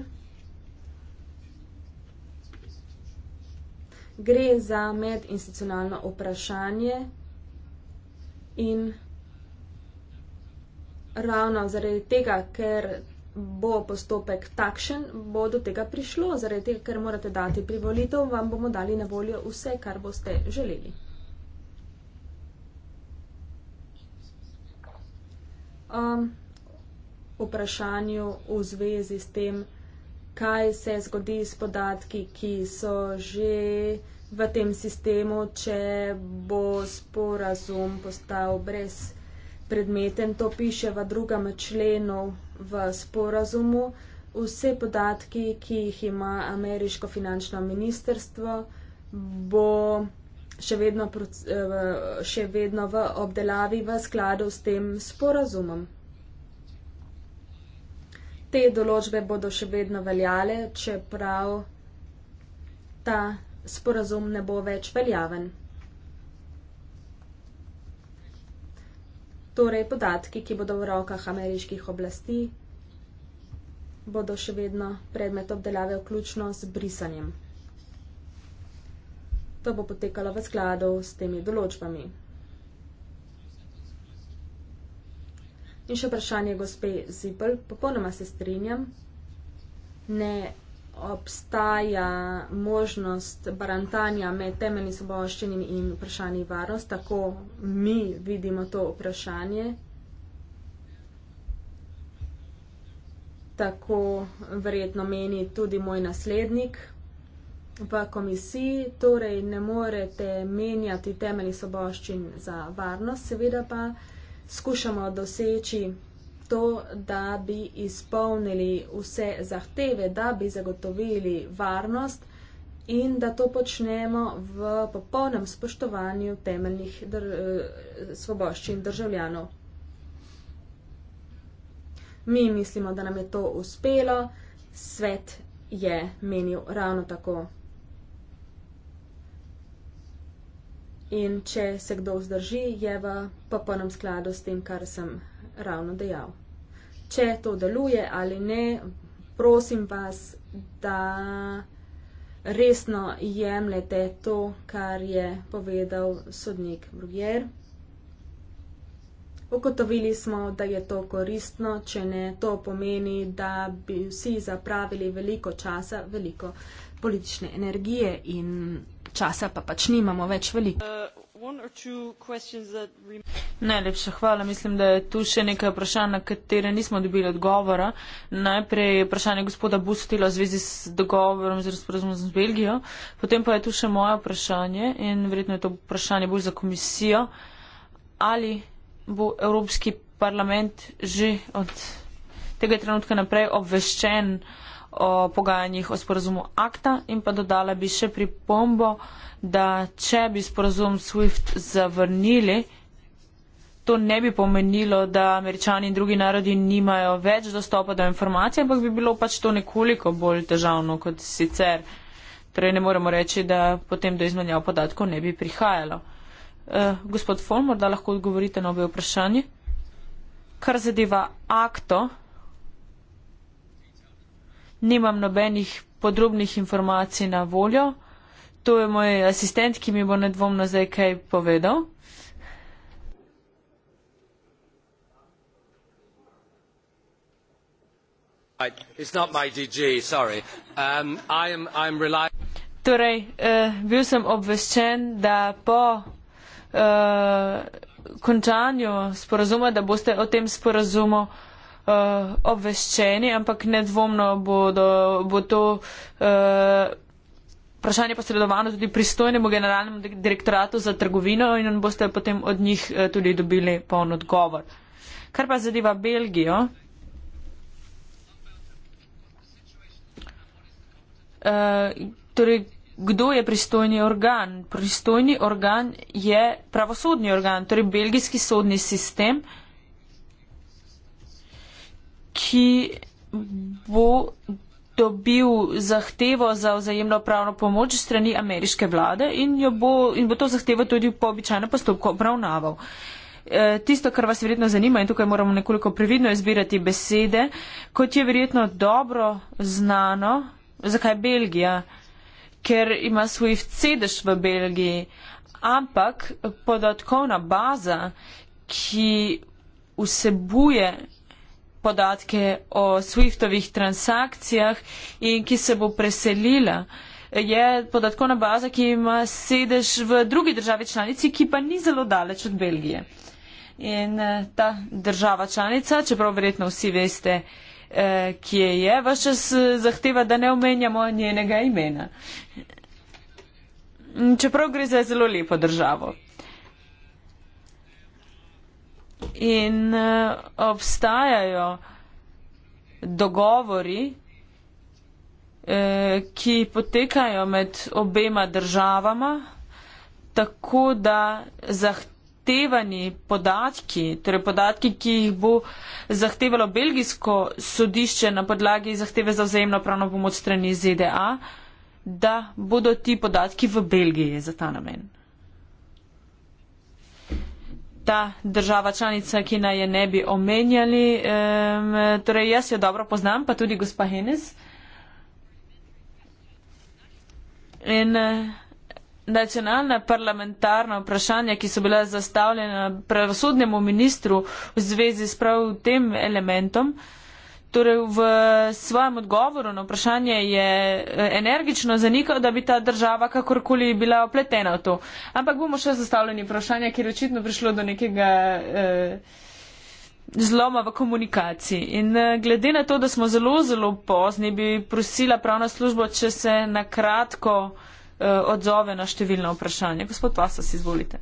S2: Gre za medinstitucionalno vprašanje in ravno zaradi tega, ker bo postopek takšen, bo do tega prišlo, zaradi tega, ker morate dati privolitev, vam bomo dali na voljo vse, kar boste želeli. Um, vprašanju v zvezi s tem, kaj se zgodi s podatki, ki so že v tem sistemu, če bo sporazum postal brez predmeten, to piše v drugem členu v sporazumu. Vse podatki, ki jih ima ameriško finančno ministrstvo, bo še vedno, eh, še vedno v obdelavi v skladu s tem sporazumom. Te določbe bodo še vedno veljale, čeprav ta sporazum ne bo več veljaven. Torej, podatki, ki bodo v rokah ameriških oblasti, bodo še vedno predmet obdelave, vključno s brisanjem. To bo potekalo v skladu s temi določbami. In še vprašanje gospe Zipel, popolnoma se strinjam, ne obstaja možnost barantanja med temeljni svoboščini in vprašanji varnost, tako mi vidimo to vprašanje. Tako verjetno meni tudi moj naslednik v komisiji, torej ne morete menjati temeljnih soboščin za varnost, seveda pa skušamo doseči to, da bi izpolnili vse zahteve, da bi zagotovili varnost in da to počnemo v popolnem spoštovanju temeljnih dr eh, svoboščin državljanov. Mi mislimo, da nam je to uspelo, svet je menil ravno tako. In če se kdo vzdrži, je v popolnem skladu s tem, kar sem ravno dejal. Če to deluje ali ne, prosim vas, da resno jemljete to, kar je povedal sodnik Brugger. Ugotovili smo, da je to koristno, če ne, to pomeni, da bi vsi zapravili veliko časa, veliko politične energije in
S1: časa pa pač nimamo več veliko. Uh. Najlepša hvala. Mislim, da je tu še nekaj vprašanj, na katere nismo dobili odgovora. Najprej je vprašanje gospoda Bustila v zvezi s dogovorom z razporazumom z Belgijo, potem pa je tu še moje vprašanje in verjetno je to vprašanje bolj za komisijo. Ali bo Evropski parlament že od tega trenutka naprej obveščen? Uh, o pogajanjih o sporazumu akta in pa dodala bi še pripombo, da če bi sporazum SWIFT zavrnili, to ne bi pomenilo, da američani in drugi narodi nimajo več dostopa do informacij, ampak bi bilo pač to nekoliko bolj težavno kot sicer. Torej ne moremo reči, da potem do izmenjav podatkov ne bi prihajalo. E, gospod Fol, morda lahko odgovorite na obe vprašanje. Kar zadeva akto, nimam nobenih podrobnih informacij na voljo. To je moj asistent, ki mi bo nedvomno zdaj kaj povedal. Um, torej, eh, bil sem obveščen, da po eh, končanju sporazuma, da boste o tem sporazumu eh, uh, obveščeni, ampak nedvomno bodo, bo to. Uh, Vprašanje posredovano tudi pristojnemu generalnemu direktoratu za trgovino in boste potem od njih eh, tudi dobili poln odgovor. Kar pa zadeva Belgijo, e, torej kdo je pristojni organ? Pristojni organ je pravosodni organ, torej belgijski sodni sistem. E, ki bo dobil zahtevo za vzajemno pravno pomoč strani ameriške vlade in, bo, in bo to zahtevo tudi po običajnem postopku obravnaval. E, tisto, kar vas verjetno zanima in tukaj moramo nekoliko previdno izbirati besede, kot je verjetno dobro znano, zakaj Belgija, ker ima svoj sedež v Belgiji, ampak podatkovna baza, ki vsebuje podatke o Swiftovih transakcijah in ki se bo preselila. Je podatkovna baza, ki ima sedež v drugi državi članici, ki pa ni zelo daleč od Belgije. In eh, ta država članica, čeprav verjetno vsi veste, eh, kje je, vaš čas eh, zahteva, da ne omenjamo njenega imena. Čeprav gre za zelo lepo državo. in eh, obstajajo dogovori, eh, ki potekajo med obema državama, tako da zahtevani podatki, torej podatki, ki jih bo zahtevalo belgijsko sodišče na podlagi zahteve za vzajemno pravno pomoč strani ZDA, da bodo ti podatki v Belgiji za ta namen ta država članica, ki naj je ne bi omenjali. Um, torej, jaz jo dobro poznam, pa tudi gospa Henes. In eh, nacionalna parlamentarna vprašanja, ki so bila zastavljena pravosodnemu ministru v zvezi s prav tem elementom, uh, Torej, v svojem odgovoru na vprašanje je eh, energično zanikal, da bi ta država kakorkoli bila opletena v to. Ampak bomo še zastavljeni vprašanja, ker je očitno prišlo do nekega. Eh, Zloma v komunikaciji. In eh, glede na to, da smo zelo, zelo pozni, bi prosila pravna služba, če se na kratko eh, odzove na številna vprašanja. Gospod Pasas, izvolite.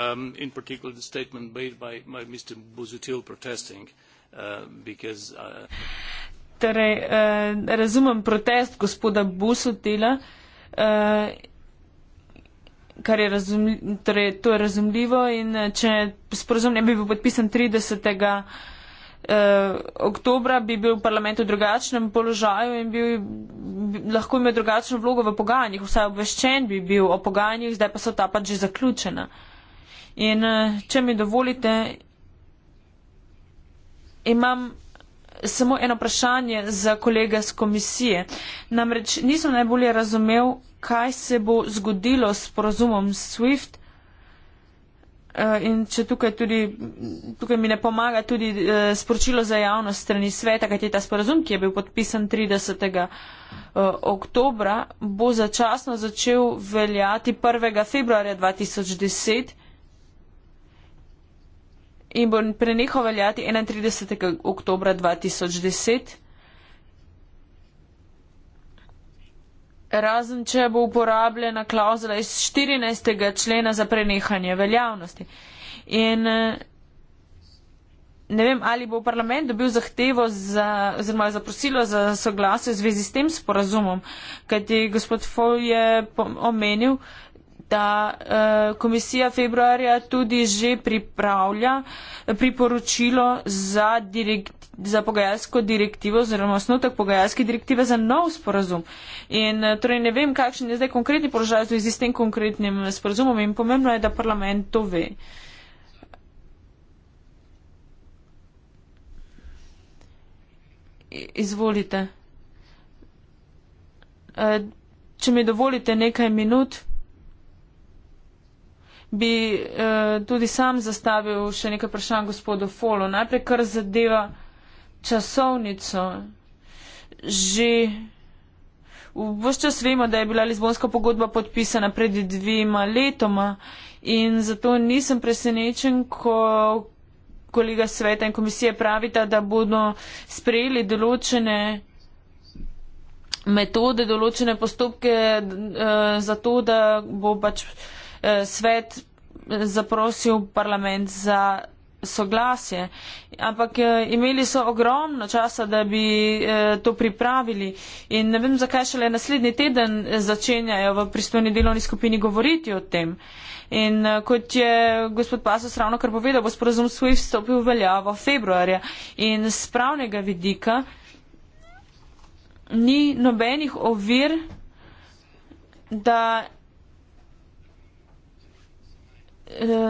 S3: um, in particular the statement made by, by Mr. Buzutil protesting, uh, because. Uh,
S1: torej, uh, razumem protest gospoda Busutila, uh, kar je, razumlj, torej, to je razumljivo in uh, če sporozum ne bi bil podpisan 30. Uh, oktobra bi bil v parlamentu v drugačnem položaju in bi, bi lahko imel drugačno vlogo v pogajanjih, vsaj obveščen bi bil o pogajanjih, zdaj pa so ta pač že zaključena. Uh, In eh, če mi dovolite, imam samo eno vprašanje za kolega z komisije. Namreč nisem najbolje razumel, kaj se bo zgodilo s porazumom SWIFT. Eh, in če tukaj, tudi, tukaj mi ne pomaga tudi eh, sporočilo za javnost strani sveta, kaj je ta sporazum, ki je bil podpisan 30. oktobra, bo začasno začel veljati 1. februarja 2010, in bo prenehal veljati 31. oktober 2010. Razen, če bo uporabljena klauzula iz 14. člena za prenehanje veljavnosti. In ne vem, ali bo parlament dobil zahtevo za, oziroma zaprosilo za soglasje v zvezi s tem sporazumom, kajti gospod Foy je omenil, da eh, komisija februarja tudi že pripravlja eh, priporočilo za, direkt, za pogajalsko direktivo oziroma osnutek pogajalske direktive za nov sporazum. In eh, torej ne vem, kakšen je zdaj konkretni položaj z tem konkretnim sporazumom in pomembno je, da parlament to ve. Izvolite. Če mi dovolite nekaj minut bi eh, tudi sam zastavil še nekaj vprašanj gospodu Folu. Najprej, kar zadeva časovnico. Že v vse čas vemo, da je bila Lizbonska pogodba podpisana pred dvima letoma in zato nisem presenečen, ko kolega sveta in komisije pravita, da bodo sprejeli določene metode, določene postopke eh, za to, da bo pač. Eh, svet zaprosil parlament za soglasje. Ampak eh, imeli so ogromno časa, da bi eh, to pripravili in ne vem, zakaj šele naslednji teden začenjajo v pristojni delovni skupini govoriti o tem. In kot je gospod Pasos ravno kar povedal, bo sporozum svoj vstopil v veljavo februarja in z pravnega vidika ni nobenih ovir, da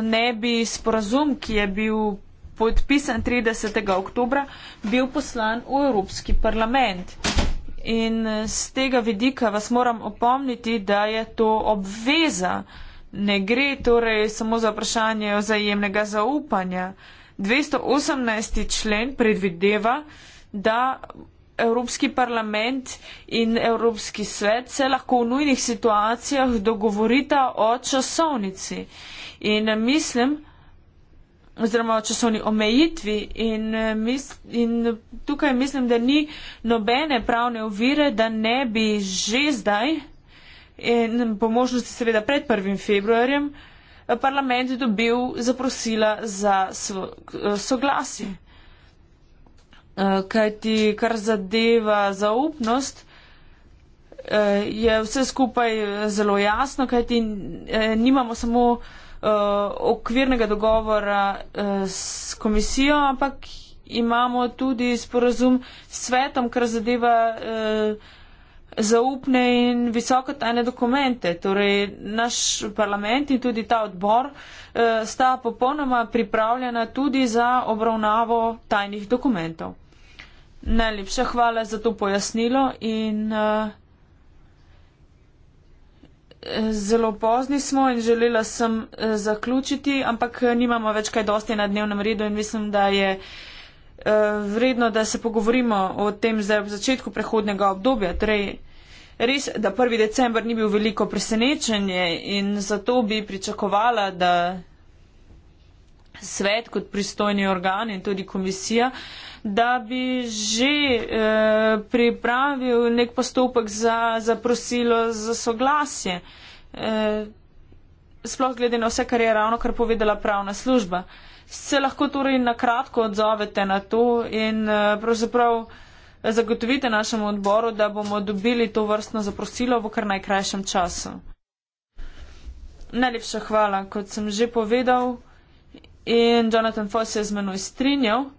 S1: ne bi sporazum, ki je bil podpisan 30. oktobra, bil poslan v Evropski parlament. In z tega vidika vas moram opomniti, da je to obveza. Ne gre torej samo za vprašanje vzajemnega zaupanja. 218. člen predvideva, da Evropski parlament in Evropski svet se lahko v nujnih situacijah dogovorita o časovnici. In eh, mislim, oziroma o časovni omejitvi in, eh, in tukaj mislim, da ni nobene pravne ovire, da ne bi že zdaj in po možnosti seveda pred 1. februarjem eh, parlament dobil zaprosila za soglasje. Eh, kaj ti, kar zadeva zaupnost, eh, je vse skupaj eh, zelo jasno, kaj ti nimamo samo okvirnega dogovora s komisijo, ampak imamo tudi sporazum s svetom, kar zadeva zaupne in visokotajne dokumente. Torej, naš parlament in tudi ta odbor sta popolnoma pripravljena tudi za obravnavo tajnih dokumentov. Najlepša hvala za to pojasnilo in uh, zelo pozni smo in želela sem uh, zaključiti, ampak eh, nimamo več kaj dosti na dnevnem redu in mislim, da je uh, vredno, da se pogovorimo o tem zdaj ob začetku prehodnega obdobja. Torej, res, da 1. december ni bil veliko presenečenje in zato bi pričakovala, da svet kot pristojni organ in tudi komisija uh, da bi že e, pripravil nek postopek za, za prosilo za soglasje. E, sploh glede na vse, kar je ravno kar povedala pravna služba. Se lahko torej nakratko odzovete na to in e, pravzaprav zagotovite našemu odboru, da bomo dobili to vrstno zaprosilo v kar najkrajšem času. Najlepša hvala, kot sem že povedal. In Jonathan Foss je z menoj strinjal.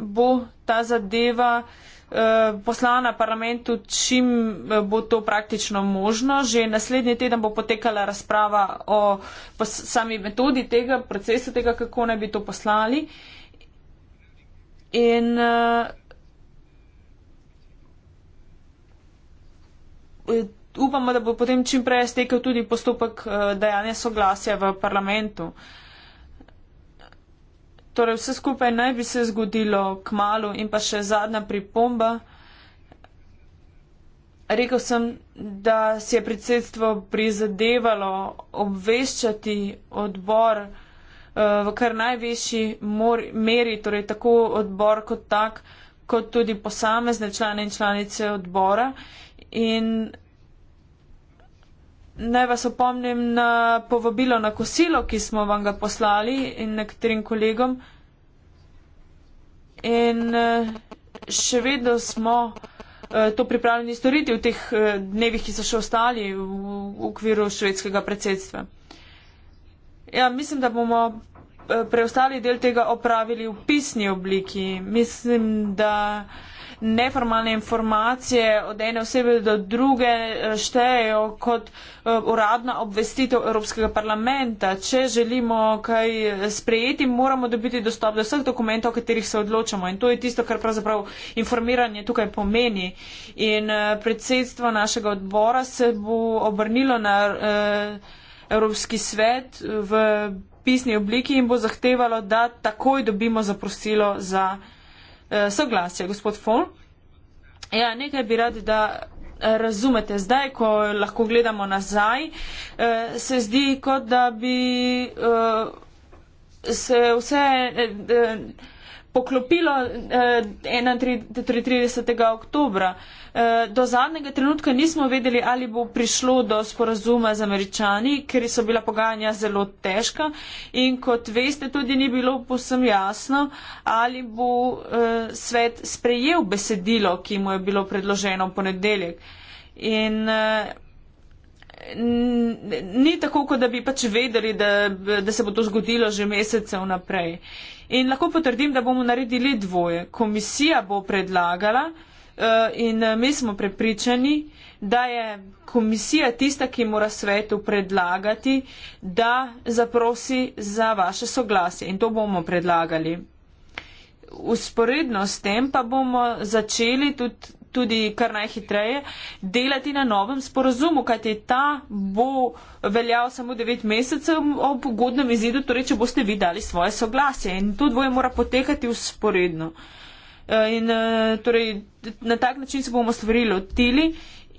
S1: bo ta zadeva eh, poslana parlamentu, čim eh, bo to praktično možno. Že naslednji teden bo potekala razprava o sami metodi tega procesa, tega, kako naj bi to poslali. In uh, upamo, da bo potem čim prej stekel tudi postopek uh, dajanja soglasja v parlamentu. Uh, Torej, vse skupaj naj bi se zgodilo k malu in pa še zadnja pripomba. Rekl sem, da si je predsedstvo prizadevalo obveščati odbor eh, v kar največji meri, torej tako odbor kot tak, kot tudi posamezne člane in članice odbora. In Naj vas opomnim na povabilo na kosilo, ki smo vam ga poslali in nekaterim kolegom. In eh, še vedno smo eh, to pripravljeni storiti v teh eh, dnevih, ki so še ostali v okviru švedskega predsedstva. Ja, mislim, da bomo preostali del tega opravili v pisni obliki. Mislim, da neformalne informacije od ene osebe do druge eh, štejejo kot eh, uradna obvestitev Evropskega parlamenta. Če želimo kaj eh, sprejeti, moramo dobiti dostop do vseh dokumentov, o katerih se odločamo. In to je tisto, kar pravzaprav informiranje tukaj pomeni. In predsedstvo našega odbora se bo obrnilo na Evropski svet v pisni obliki in bo zahtevalo, da takoj dobimo zaprosilo za. Eh, soglasje, gospod Fon. Ja, nekaj bi rad, da. Razumete, zdaj, ko lahko gledamo nazaj, eh, se zdi, kot da bi eh, se vse poklopilo 31. oktobra. Eh, do zadnjega trenutka nismo vedeli, ali bo prišlo do sporazuma z američani, ker so bila pogajanja zelo težka in kot veste, tudi ni bilo posem jasno, ali bo eh, svet sprejel besedilo, ki mu je bilo predloženo v ponedeljek. In, eh, Ni tako, kot da bi pač vedeli, da, da se bo to zgodilo že mesece vnaprej. In lahko potrdim, da bomo naredili dvoje. Komisija bo predlagala uh, Eh, in eh, mi smo prepričani, da je komisija tista, ki mora svetu predlagati, da zaprosi za vaše soglasje in to bomo predlagali. Usporedno s tem pa bomo začeli tudi, tudi kar najhitreje delati na novem sporozumu, kajti ta bo veljal samo 9 mesecev o pogodnem izidu, torej če boste vi dali svoje soglasje in to dvoje mora potekati usporedno. Uh, Eh, in eh, torej, na tak način se bomo stvari lotili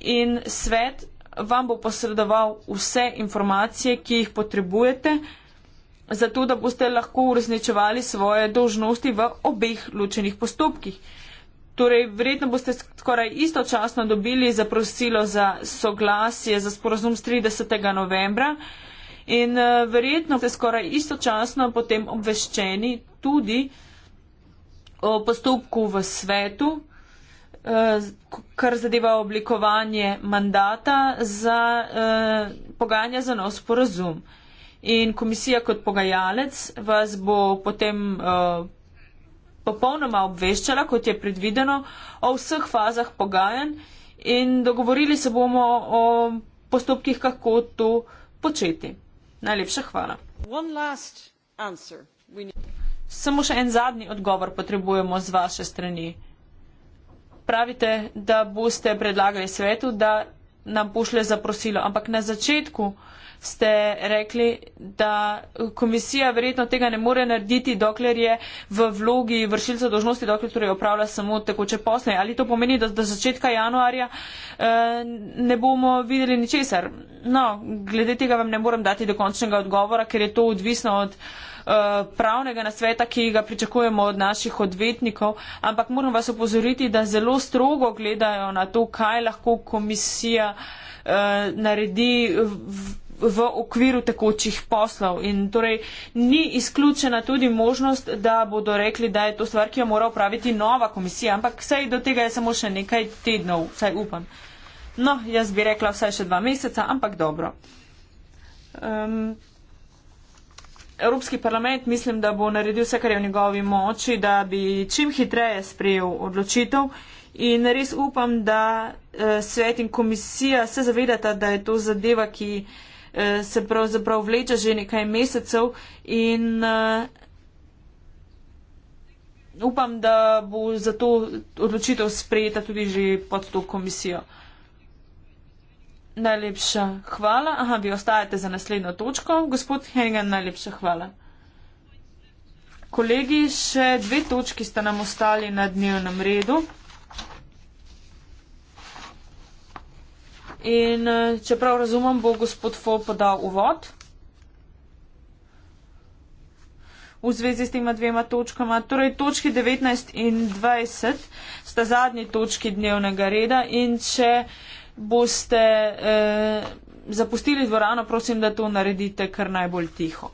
S1: in svet vam bo posredoval vse informacije, ki jih potrebujete, zato da boste lahko uresničevali svoje dožnosti v obeh ločenih postopkih. Torej, verjetno boste skoraj istočasno dobili zaprosilo za soglasje za sporozum z 30. novembra in eh, verjetno ste skoraj istočasno potem obveščeni tudi, o postopku v svetu, eh, kar zadeva oblikovanje mandata za eh, pogajanja za nov sporozum. In komisija kot pogajalec vas bo potem eh, popolnoma obveščala, kot je predvideno, o vseh fazah pogajanj in dogovorili se bomo o postopkih, kako to početi. Najlepša hvala. One last answer. We need... Samo še en zadnji odgovor potrebujemo z vaše strani. Pravite, da boste predlagali svetu, da nam pošle zaprosilo, ampak na začetku ste rekli, da komisija verjetno tega ne more narediti, dokler je v vlogi vršilca dožnosti, dokler torej opravlja samo tekoče posle. Ali to pomeni, da do začetka januarja eh, ne bomo videli ničesar? No, glede tega vam ne morem dati dokončnega odgovora, ker je to odvisno od eh, Eh, pravnega nasveta, ki ga pričakujemo od naših odvetnikov, ampak moram vas upozoriti, da zelo strogo gledajo na to, kaj lahko komisija eh, naredi v okviru tekočih poslov. In torej ni izključena tudi možnost, da bodo rekli, da je to stvar, ki jo mora upraviti nova komisija, ampak vsej do tega je samo še nekaj tednov, vsaj upam. No, jaz bi rekla vsaj še dva meseca, ampak dobro. Um, Evropski parlament mislim, da bo naredil vse, kar je v njegovi moči, da bi čim hitreje sprejel odločitev in res upam, da eh, svet in komisija se zavedata, da je to zadeva, ki eh, se pravzaprav vleče že nekaj mesecev in eh, upam, da bo za to odločitev sprejeta tudi že pod to komisijo. Najlepša hvala. Aha, vi ostajate za naslednjo točko. Gospod Hengen, najlepša hvala. Kolegi, še dve točki sta nam ostali na dnevnem redu. In eh, čeprav razumem, bo gospod Fo podal uvod. V zvezi s tema dvema točkama, torej točki 19 in 20 sta zadnji točki dnevnega reda in če boste eh, zapustili dvorano, prosim, da to naredite kar najbolj tiho.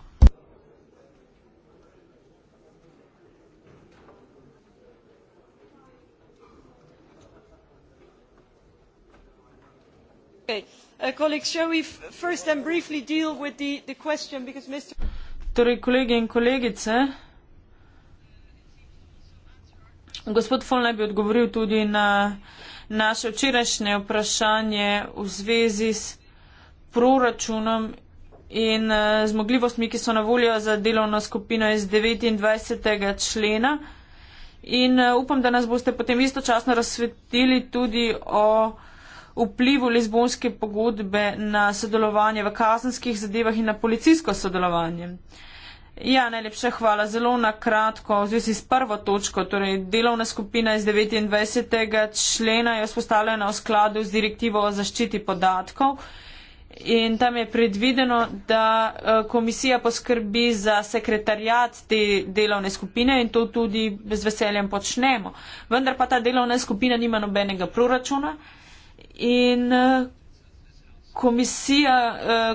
S1: Uh, torej, kolegi in kolegice, gospod Fol naj bi odgovoril tudi na uh, naše včerajšnje vprašanje v zvezi s proračunom in eh, zmogljivostmi, ki so na voljo za delovno skupino iz 29. člena. In eh, upam, da nas boste potem istočasno razsvetili tudi o vplivu Lizbonske pogodbe na sodelovanje v kazenskih zadevah in na policijsko sodelovanje. Ja, najlepša hvala. Zelo na kratko, v zvezi s prvo točko, torej delovna skupina iz 29. člena je vzpostavljena v skladu z direktivo o zaščiti podatkov in tam je predvideno, da eh, komisija poskrbi za sekretarjat te delovne skupine in to tudi z veseljem počnemo. Vendar pa ta delovna skupina nima nobenega proračuna in eh, komisija,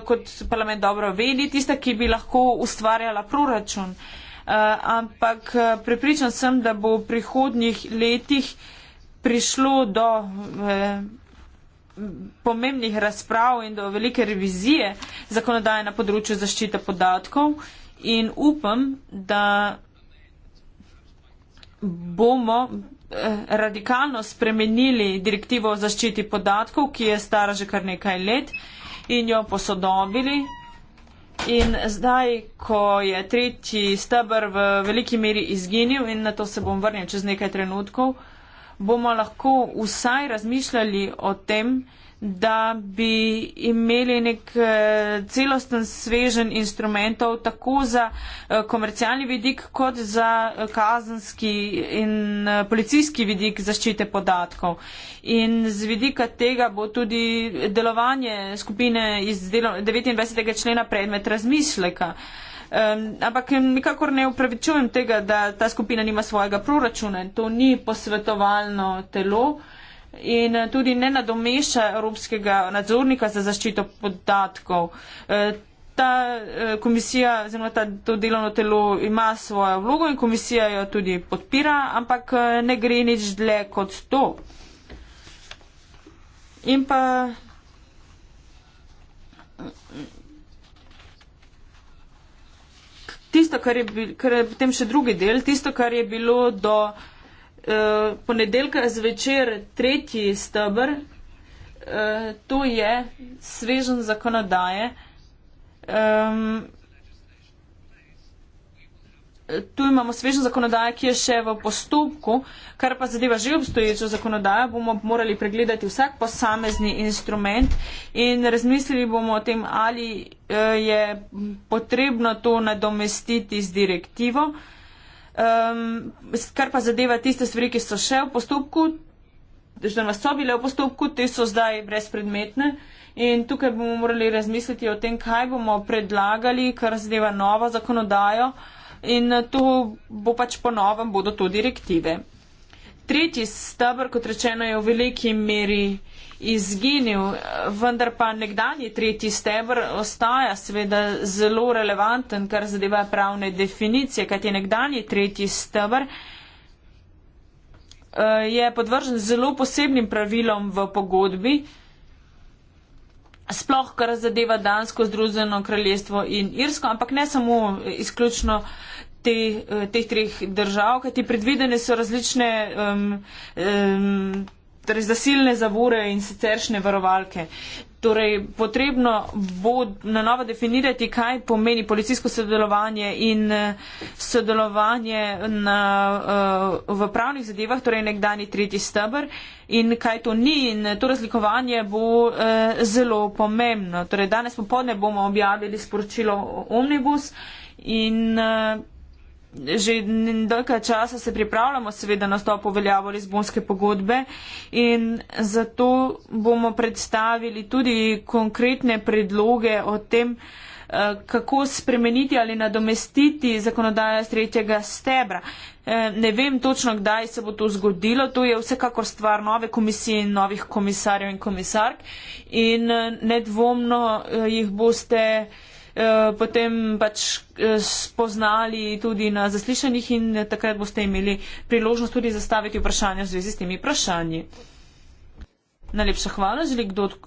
S1: uh, kot parlament dobro ve, ni tista, ki bi lahko ustvarjala proračun. Uh, ampak eh, prepričan sem, da bo v prihodnjih letih prišlo do uh, pomembnih razprav in do velike revizije zakonodaje na področju zaščite podatkov in upam, da bomo Eh, radikalno spremenili direktivo o zaščiti podatkov, ki je stara že kar nekaj let in jo posodobili. In zdaj, ko je tretji stebr v veliki meri izginil in na to se bom vrnil čez nekaj trenutkov, bomo lahko vsaj razmišljali o tem, da bi imeli nek eh, celosten svežen instrumentov tako za eh, komercialni vidik kot za eh, kazenski in policijski vidik zaščite podatkov. In z vidika tega bo tudi delovanje skupine iz 29. člena predmet razmisleka. Um, ampak nikakor ne upravičujem tega, da ta skupina nima svojega proračuna in to ni posvetovalno telo. Uh, in eh, tudi ne nadomešča Evropskega nadzornika za zaščito podatkov. Eh, ta eh, komisija, oziroma ta to delovno telo ima svojo vlogo in komisija jo tudi podpira, ampak ne gre nič dlje kot to. In pa. Tisto, kar je, kar je potem še drugi del, tisto, kar je bilo do. Eh, ponedeljka zvečer tretji stebr, eh, to je svežen zakonodaje. Um, tu imamo svežen zakonodaje, ki je še v postopku, kar pa zadeva že obstoječo zakonodajo, bomo morali pregledati vsak posamezni instrument in razmislili bomo o tem, ali eh, je potrebno to nadomestiti z direktivo. Uh, Um, kar pa zadeva tiste stvari, ki so še v postopku, oziroma so bile v postopku, te so zdaj brezpredmetne. In tukaj bomo morali razmisliti o tem, kaj bomo predlagali, kar zadeva novo zakonodajo. In to bo pač ponovem, bodo to direktive tretji stebr, kot rečeno, je v veliki meri izginil, vendar pa nekdanji tretji stebr ostaja seveda zelo relevanten, kar zadeva pravne definicije, kaj je nekdanji tretji stebr eh, je podvržen zelo posebnim pravilom v pogodbi, sploh kar zadeva Dansko, Združeno kraljestvo in Irsko, ampak ne samo izključno te, eh, teh treh držav, kajti predvidene so različne um, um, torej zasilne zavore in siceršne varovalke. Torej, potrebno bo na novo definirati, kaj pomeni policijsko sodelovanje in eh, sodelovanje na, eh, v pravnih zadevah, torej nekdani tretji stebr in kaj to ni. In to razlikovanje bo zelo pomembno. Torej, danes popodne bomo objavili sporočilo Omnibus in Že dolga časa se pripravljamo seveda na stop uveljavo Lizbonske pogodbe in zato bomo predstavili tudi konkretne predloge o tem, eh, kako spremeniti ali nadomestiti zakonodajo z tretjega stebra. Eh, ne vem točno, kdaj se bo to zgodilo. To je vsekakor stvar nove komisije in novih komisarjev in komisark in eh, nedvomno jih boste. Eh, potem pač eh, spoznali tudi na zaslišanjih in takrat boste imeli priložnost tudi zastaviti vprašanja v zvezi s temi vprašanji. Najlepša hvala, želi kdo od eh,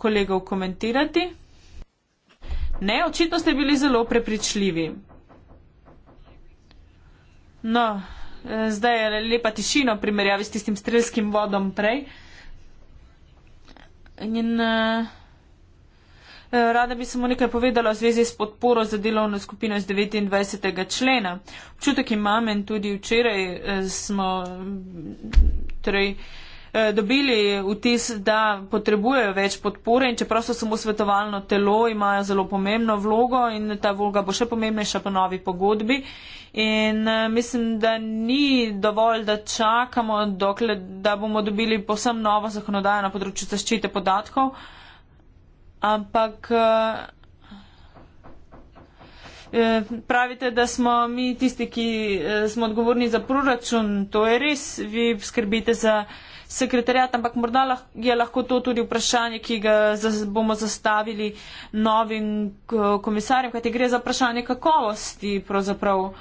S1: kolegov komentirati? Ne, očitno ste bili zelo prepričljivi. No, zdaj je lepa tišina v primerjavi s tistim strelskim vodom prej. In, uh... Eh, rada bi samo nekaj povedala v zvezi s podporo za delovno skupino z 29. člena. Občutek imam in tudi včeraj eh, smo mm, torej, eh, dobili vtis, da potrebujejo več podpore in čeprav so samo svetovalno telo, imajo zelo pomembno vlogo in ta vloga bo še pomembnejša po novi pogodbi. In mislim, da ni dovolj, da čakamo, dokler, da bomo dobili povsem novo zakonodajo na področju zaščite podatkov ampak eh, eh, pravite, da smo mi tisti, ki eh, smo odgovorni za proračun, to je res, vi skrbite za sekretarjat, ampak morda je lahko to tudi vprašanje, ki ga bomo zastavili novim komisarjem, kajti gre za vprašanje kakovosti, pravzaprav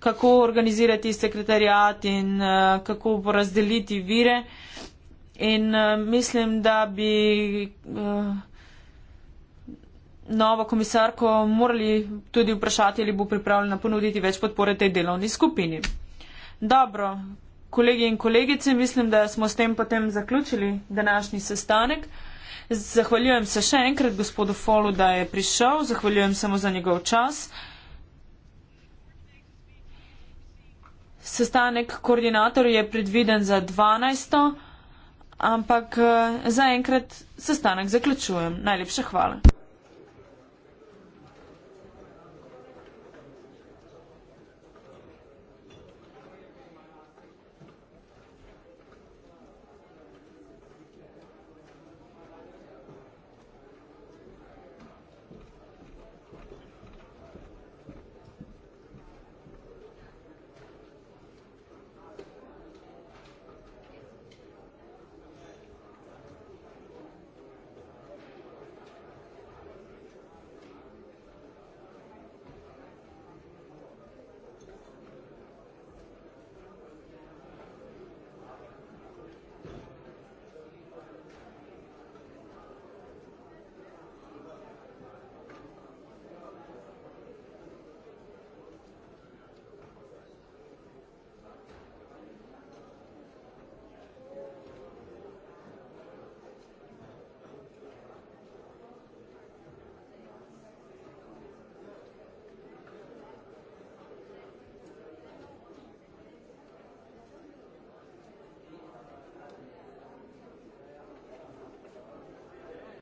S1: kako organizirati sekretarjat in kako porazdeliti vire. In mislim, da bi novo komisarko morali tudi vprašati, ali bo pripravljena ponuditi več podpore tej delovni skupini. Dobro, kolegi in kolegice, mislim, da smo s tem potem zaključili današnji sestanek. Zahvaljujem se še enkrat gospodu Folu, da je prišel, zahvaljujem se mu za njegov čas. Sestanek koordinator je predviden za 12. ampak eh, zaenkrat sestanek zaključujem. Najlepša hvala.